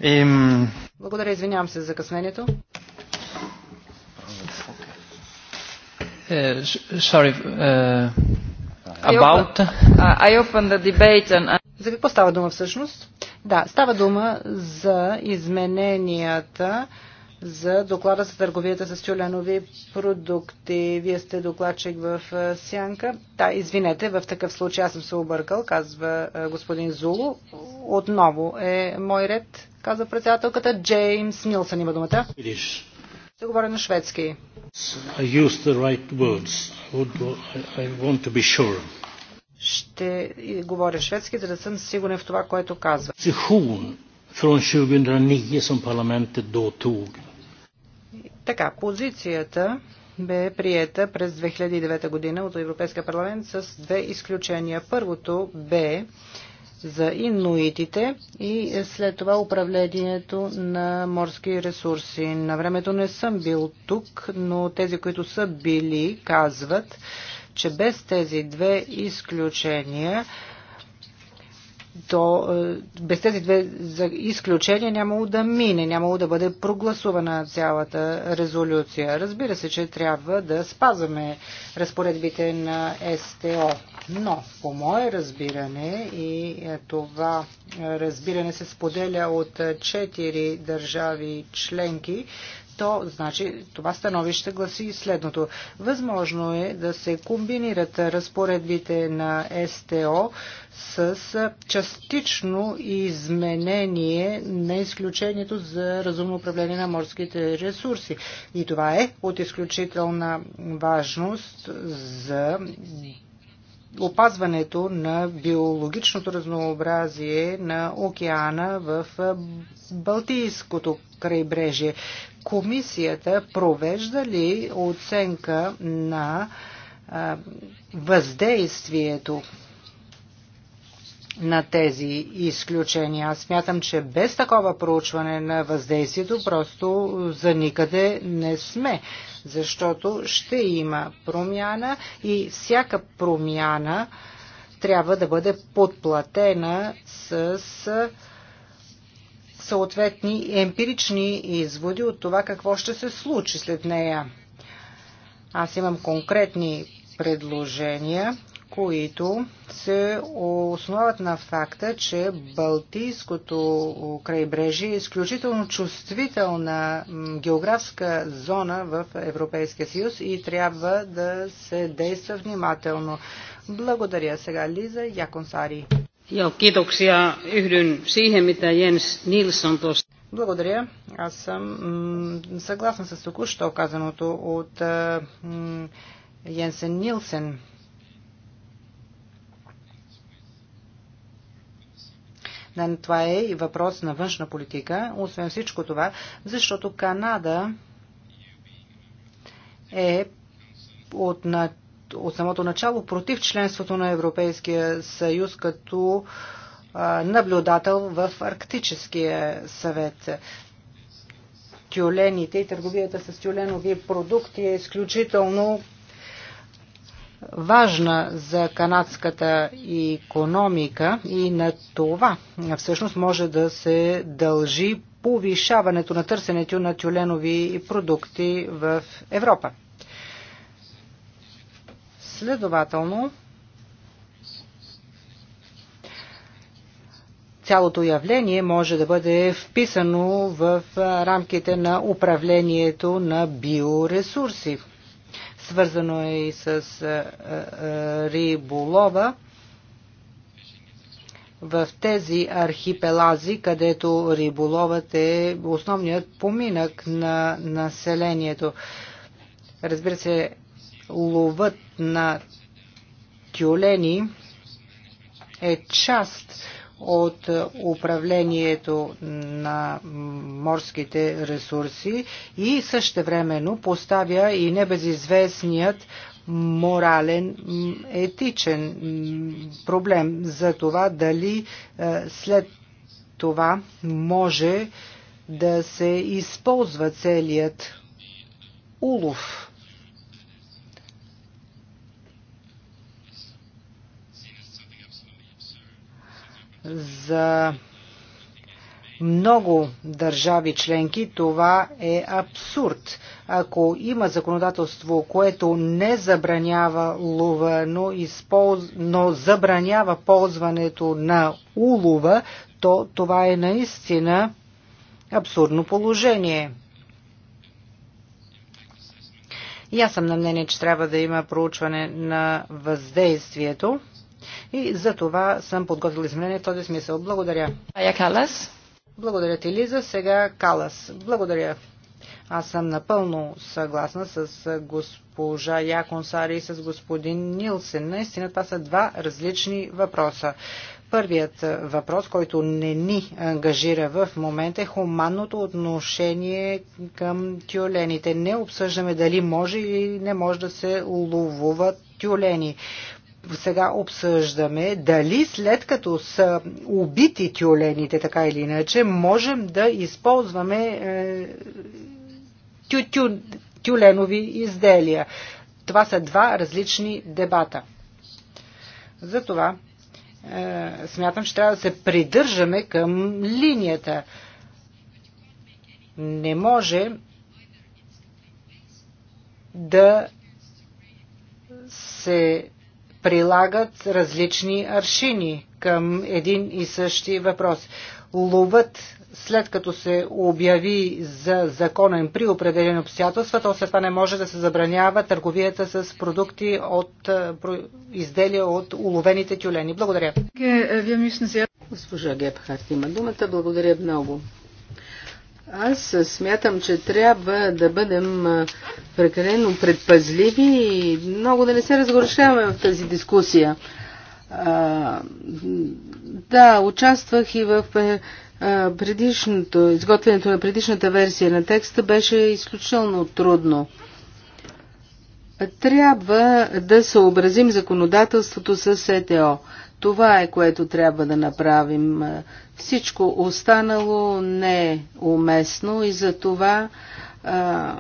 [SPEAKER 2] Ehm,
[SPEAKER 3] Благодаря, извинявам се за закъснението.
[SPEAKER 1] Uh, sorry, uh, about...
[SPEAKER 3] I open the debate and... Uh, за какво става дума всъщност? Да, става дума за измененията uh, за доклада за търговията с тюленови продукти. Вие сте докладчик в Сянка. Та, извинете, в такъв случай аз съм се объркал, казва господин Зулу. Отново е мой ред, казва председателката. Джеймс Нилсън има думата. Се Ще говоря на шведски. Ще говоря шведски, за да съм сигурен в това, което казва.
[SPEAKER 1] Сесsion från 2009 som parlamentet då tog
[SPEAKER 3] така, позицията бе приета през 2009 година от Европейския парламент с две изключения. Първото бе за инуитите и след това управлението на морски ресурси. На времето не съм бил тук, но тези, които са били, казват, че без тези две изключения то е, без тези две изключения нямало да мине, нямало да бъде прогласувана цялата резолюция. Разбира се, че трябва да спазваме разпоредбите на СТО. Но, по мое разбиране, и е, това разбиране се споделя от е, четири държави членки, то значи това становище гласи следното. Възможно е да се комбинират разпоредбите на СТО с частично изменение на изключението за разумно управление на морските ресурси. И това е от изключителна важност за опазването на биологичното разнообразие на океана в Балтийското крайбрежие комисията провежда ли оценка на а, въздействието на тези изключения. Аз смятам, че без такова проучване на въздействието просто за никъде не сме, защото ще има промяна и всяка промяна трябва да бъде подплатена с съответни емпирични изводи от това какво ще се случи след нея. Аз имам конкретни предложения, които се основат на факта, че Балтийското крайбрежие е изключително чувствителна географска зона в Европейския съюз и трябва да се действа внимателно. Благодаря сега Лиза Яконсари.
[SPEAKER 1] Joo, kiitoksia. Yhdyn siihen, mitä Jens Nilsson tuossa благодаря.
[SPEAKER 3] Аз съм съгласна с току-що казаното от Йенсен Нилсен. това е и въпрос на външна политика, освен всичко това, защото Канада е от на от самото начало против членството на Европейския съюз като наблюдател в Арктическия съвет. Тюлените и търговията с тюленови продукти е изключително важна за канадската економика и на това всъщност може да се дължи повишаването на търсенето на тюленови продукти в Европа. Следователно, цялото явление може да бъде вписано в рамките на управлението на биоресурси. Свързано е и с риболова в тези архипелази, където риболовът е основният поминък на населението. Разбира се, ловът на тюлени е част от управлението на морските ресурси и същевременно поставя и небезизвестният морален, етичен проблем за това дали е, след това може да се използва целият улов за много държави членки това е абсурд. Ако има законодателство, което не забранява лува, но, използ... но забранява ползването на улова, то това е наистина абсурдно положение. И аз съм на мнение, че трябва да има проучване на въздействието. И за това съм подготвил изменение в този смисъл. Благодаря. Ая Калас. Благодаря ти, Лиза. Сега Калас. Благодаря. Аз съм напълно съгласна с госпожа Яконсари и с господин Нилсен. Наистина това са два различни въпроса. Първият въпрос, който не ни ангажира в момента е хуманното отношение към тюлените. Не обсъждаме дали може или не може да се ловуват тюлени сега обсъждаме дали след като са убити тюлените, така или иначе, можем да използваме е, тю, тю, тюленови изделия. Това са два различни дебата. Затова е, смятам, че трябва да се придържаме към линията. Не може да се прилагат различни аршини към един и същи въпрос. Ловът, след като се обяви за законен при определени обстоятелства, то след това не може да се забранява търговията с продукти от изделия от уловените тюлени. Благодаря.
[SPEAKER 1] Е, Госпожа Гебхарт има думата. Благодаря много. Аз смятам, че трябва да бъдем прекалено предпазливи и много да не се разгорещаваме в тази дискусия. А, да, участвах и в предишното, изготвянето на предишната версия на текста беше изключително трудно. Трябва да съобразим законодателството с ЕТО. Това е което трябва да направим. Всичко останало не е уместно и за това а,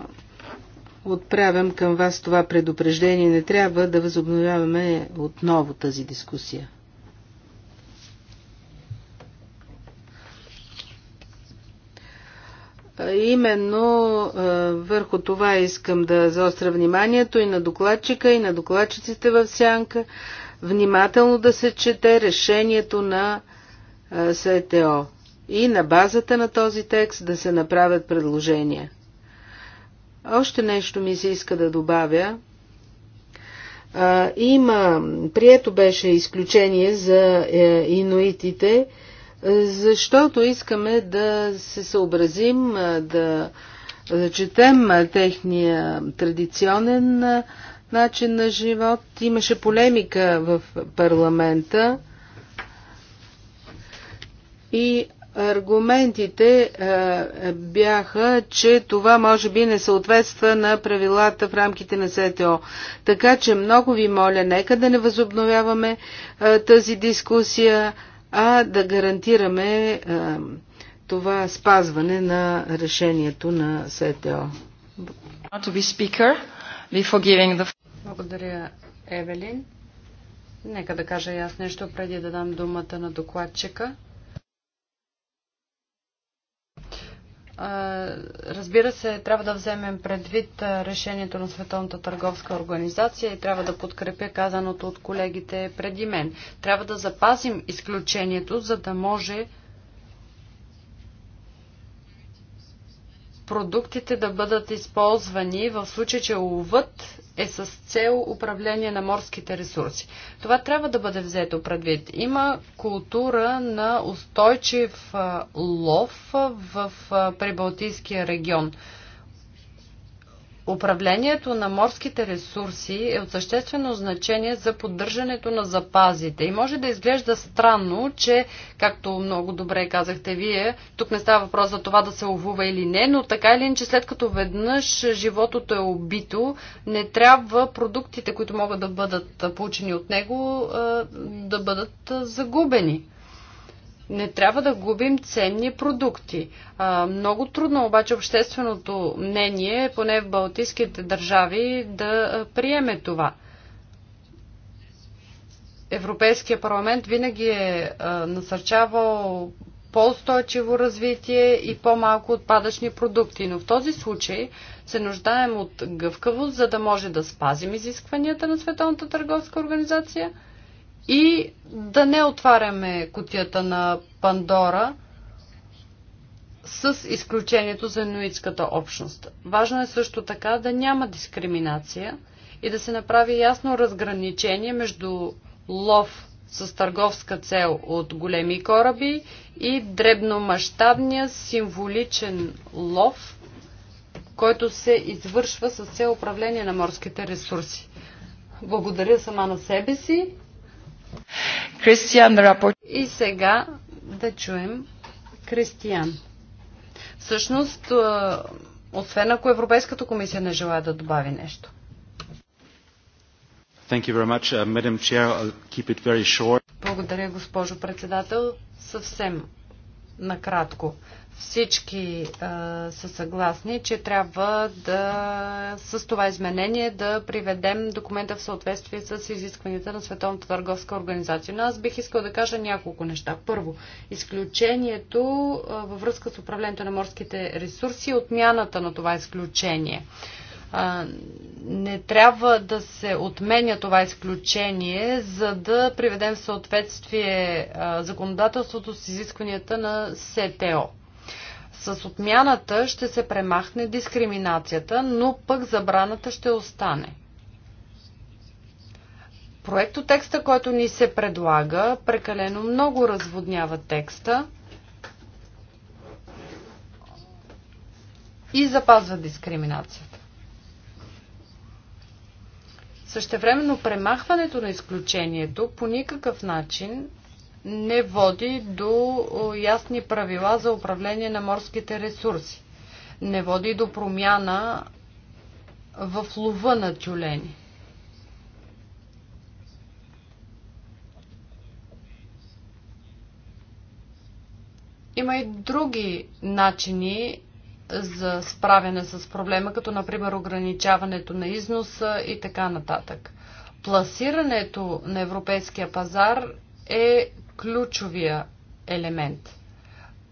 [SPEAKER 1] отправям към вас това предупреждение. Не трябва да възобновяваме отново тази дискусия. Именно върху това искам да заостря вниманието и на докладчика, и на докладчиците в сянка внимателно да се чете решението на СТО и на базата на този текст да се направят предложения. Още нещо ми се иска да добавя. има, прието беше изключение за е, инуитите, защото искаме да се съобразим, да, да четем техния традиционен начин на живот. Имаше полемика в парламента и аргументите е, бяха, че това може би не съответства на правилата в рамките на СТО. Така че много ви моля, нека да не възобновяваме е, тази дискусия, а да гарантираме е, това спазване на решението на СТО
[SPEAKER 2] before giving the... Благодаря, Евелин. Нека да кажа и аз нещо преди да дам думата на докладчика. Разбира се, трябва да вземем предвид решението на Световната търговска организация и трябва да подкрепя казаното от колегите преди мен. Трябва да запазим изключението, за да може продуктите да бъдат използвани в случай, че ловът е с цел управление на морските ресурси. Това трябва да бъде взето предвид. Има култура на устойчив лов в Прибалтийския регион. Управлението на морските ресурси е от съществено значение за поддържането на запазите. И може да изглежда странно, че, както много добре казахте вие, тук не става въпрос за това да се овува или не, но така или иначе след като веднъж животото е убито, не трябва продуктите, които могат да бъдат получени от него, да бъдат загубени не трябва да губим ценни продукти. А, много трудно обаче общественото мнение, поне в балтийските държави, да приеме това. Европейския парламент винаги е а, насърчавал по-устойчиво развитие и по-малко отпадъчни продукти. Но в този случай се нуждаем от гъвкавост, за да може да спазим изискванията на Световната търговска организация – и да не отваряме кутията на Пандора с изключението за инуитската общност. Важно е също така да няма дискриминация и да се направи ясно разграничение между лов с търговска цел от големи кораби и дребномащабния символичен лов, който се извършва с цел управление на морските ресурси. Благодаря сама на себе си Кристиан рапорт. И сега да чуем Кристиан. Всъщност, освен ако Европейската комисия не желая да добави нещо. Благодаря, госпожо председател. Съвсем накратко всички а, са съгласни, че трябва да с това изменение да приведем документа в съответствие с изискванията на Световната търговска организация. Но аз бих искал да кажа няколко неща. Първо, изключението а, във връзка с управлението на морските ресурси, отмяната на това изключение. А, не трябва да се отменя това изключение, за да приведем в съответствие а, законодателството с изискванията на СТО. С отмяната ще се премахне дискриминацията, но пък забраната ще остане. Проекто текста, който ни се предлага, прекалено много разводнява текста и запазва дискриминацията. Същевременно премахването на изключението по никакъв начин не води до ясни правила за управление на морските ресурси. Не води до промяна в лова на тюлени. Има и други начини за справяне с проблема, като например ограничаването на износа и така нататък. Пласирането на европейския пазар е ключовия елемент.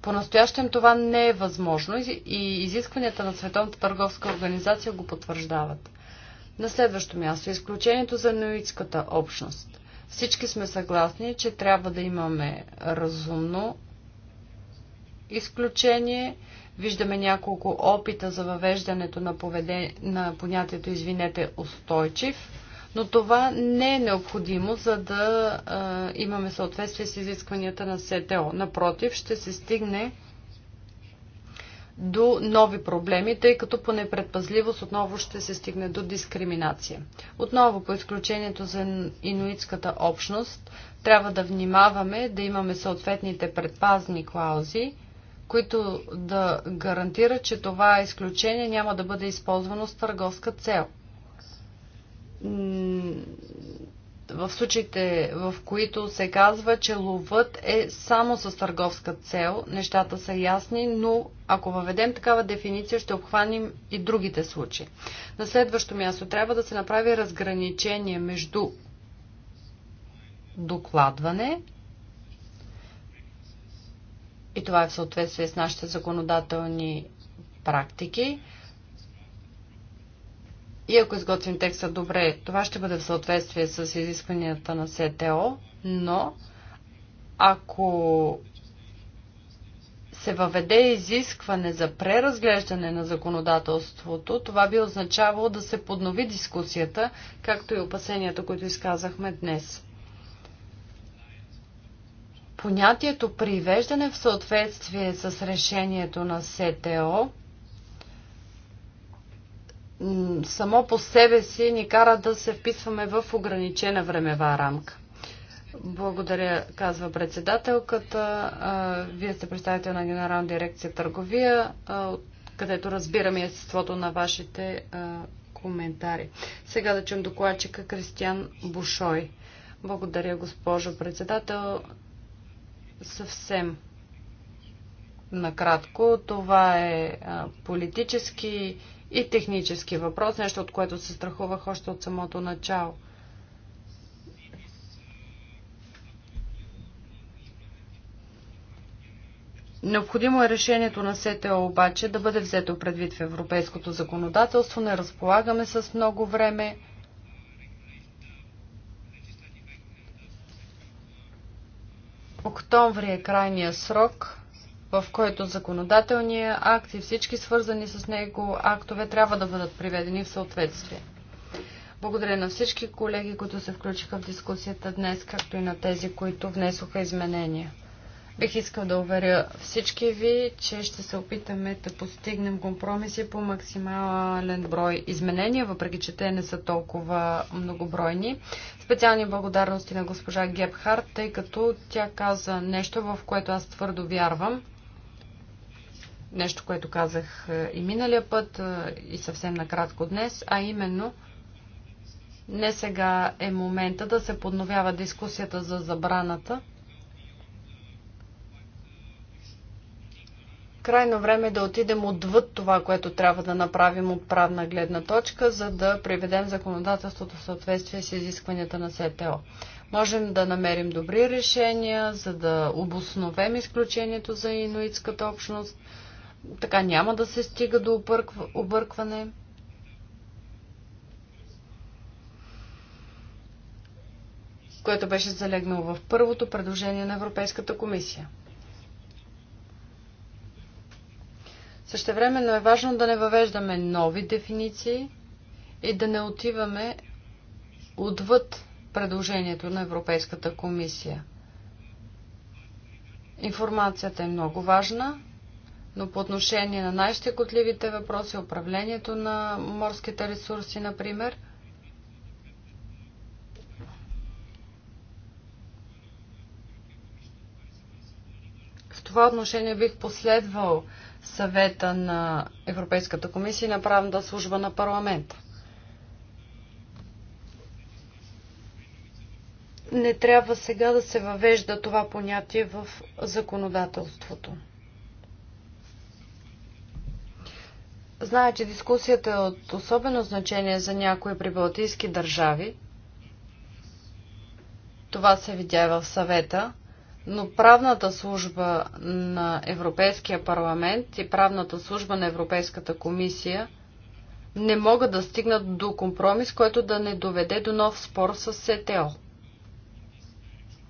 [SPEAKER 2] По-настоящем това не е възможно и изискванията на Световната търговска организация го потвърждават. На следващо място изключението за нуитската общност. Всички сме съгласни, че трябва да имаме разумно изключение. Виждаме няколко опита за въвеждането на, поведение, на понятието, извинете, устойчив но това не е необходимо, за да а, имаме съответствие с изискванията на СТО. Напротив, ще се стигне до нови проблеми, тъй като по непредпазливост отново ще се стигне до дискриминация. Отново по изключението за инуитската общност трябва да внимаваме да имаме съответните предпазни клаузи, които да гарантират, че това изключение няма да бъде използвано с търговска цел в случаите, в които се казва, че ловът е само с търговска цел, нещата са ясни, но ако въведем такава дефиниция, ще обхванем и другите случаи. На следващо място трябва да се направи разграничение между докладване и това е в съответствие с нашите законодателни практики, и ако изготвим текста добре, това ще бъде в съответствие с изискванията на СТО, но ако се въведе изискване за преразглеждане на законодателството, това би означавало да се поднови дискусията, както и опасенията, които изказахме днес. Понятието привеждане в съответствие с решението на СТО само по себе си ни кара да се вписваме в ограничена времева рамка. Благодаря, казва председателката. Вие сте представител на Генерална дирекция търговия, където разбираме естеството на вашите коментари. Сега да чуем докладчика Кристиан Бушой. Благодаря, госпожо председател. Съвсем накратко, това е политически и технически въпрос, нещо от което се страхувах още от самото начало. Необходимо е решението на СТО обаче да бъде взето предвид в европейското законодателство. Не разполагаме с много време. Октомври е крайния срок в който законодателния акт и всички свързани с него актове трябва да бъдат приведени в съответствие. Благодаря на всички колеги, които се включиха в дискусията днес, както и на тези, които внесоха изменения. Бих искал да уверя всички ви, че ще се опитаме да постигнем компромиси по максимален брой изменения, въпреки че те не са толкова многобройни. Специални благодарности на госпожа Гебхарт, тъй като тя каза нещо, в което аз твърдо вярвам нещо, което казах е, и миналия път, е, и съвсем накратко днес, а именно не сега е момента да се подновява дискусията за забраната. Крайно време е да отидем отвъд това, което трябва да направим от правна гледна точка, за да приведем законодателството в съответствие с изискванията на СТО. Можем да намерим добри решения, за да обосновем изключението за инуитската общност – така няма да се стига до объркване. което беше залегнало в първото предложение на Европейската комисия. Същевременно е важно да не въвеждаме нови дефиниции и да не отиваме отвъд предложението на Европейската комисия. Информацията е много важна, но по отношение на най-щекотливите въпроси, управлението на морските ресурси, например, в това отношение бих последвал съвета на Европейската комисия и на правната служба на парламента. Не трябва сега да се въвежда това понятие в законодателството. Зная, че дискусията е от особено значение за някои прибалтийски държави. Това се видя и в съвета, но правната служба на Европейския парламент и правната служба на Европейската комисия не могат да стигнат до компромис, който да не доведе до нов спор с СТО.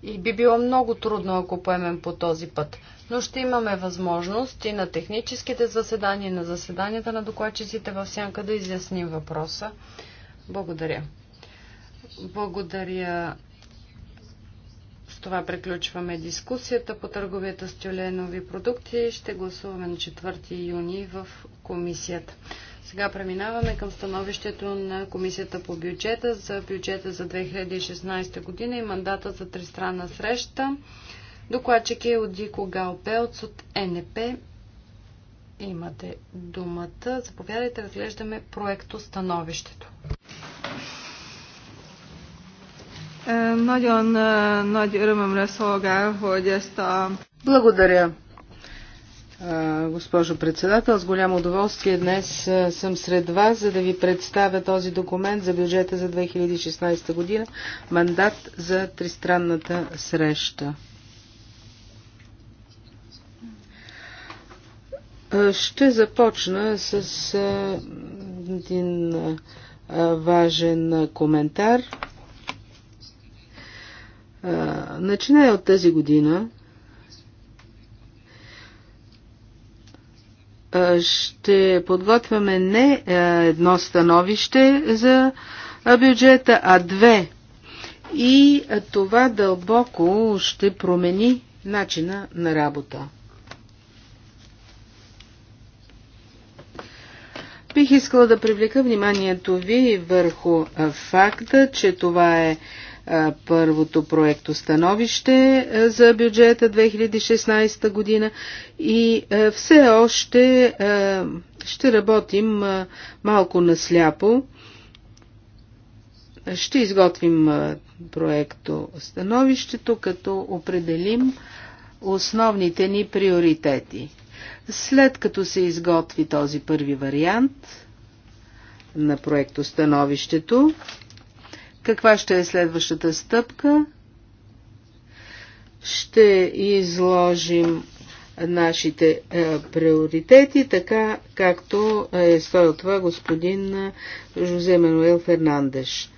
[SPEAKER 2] И би било много трудно, ако поемем по този път но ще имаме възможност и на техническите заседания, и на заседанията на докладчиците в сянка да изясним въпроса. Благодаря. Благодаря. С това приключваме дискусията по търговията с тюленови продукти. Ще гласуваме на 4 юни в комисията. Сега преминаваме към становището на Комисията по бюджета за бюджета за 2016 година и мандата за тристранна среща. Докладчик е от Дико Галпелц от НП. Имате думата. Заповядайте, разглеждаме проекто становището.
[SPEAKER 1] Е, nagyon е, nagy örömömre szolgál, hogy ezt a... Благодаря, е, госпожо председател. С голямо удоволствие днес съм сред вас, за да ви представя този документ за бюджета за 2016 година, мандат за тристранната среща. Ще започна с един важен коментар. Начиная от тази година ще подготвяме не едно становище за бюджета, а две. И това дълбоко ще промени начина на работа. Бих искала да привлека вниманието ви върху факта, че това е първото проекто становище за бюджета 2016 година и все още ще работим малко насляпо. Ще изготвим проекто становището, като определим основните ни приоритети. След като се изготви този първи вариант на проектостановището, каква ще е следващата стъпка? Ще изложим нашите е, приоритети, така както е стоял това господин е, Жозе Мануел Фернандеш.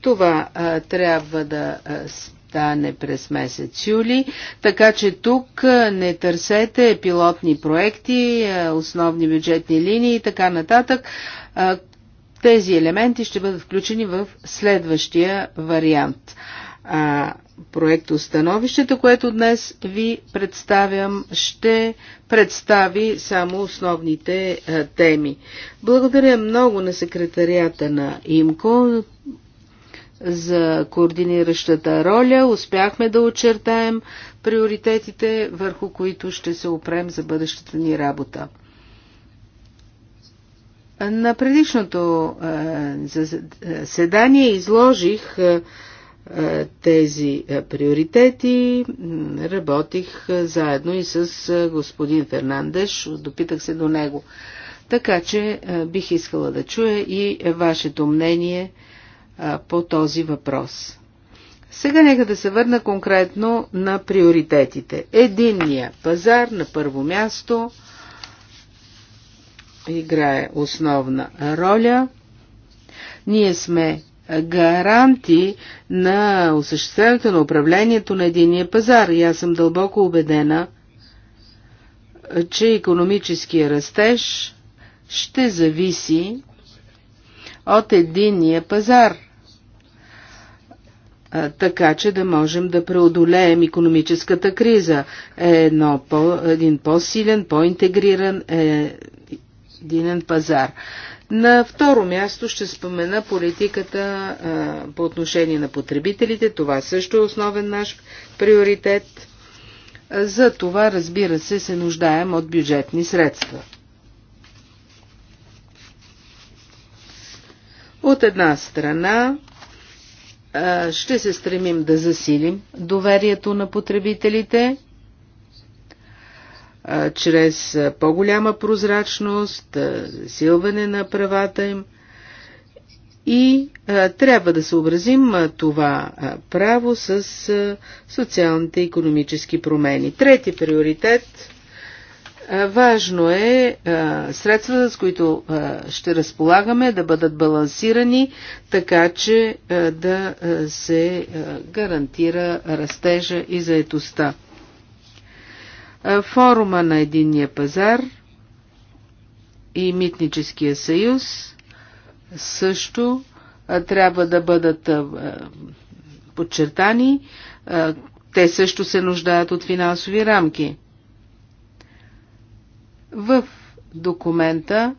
[SPEAKER 1] Това е, трябва да е, стане през месец юли, така че тук не търсете пилотни проекти, основни бюджетни линии и така нататък. Тези елементи ще бъдат включени в следващия вариант. Проект проектостановището, което днес ви представям, ще представи само основните теми. Благодаря много на секретарията на ИМКО, за координиращата роля успяхме да очертаем приоритетите, върху които ще се опрем за бъдещата ни работа. На предишното е, е, заседание изложих е, тези приоритети. Работих заедно и с господин Фернандеш. Допитах се до него. Така че бих искала да чуя и вашето мнение – по този въпрос. Сега нека да се върна конкретно на приоритетите. Единния пазар на първо място играе основна роля. Ние сме гаранти на осъществяването на управлението на единия пазар и аз съм дълбоко убедена, че економическия растеж ще зависи от единния пазар – така че да можем да преодолеем економическата криза. Е едно по, един по-силен, по-интегриран е, единен пазар. На второ място ще спомена политиката а, по отношение на потребителите. Това също е основен наш приоритет. За това, разбира се, се нуждаем от бюджетни средства. От една страна ще се стремим да засилим доверието на потребителите чрез по-голяма прозрачност, засилване на правата им и трябва да съобразим това право с социалните и економически промени. Трети приоритет Важно е средствата, с които ще разполагаме, да бъдат балансирани, така че да се гарантира растежа и заетостта. Форума на единния пазар и Митническия съюз също трябва да бъдат подчертани. Те също се нуждаят от финансови рамки. В документа,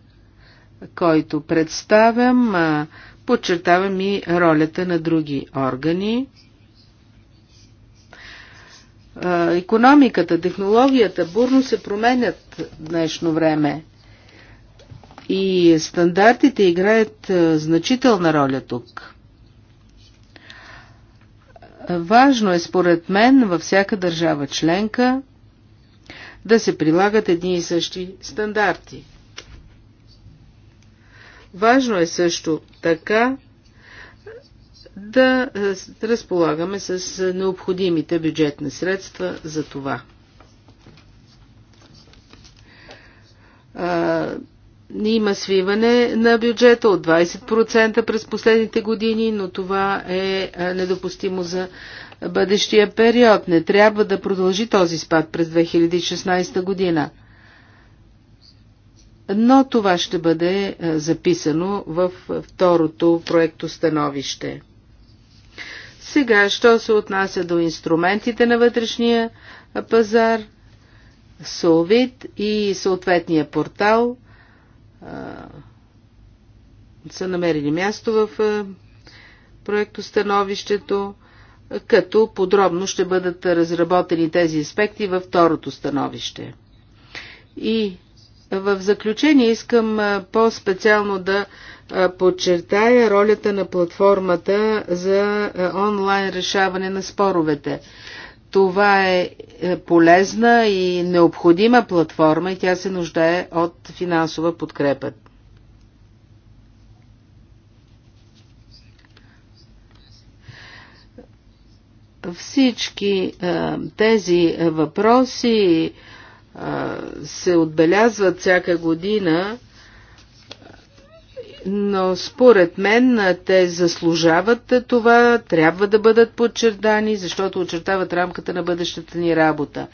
[SPEAKER 1] който представям, подчертавам и ролята на други органи. Економиката, технологията бурно се променят в днешно време и стандартите играят значителна роля тук. Важно е според мен във всяка държава членка да се прилагат едни и същи стандарти. Важно е също така да разполагаме с необходимите бюджетни средства за това. Има свиване на бюджета от 20% през последните години, но това е недопустимо за бъдещия период. Не трябва да продължи този спад през 2016 година. Но това ще бъде е, записано в е, второто проекто становище. Сега, що се отнася до инструментите на вътрешния е, пазар, Солвит и съответния портал а, са намерили място в проекто проектостановището като подробно ще бъдат разработени тези аспекти във второто становище. И в заключение искам по-специално да подчертая ролята на платформата за онлайн решаване на споровете. Това е, е полезна и необходима платформа и тя се нуждае от финансова подкрепа. Всички е, тези въпроси е, се отбелязват всяка година, но според мен е, те заслужават това, трябва да бъдат подчертани, защото очертават рамката на бъдещата ни работа.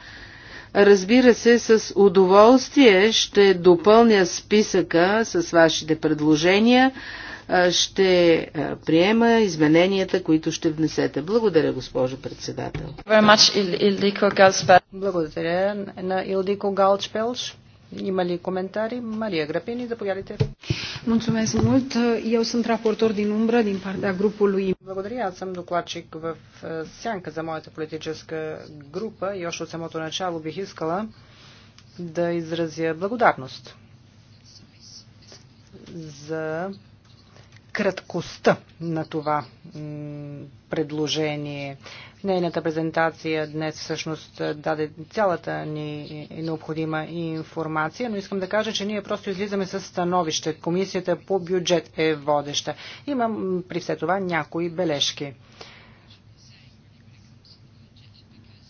[SPEAKER 1] Разбира се, с удоволствие ще допълня списъка с вашите предложения ще приема измененията, които ще внесете. Благодаря, госпожо председател.
[SPEAKER 3] Благодаря на Илдико Галчпелш. Има ли коментари? Мария Грапини, заповядайте. Mulțumesc mult. Eu sunt raportor din umbră din partea grupului. Благодаря. Аз съм докладчик в сянка за моята политическа група и още от самото начало бих искала да изразя благодарност за краткостта на това предложение. Нейната презентация днес всъщност е, даде цялата ни е, е, необходима информация, но искам да кажа, че ние просто излизаме с становище. Комисията по бюджет е водеща. Имам при все това някои бележки.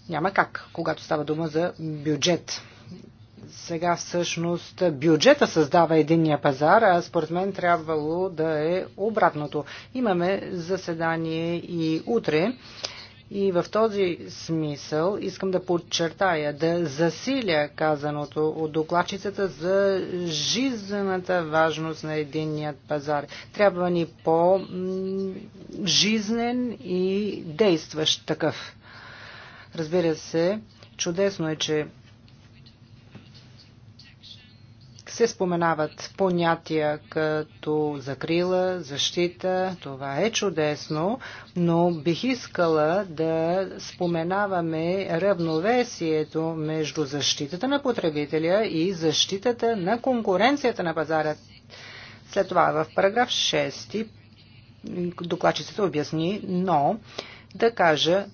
[SPEAKER 3] Няма как, когато става дума за бюджет сега всъщност бюджета създава единния пазар, а според мен трябвало да е обратното. Имаме заседание и утре. И в този смисъл искам да подчертая, да засиля казаното от докладчицата за жизнената важност на единният пазар. Трябва ни по-жизнен и действащ такъв. Разбира се, чудесно е, че се споменават понятия като закрила, защита. Това е чудесно, но бих искала да споменаваме равновесието между защитата на потребителя и защитата на конкуренцията на пазара. След това в параграф 6 докладчицата обясни, но да кажа,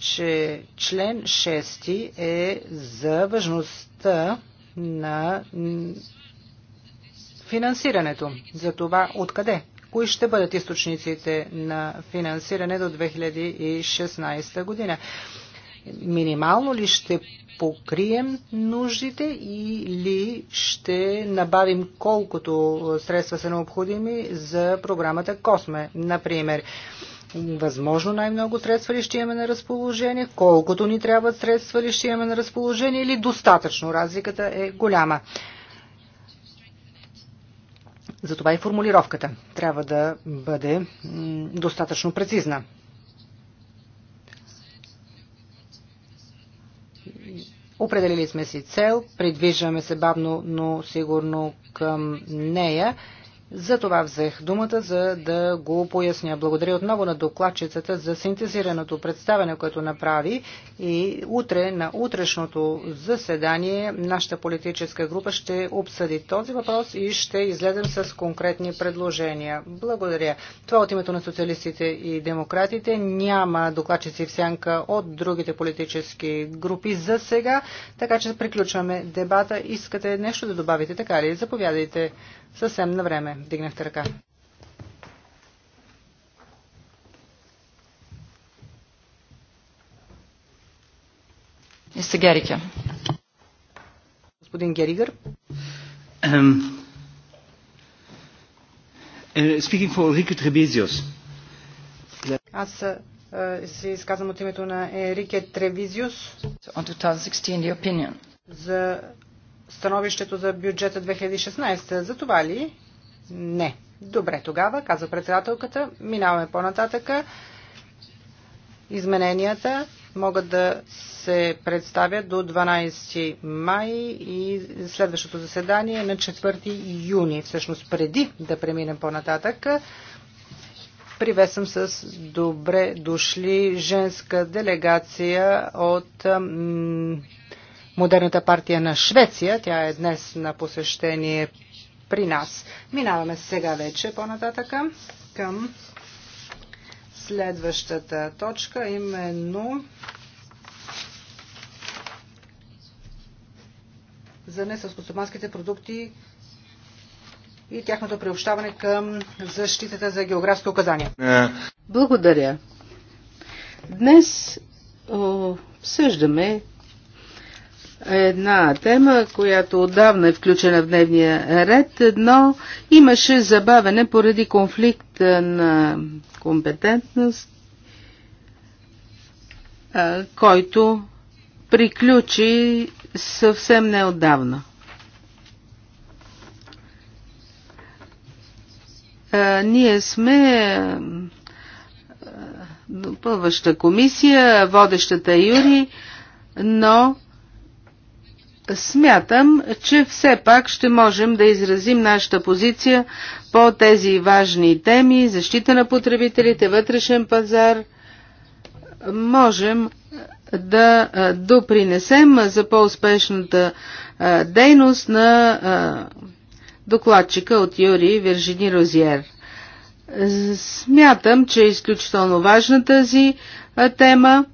[SPEAKER 3] че член 6 е за важността на финансирането. За това откъде? Кои ще бъдат източниците на финансиране до 2016 година? Минимално ли ще покрием нуждите или ще набавим колкото средства са необходими за програмата Косме, например? възможно най-много средства ли ще имаме на разположение, колкото ни трябват средства ли ще имаме на разположение или достатъчно. Разликата е голяма. Затова и формулировката трябва да бъде достатъчно прецизна. Определили сме си цел, придвижваме се бавно, но сигурно към нея за това взех думата, за да го поясня. Благодаря отново на докладчицата за синтезираното представяне, което направи и утре на утрешното заседание нашата политическа група ще обсъди този въпрос и ще излезем с конкретни предложения. Благодаря. Това от името на социалистите и демократите. Няма докладчици в сянка от другите политически групи за сега, така че приключваме дебата. Искате нещо да добавите, така ли? Заповядайте. Съвсем на време дигнахте ръка.
[SPEAKER 2] Мистер Gerica.
[SPEAKER 3] Господин Геригър. Um, uh, speaking for Rico Trebesius. Аз е, е, се изказвам от името на Ерике Тревизиус.
[SPEAKER 2] On 2016, the opinion.
[SPEAKER 3] За становището за бюджета 2016. За това ли? Не. Добре, тогава, казва председателката, минаваме по-нататъка. Измененията могат да се представят до 12 май и следващото заседание на 4 юни. Всъщност, преди да преминем по-нататък, Привесвам с добре дошли женска делегация от Модерната партия на Швеция. Тя е днес на посещение при нас. Минаваме сега вече по-нататъка към следващата точка, именно за несъскостоманските продукти и тяхното приобщаване към защитата за географско указание.
[SPEAKER 1] Благодаря. Днес обсъждаме една тема, която отдавна е включена в дневния ред, но имаше забавене поради конфликт на компетентност, който приключи съвсем неотдавна. Ние сме допълваща комисия, водещата Юри, но Смятам, че все пак ще можем да изразим нашата позиция по тези важни теми защита на потребителите, вътрешен пазар. Можем да допринесем за по-успешната дейност на докладчика от Юри Вержини Розиер. Смятам, че е изключително важна тази тема.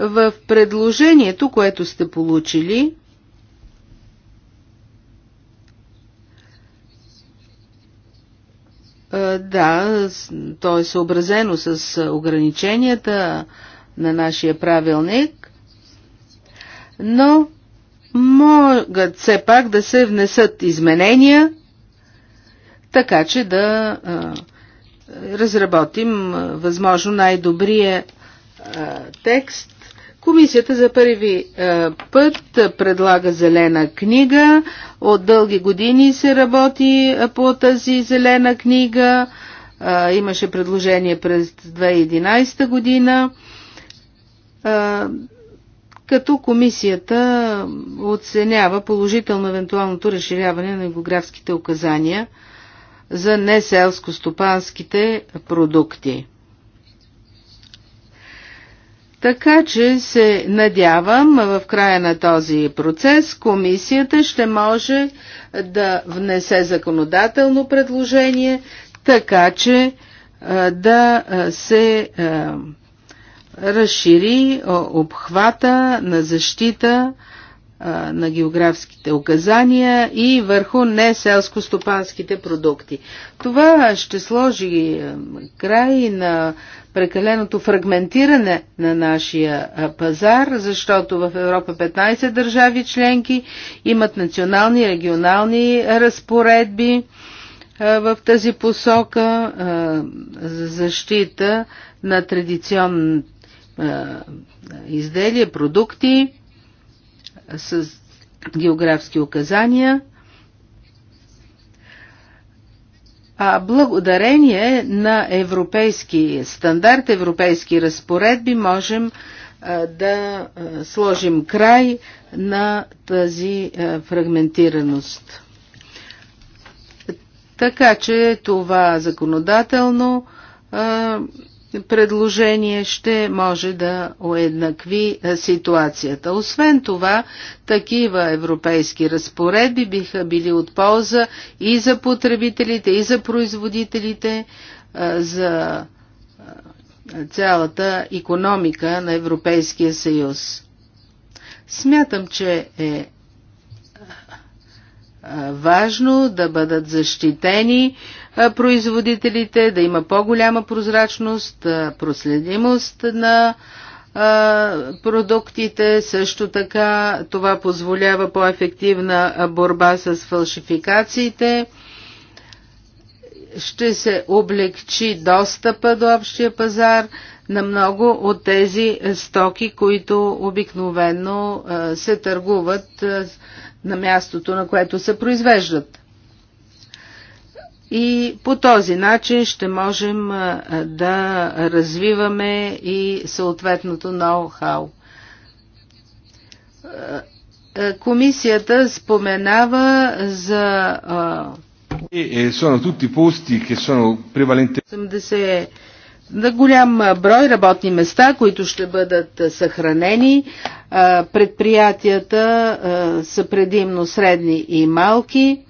[SPEAKER 1] В предложението, което сте получили, Е, да, то е съобразено с е, ограниченията на нашия правилник, но могат все пак да се внесат изменения, така че да е, разработим възможно най-добрия текст Комисията за първи е, път предлага зелена книга. От дълги години се работи е, по тази зелена книга. Е, имаше предложение през 2011 година. Като комисията оценява положително евентуалното разширяване на географските указания за неселско-стопанските продукти. Така че се надявам в края на този процес комисията ще може да внесе законодателно предложение, така че е, да е, се е, разшири обхвата на защита на географските указания и върху неселско-стопанските продукти. Това ще сложи край на прекаленото фрагментиране на нашия пазар, защото в Европа 15 държави членки имат национални и регионални разпоредби в тази посока за защита на традиционни изделия, продукти с географски указания, а благодарение на европейски стандарт, европейски разпоредби можем да сложим край на тази фрагментираност. Така че това законодателно предложение ще може да уеднакви е, ситуацията. Освен това, такива европейски разпоредби биха били от полза и за потребителите, и за производителите, е, за е, цялата економика на Европейския съюз. Смятам, че е важно да бъдат защитени производителите, да има по-голяма прозрачност, проследимост на продуктите. Също така това позволява по-ефективна борба с фалшификациите. Ще се облегчи достъпа до общия пазар на много от тези стоки, които обикновено се търгуват на мястото, на което се произвеждат. И по този начин ще можем да развиваме и съответното ноу-хау. Комисията споменава за 80 на голям брой работни места, които ще бъдат съхранени. Предприятията са предимно средни и малки.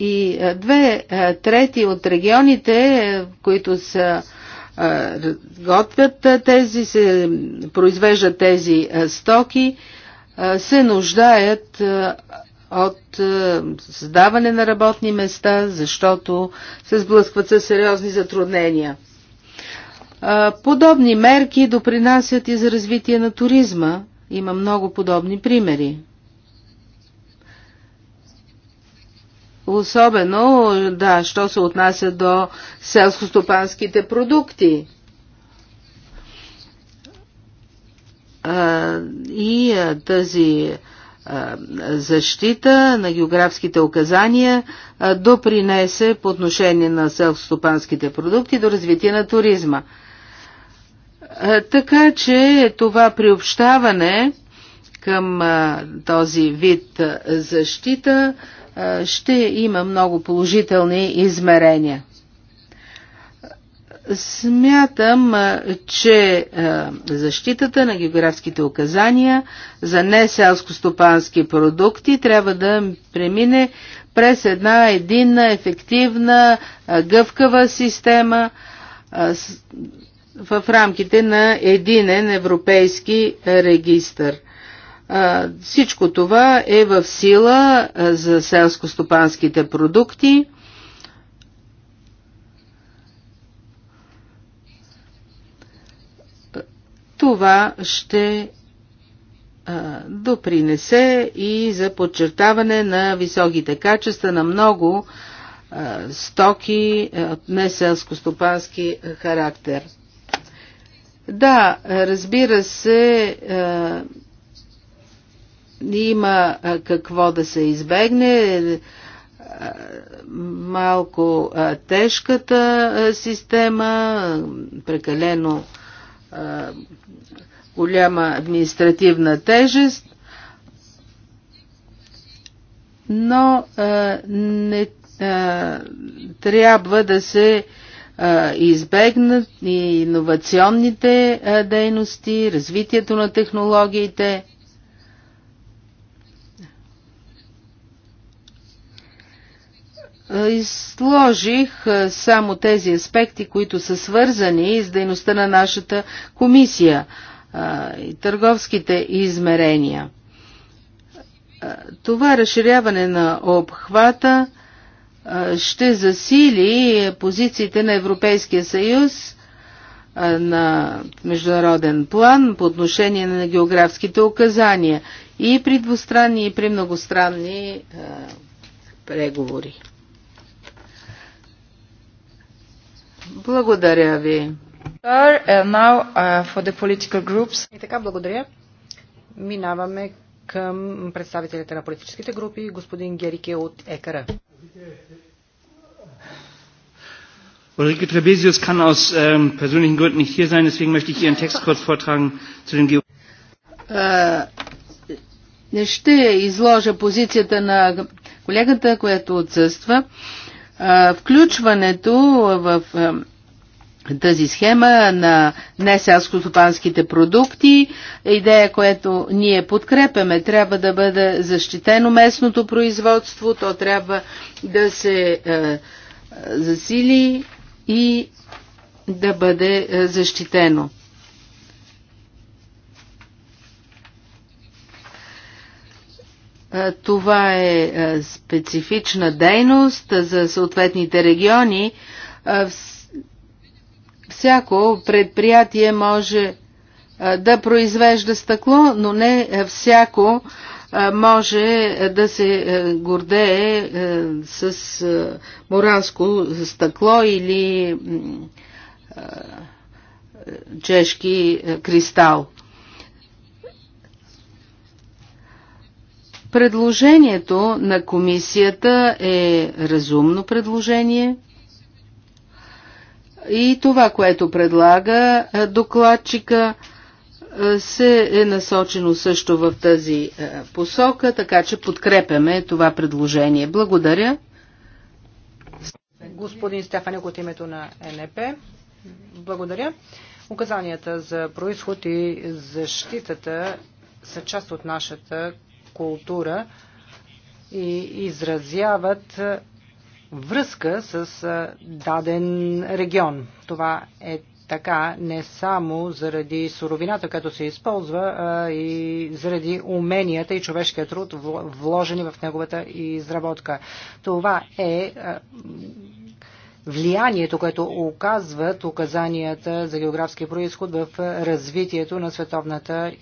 [SPEAKER 1] И две трети от регионите, е, които са готвят тези, се произвеждат тези стоки, се нуждаят от е, създаване на работни места, защото се сблъскват със сериозни затруднения. Е, подобни мерки допринасят и за развитие на туризма. Има много подобни примери. Особено, да, що се отнася до селскостопанските продукти. Е, и тази защита на географските указания допринесе по отношение на селскостопанските продукти до развитие на туризма. Така че това приобщаване към този вид защита ще има много положителни измерения. Смятам, че защитата на географските указания за неселско-стопански продукти трябва да премине през една единна, ефективна, гъвкава система в рамките на единен европейски регистр. Всичко това е в сила за селско-стопанските продукти – Това ще допринесе и за подчертаване на високите качества на много стоки от неселско-стопански характер. Да, разбира се, има какво да се избегне. Малко тежката система, прекалено голяма административна тежест, но а, не а, трябва да се а, избегнат и иновационните а, дейности, развитието на технологиите. Изложих само тези аспекти, които са свързани с дейността на нашата комисия и търговските измерения. Това разширяване на обхвата ще засили позициите на Европейския съюз на международен план по отношение на географските указания и при двустранни и при многостранни преговори. Благодаря ви.
[SPEAKER 3] Uh, uh, И така, благодаря. Минаваме към представителите на политическите групи, господин Герике от ЕКР.
[SPEAKER 1] Ulrike Trebesius kann aus ähm, persönlichen Gründen nicht hier sein, deswegen möchte ich Ihren Text kurz vortragen zu den Geo. Äh, не ще изложа позицията на колегата, която отсъства. Äh, включването в тази схема на неселскостопанските продукти, идея, която ние подкрепяме, трябва да бъде защитено местното производство, то трябва да се е, е засили и да бъде е, защитено. Е, това е, е специфична дейност за съответните региони всяко предприятие може да произвежда стъкло, но не всяко може да се гордее с моранско стъкло или чешки кристал. Предложението на комисията е разумно предложение – и това, което предлага е, докладчика, е, се е насочено също в тази е, посока, така че подкрепяме това предложение. Благодаря.
[SPEAKER 3] Господин Стефанек от името на НП. Благодаря. Указанията за происход и защитата са част от нашата култура и изразяват връзка с даден регион. Това е така не само заради суровината, която се използва, а и заради уменията и човешкия труд, вложени в неговата изработка. Това е влиянието, което оказват указанията за географски происход в развитието на световната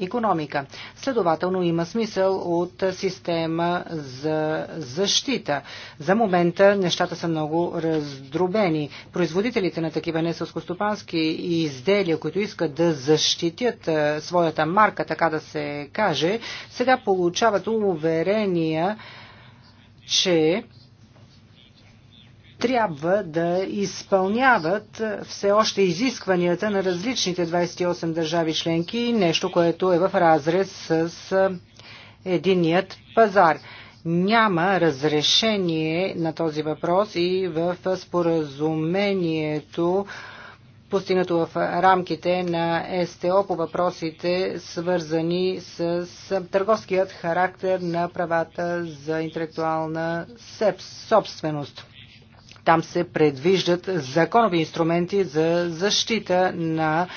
[SPEAKER 3] економика. Следователно има смисъл от система за защита. За момента нещата са много раздробени. Производителите на такива несъскостопански изделия, които искат да защитят своята марка, така да се каже, сега получават уверения, че трябва да изпълняват все още изискванията на различните 28 държави членки, нещо, което е в разрез с единият пазар. Няма разрешение на този въпрос и в споразумението постигнато в рамките на СТО по въпросите, свързани с търговският характер на правата за интелектуална собственост. Там се предвиждат законови инструменти за защита на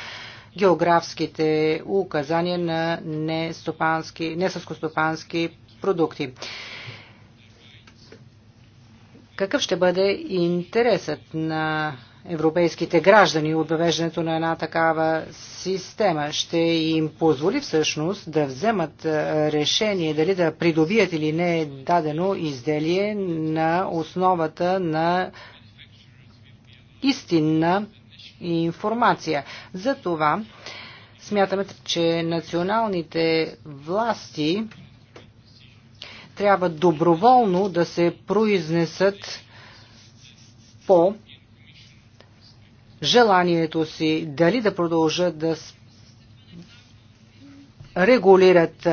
[SPEAKER 3] географските указания на несъскостопански продукти. Какъв ще бъде интересът на европейските граждани от въвеждането на една такава система. Ще им позволи всъщност да вземат решение дали да придобият или не дадено изделие на основата на истинна информация. За това смятаме, че националните власти трябва доброволно да се произнесат по желанието си дали да продължат да регулират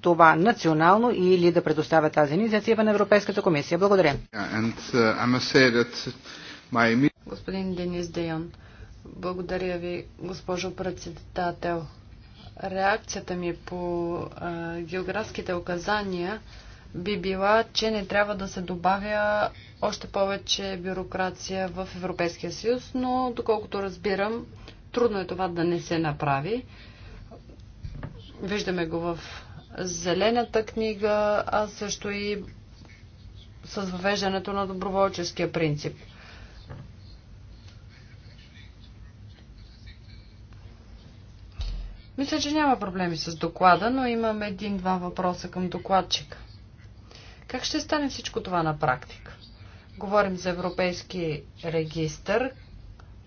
[SPEAKER 3] това национално или да предоставят тази инициатива на Европейската комисия. Благодаря.
[SPEAKER 1] Uh, my...
[SPEAKER 2] Господин Денис Дейон, благодаря ви, госпожо председател. Реакцията ми по а, географските указания би била, че не трябва да се добавя още повече бюрокрация в Европейския съюз, но доколкото разбирам, трудно е това да не се направи. Виждаме го в зелената книга, а също и с въвеждането на доброволческия принцип. Мисля, че няма проблеми с доклада, но имам един-два въпроса към докладчика. Как ще стане всичко това на практика? Говорим за европейски регистр,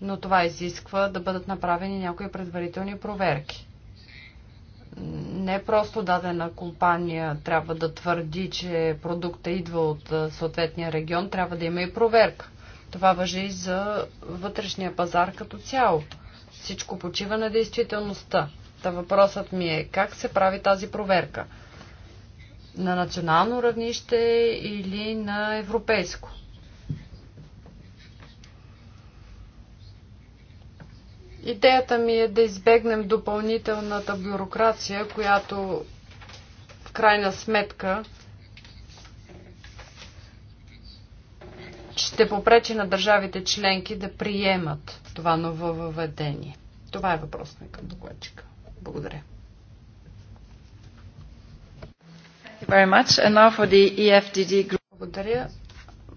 [SPEAKER 2] но това изисква да бъдат направени някои предварителни проверки. Не просто дадена компания трябва да твърди, че продукта идва от съответния регион, трябва да има и проверка. Това въжи и за вътрешния пазар като цяло. Всичко почива на действителността. Та въпросът ми е как се прави тази проверка? На национално равнище или на
[SPEAKER 1] европейско?
[SPEAKER 2] Идеята ми е да избегнем допълнителната бюрокрация, която в крайна сметка ще попречи на държавите членки да приемат това ново въведение. Това е въпрос на към докладчика. Благодаря. E Благодаря.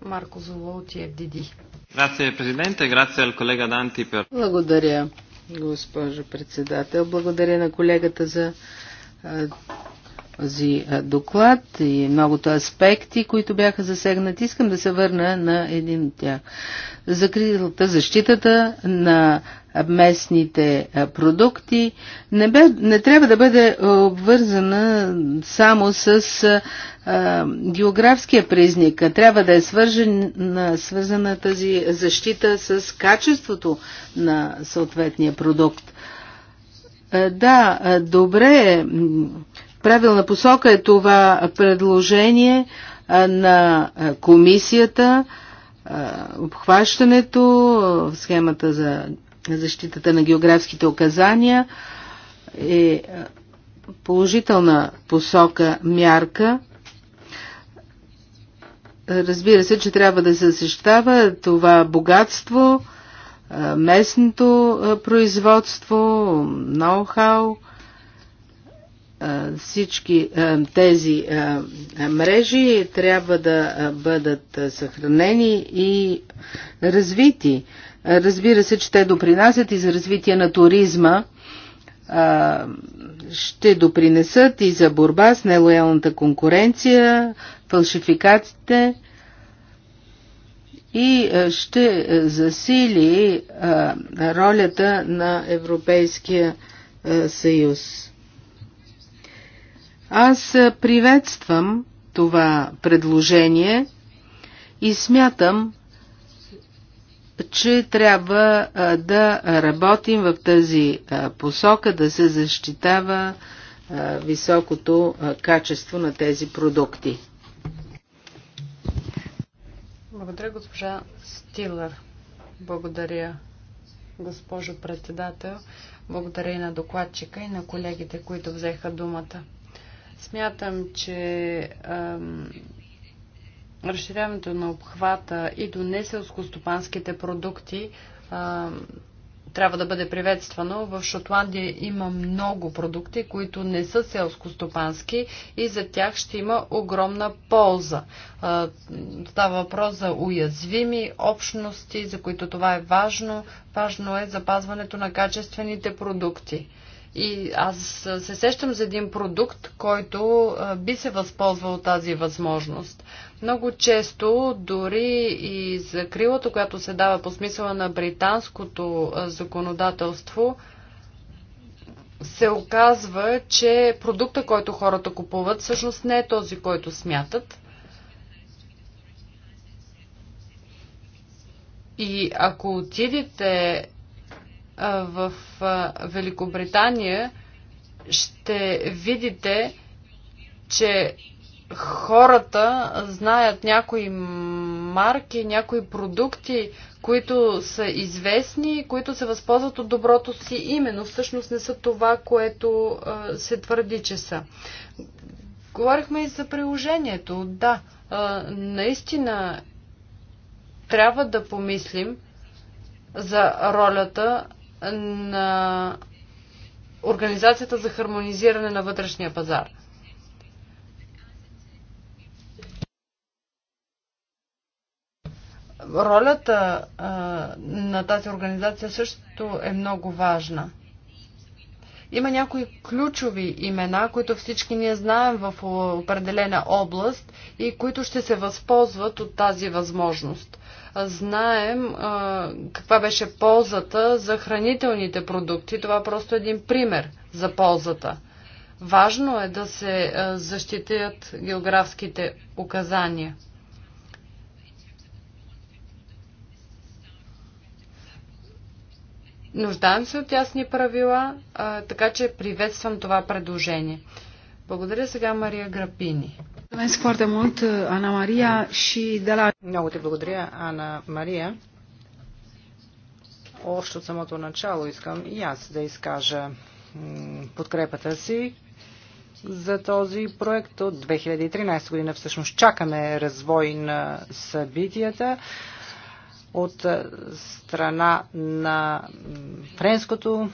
[SPEAKER 1] Марко Золо от EFDD. Благодаря, госпожо председател. Благодаря на колегата за този доклад и многото аспекти, които бяха засегнати. Искам да се върна на един от тях. Закрилата, защитата на местните продукти, не, бе, не трябва да бъде обвързана само с а, географския признак, а трябва да е свържена, свързана тази защита с качеството на съответния продукт. Да, добре, правилна посока е това предложение на комисията, обхващането в схемата за защитата на географските указания е положителна посока мярка. Разбира се, че трябва да се защитава това богатство, местното производство, ноу-хау, всички тези мрежи трябва да бъдат съхранени и развити. Разбира се, че те допринасят и за развитие на туризма, ще допринесат и за борба с нелоялната конкуренция, фалшификациите и ще засили ролята на Европейския съюз. Аз приветствам това предложение и смятам, че трябва да работим в тази посока, да се защитава високото качество на тези продукти.
[SPEAKER 2] Благодаря, госпожа Стилър. Благодаря, госпожо председател. Благодаря и на докладчика и на колегите, които взеха думата. Смятам, че ам, разширяването на обхвата и до неселскостопанските продукти а, трябва да бъде приветствано. В Шотландия има много продукти, които не са селскостопански и за тях ще има огромна полза. А, става въпрос за уязвими общности, за които това е важно. Важно е запазването на качествените продукти. И аз се сещам за един продукт, който би се възползвал тази възможност. Много често, дори и за крилото, която се дава по смисъла на британското законодателство, се оказва, че продукта, който хората купуват, всъщност не е този, който смятат. И ако отидете в Великобритания, ще видите, че хората знаят някои марки, някои продукти, които са известни, които се възползват от доброто си име, но всъщност не са това, което се твърди, че са. Говорихме и за приложението. Да, наистина трябва да помислим за ролята на Организацията за хармонизиране на вътрешния пазар. Ролята а, на тази организация също е много важна. Има някои ключови имена, които всички ние знаем в определена област и които ще се възползват от тази възможност знаем а, каква беше ползата за хранителните продукти. Това е просто един пример за ползата. Важно е да се защитят географските указания. Нуждаем се от ясни правила, а, така че приветствам това предложение.
[SPEAKER 3] Благодаря сега Мария Грапини. Много ти благодаря, Ана Мария. Още от самото начало искам и аз да изкажа подкрепата си за този проект от 2013 година. Всъщност чакаме развой на събитията от страна на френското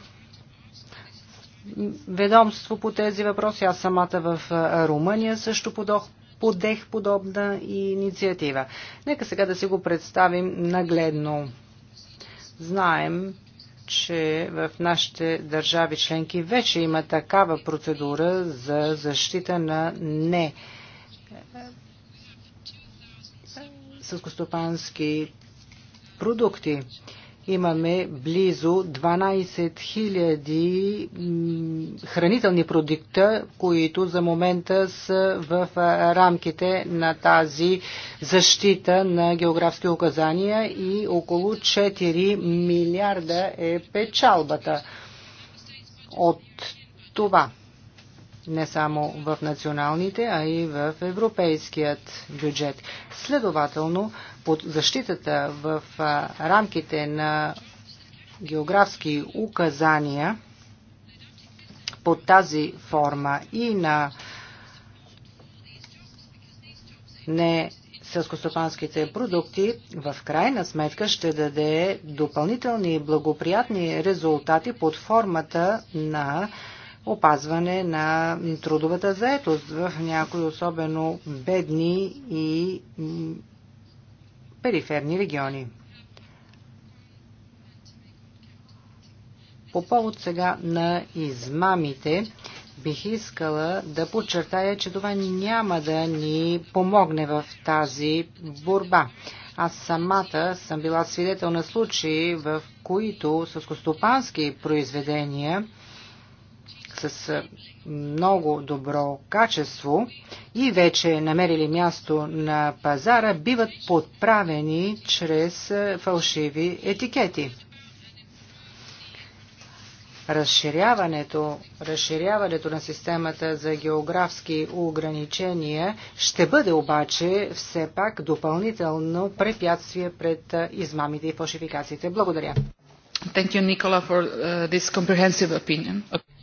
[SPEAKER 3] ведомство по тези въпроси. Аз самата в Румъния също подох, подех подобна инициатива. Нека сега да си го представим нагледно. Знаем, че в нашите държави членки вече има такава процедура за защита на не е, съскостопански продукти имаме близо 12 000 хранителни продукта, които за момента са в рамките на тази защита на географски указания и около 4 милиарда е печалбата от това не само в националните, а и в европейският бюджет. Следователно, под защитата в рамките на географски указания под тази форма и на не сълскостопанските продукти в крайна сметка ще даде допълнителни благоприятни резултати под формата на опазване на трудовата заетост в някои особено бедни и периферни региони. По повод сега на измамите, бих искала да подчертая, че това няма да ни помогне в тази борба. Аз самата съм била свидетел на случаи, в които сълскостопански произведения с много добро качество и вече намерили място на пазара, биват подправени чрез фалшиви етикети. Разширяването, разширяването на системата за географски ограничения ще бъде обаче все пак допълнително препятствие пред измамите и фалшификациите. Благодаря.
[SPEAKER 1] Uh,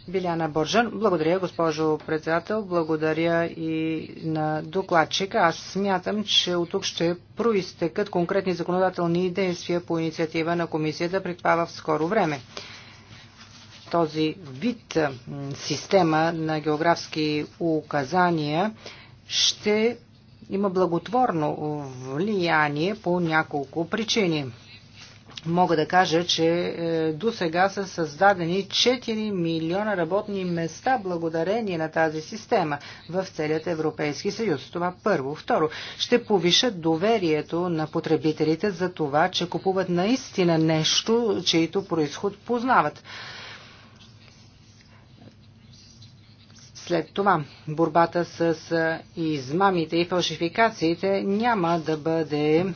[SPEAKER 3] Биляна Боржан. Благодаря, госпожо председател. Благодаря и на докладчика. Аз смятам, че от тук ще проистекат конкретни законодателни действия по инициатива на комисията, при това в скоро време. Този вид система на географски указания ще има благотворно влияние по няколко причини мога да кажа, че е, до сега са създадени 4 милиона работни места благодарение на тази система в целият Европейски съюз. Това първо. Второ, ще повишат доверието на потребителите за това, че купуват наистина нещо, чието происход познават. След това борбата с измамите и фалшификациите няма да бъде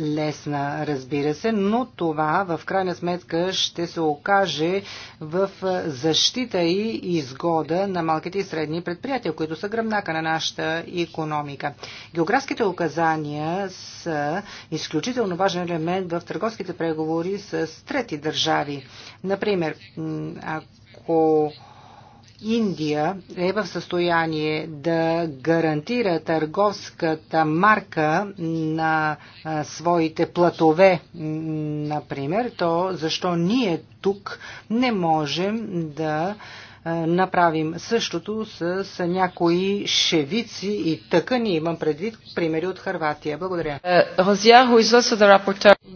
[SPEAKER 3] лесна, разбира се, но това в крайна сметка ще се окаже в защита и изгода на малките и средни предприятия, които са гръбнака на нашата економика. Географските указания са изключително важен елемент в търговските преговори с трети държави. Например, ако Индия е в състояние да гарантира търговската марка на своите платове, например, то защо ние тук не можем да направим същото с някои шевици и тъкани. Имам предвид примери от Харватия. Благодаря. Е,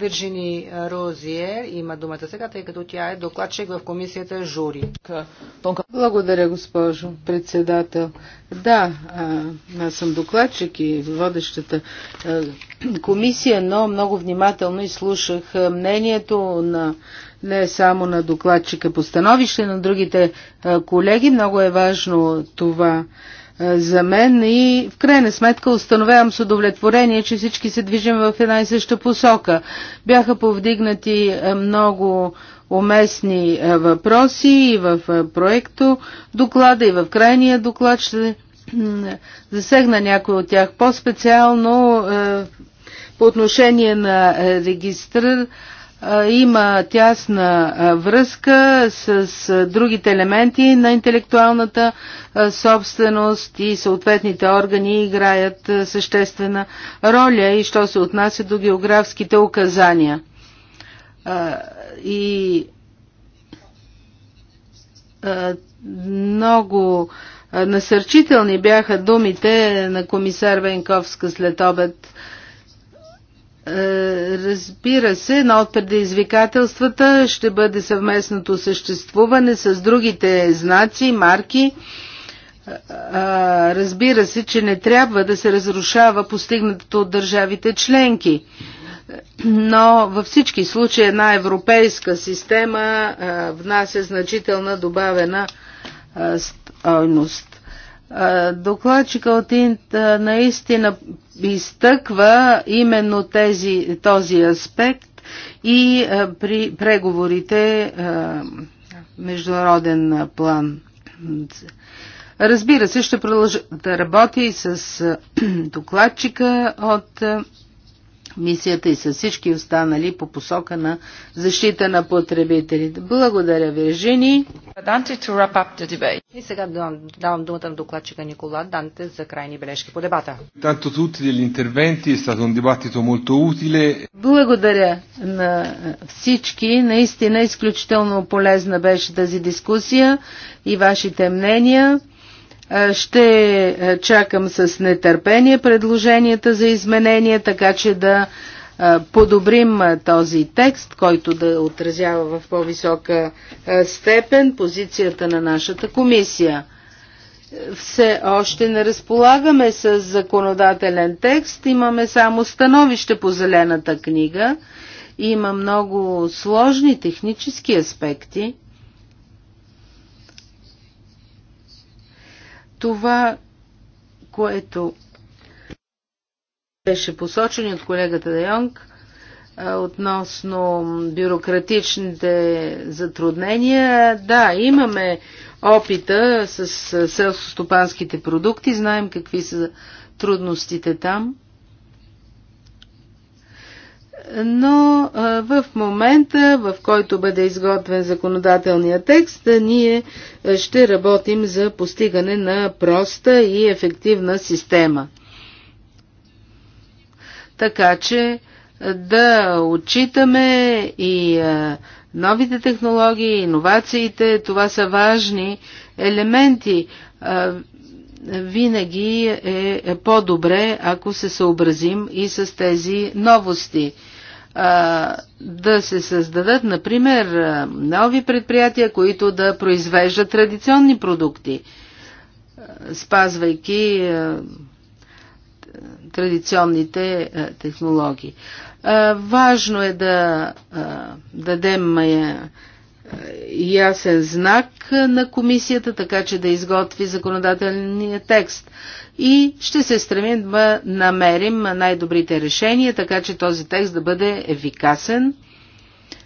[SPEAKER 3] Вирджини Розие има думата сега, тъй като тя е докладчик
[SPEAKER 1] в комисията Жури. Благодаря, госпожо председател. Да, аз съм докладчик и водещата комисия, но много внимателно изслушах мнението на не само на докладчика по становище, на другите колеги. Много е важно това е, за мен и в крайна сметка установявам с удовлетворение, че всички се движим в една и съща посока. Бяха повдигнати е, много уместни е, въпроси и в проекто доклада и в крайния доклад ще засегна някой от тях. По-специално по отношение на регистър има тясна връзка с другите елементи на интелектуалната собственост и съответните органи играят съществена роля и що се отнася до географските указания. И много насърчителни бяха думите на комисар Венковска след обед е, разбира се, едно от предизвикателствата ще бъде съвместното съществуване с другите знаци, марки. Е, разбира се, че не трябва да се разрушава постигнатото от държавите членки. Но във всички случаи една европейска система внася значителна добавена стойност. Докладчика от Инт наистина изтъква именно тези, този аспект и при преговорите международен план. Разбира се, ще продължа да работя и с докладчика от мисията и с всички останали по посока на защита на потребителите. Благодаря, ви, Виржини.
[SPEAKER 3] И сега давам, давам думата на докладчика Никола
[SPEAKER 1] Данте за крайни бележки по дебата. Благодаря на всички. Наистина изключително полезна беше тази дискусия и вашите мнения. Е, ще е, чакам с нетърпение предложенията за изменения, така че да е, подобрим този текст, който да отразява в по-висока степен позицията на нашата комисия. Все още не разполагаме с законодателен текст, имаме само становище по зелената книга. Има много сложни технически аспекти, Това, което беше посочено от колегата Дайонг относно бюрократичните затруднения. Да, имаме опита с селско-стопанските продукти, знаем какви са трудностите там – но в момента, в който бъде изготвен законодателния текст, ние ще работим за постигане на проста и ефективна система. Така че да отчитаме и новите технологии, иновациите, това са важни елементи. Винаги е, е по-добре, ако се съобразим и с тези новости да се създадат, например, нови предприятия, които да произвеждат традиционни продукти, спазвайки традиционните технологии. Важно е да дадем ясен знак на комисията, така че да изготви законодателния текст и ще се стремим да намерим най-добрите решения, така че този текст да бъде ефикасен.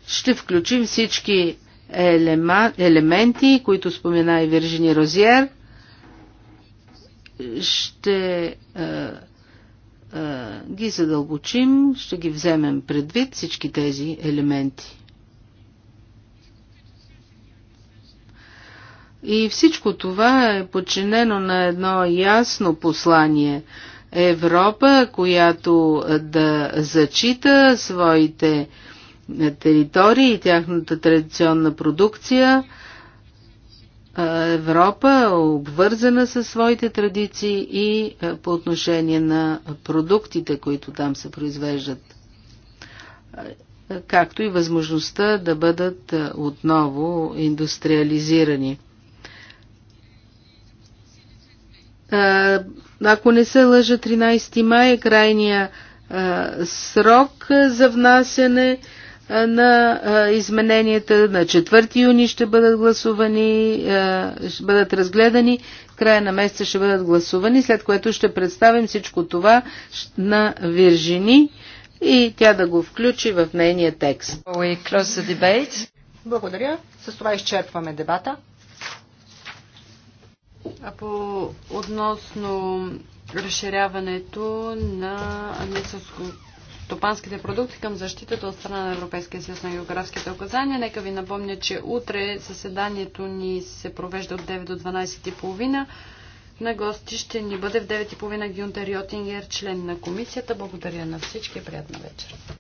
[SPEAKER 1] Ще включим всички елементи, които спомена и Виржини Розиер. Ще ги задълбочим, ще ги вземем предвид всички тези елементи. И всичко това е подчинено на едно ясно послание. Европа, която да зачита своите територии и тяхната традиционна продукция, Европа обвързана със своите традиции и по отношение на продуктите, които там се произвеждат, както и възможността да бъдат отново индустриализирани. ако не се лъжа, 13 май е крайния срок за внасяне на измененията. На 4 юни ще бъдат гласувани, ще бъдат разгледани. края на месеца ще бъдат гласувани, след което ще представим всичко това на Виржини и тя да го включи в нейния текст. Благодаря. С това изчерпваме дебата.
[SPEAKER 2] А по относно разширяването на несъско стопанските продукти към защитата от страна на Европейския съюз на географските указания. Нека ви напомня, че утре заседанието ни се провежда от 9 до 12.30. На гости ще ни бъде в 9.30 Гюнтер Йотингер, член на комисията. Благодаря на всички. Приятна вечер.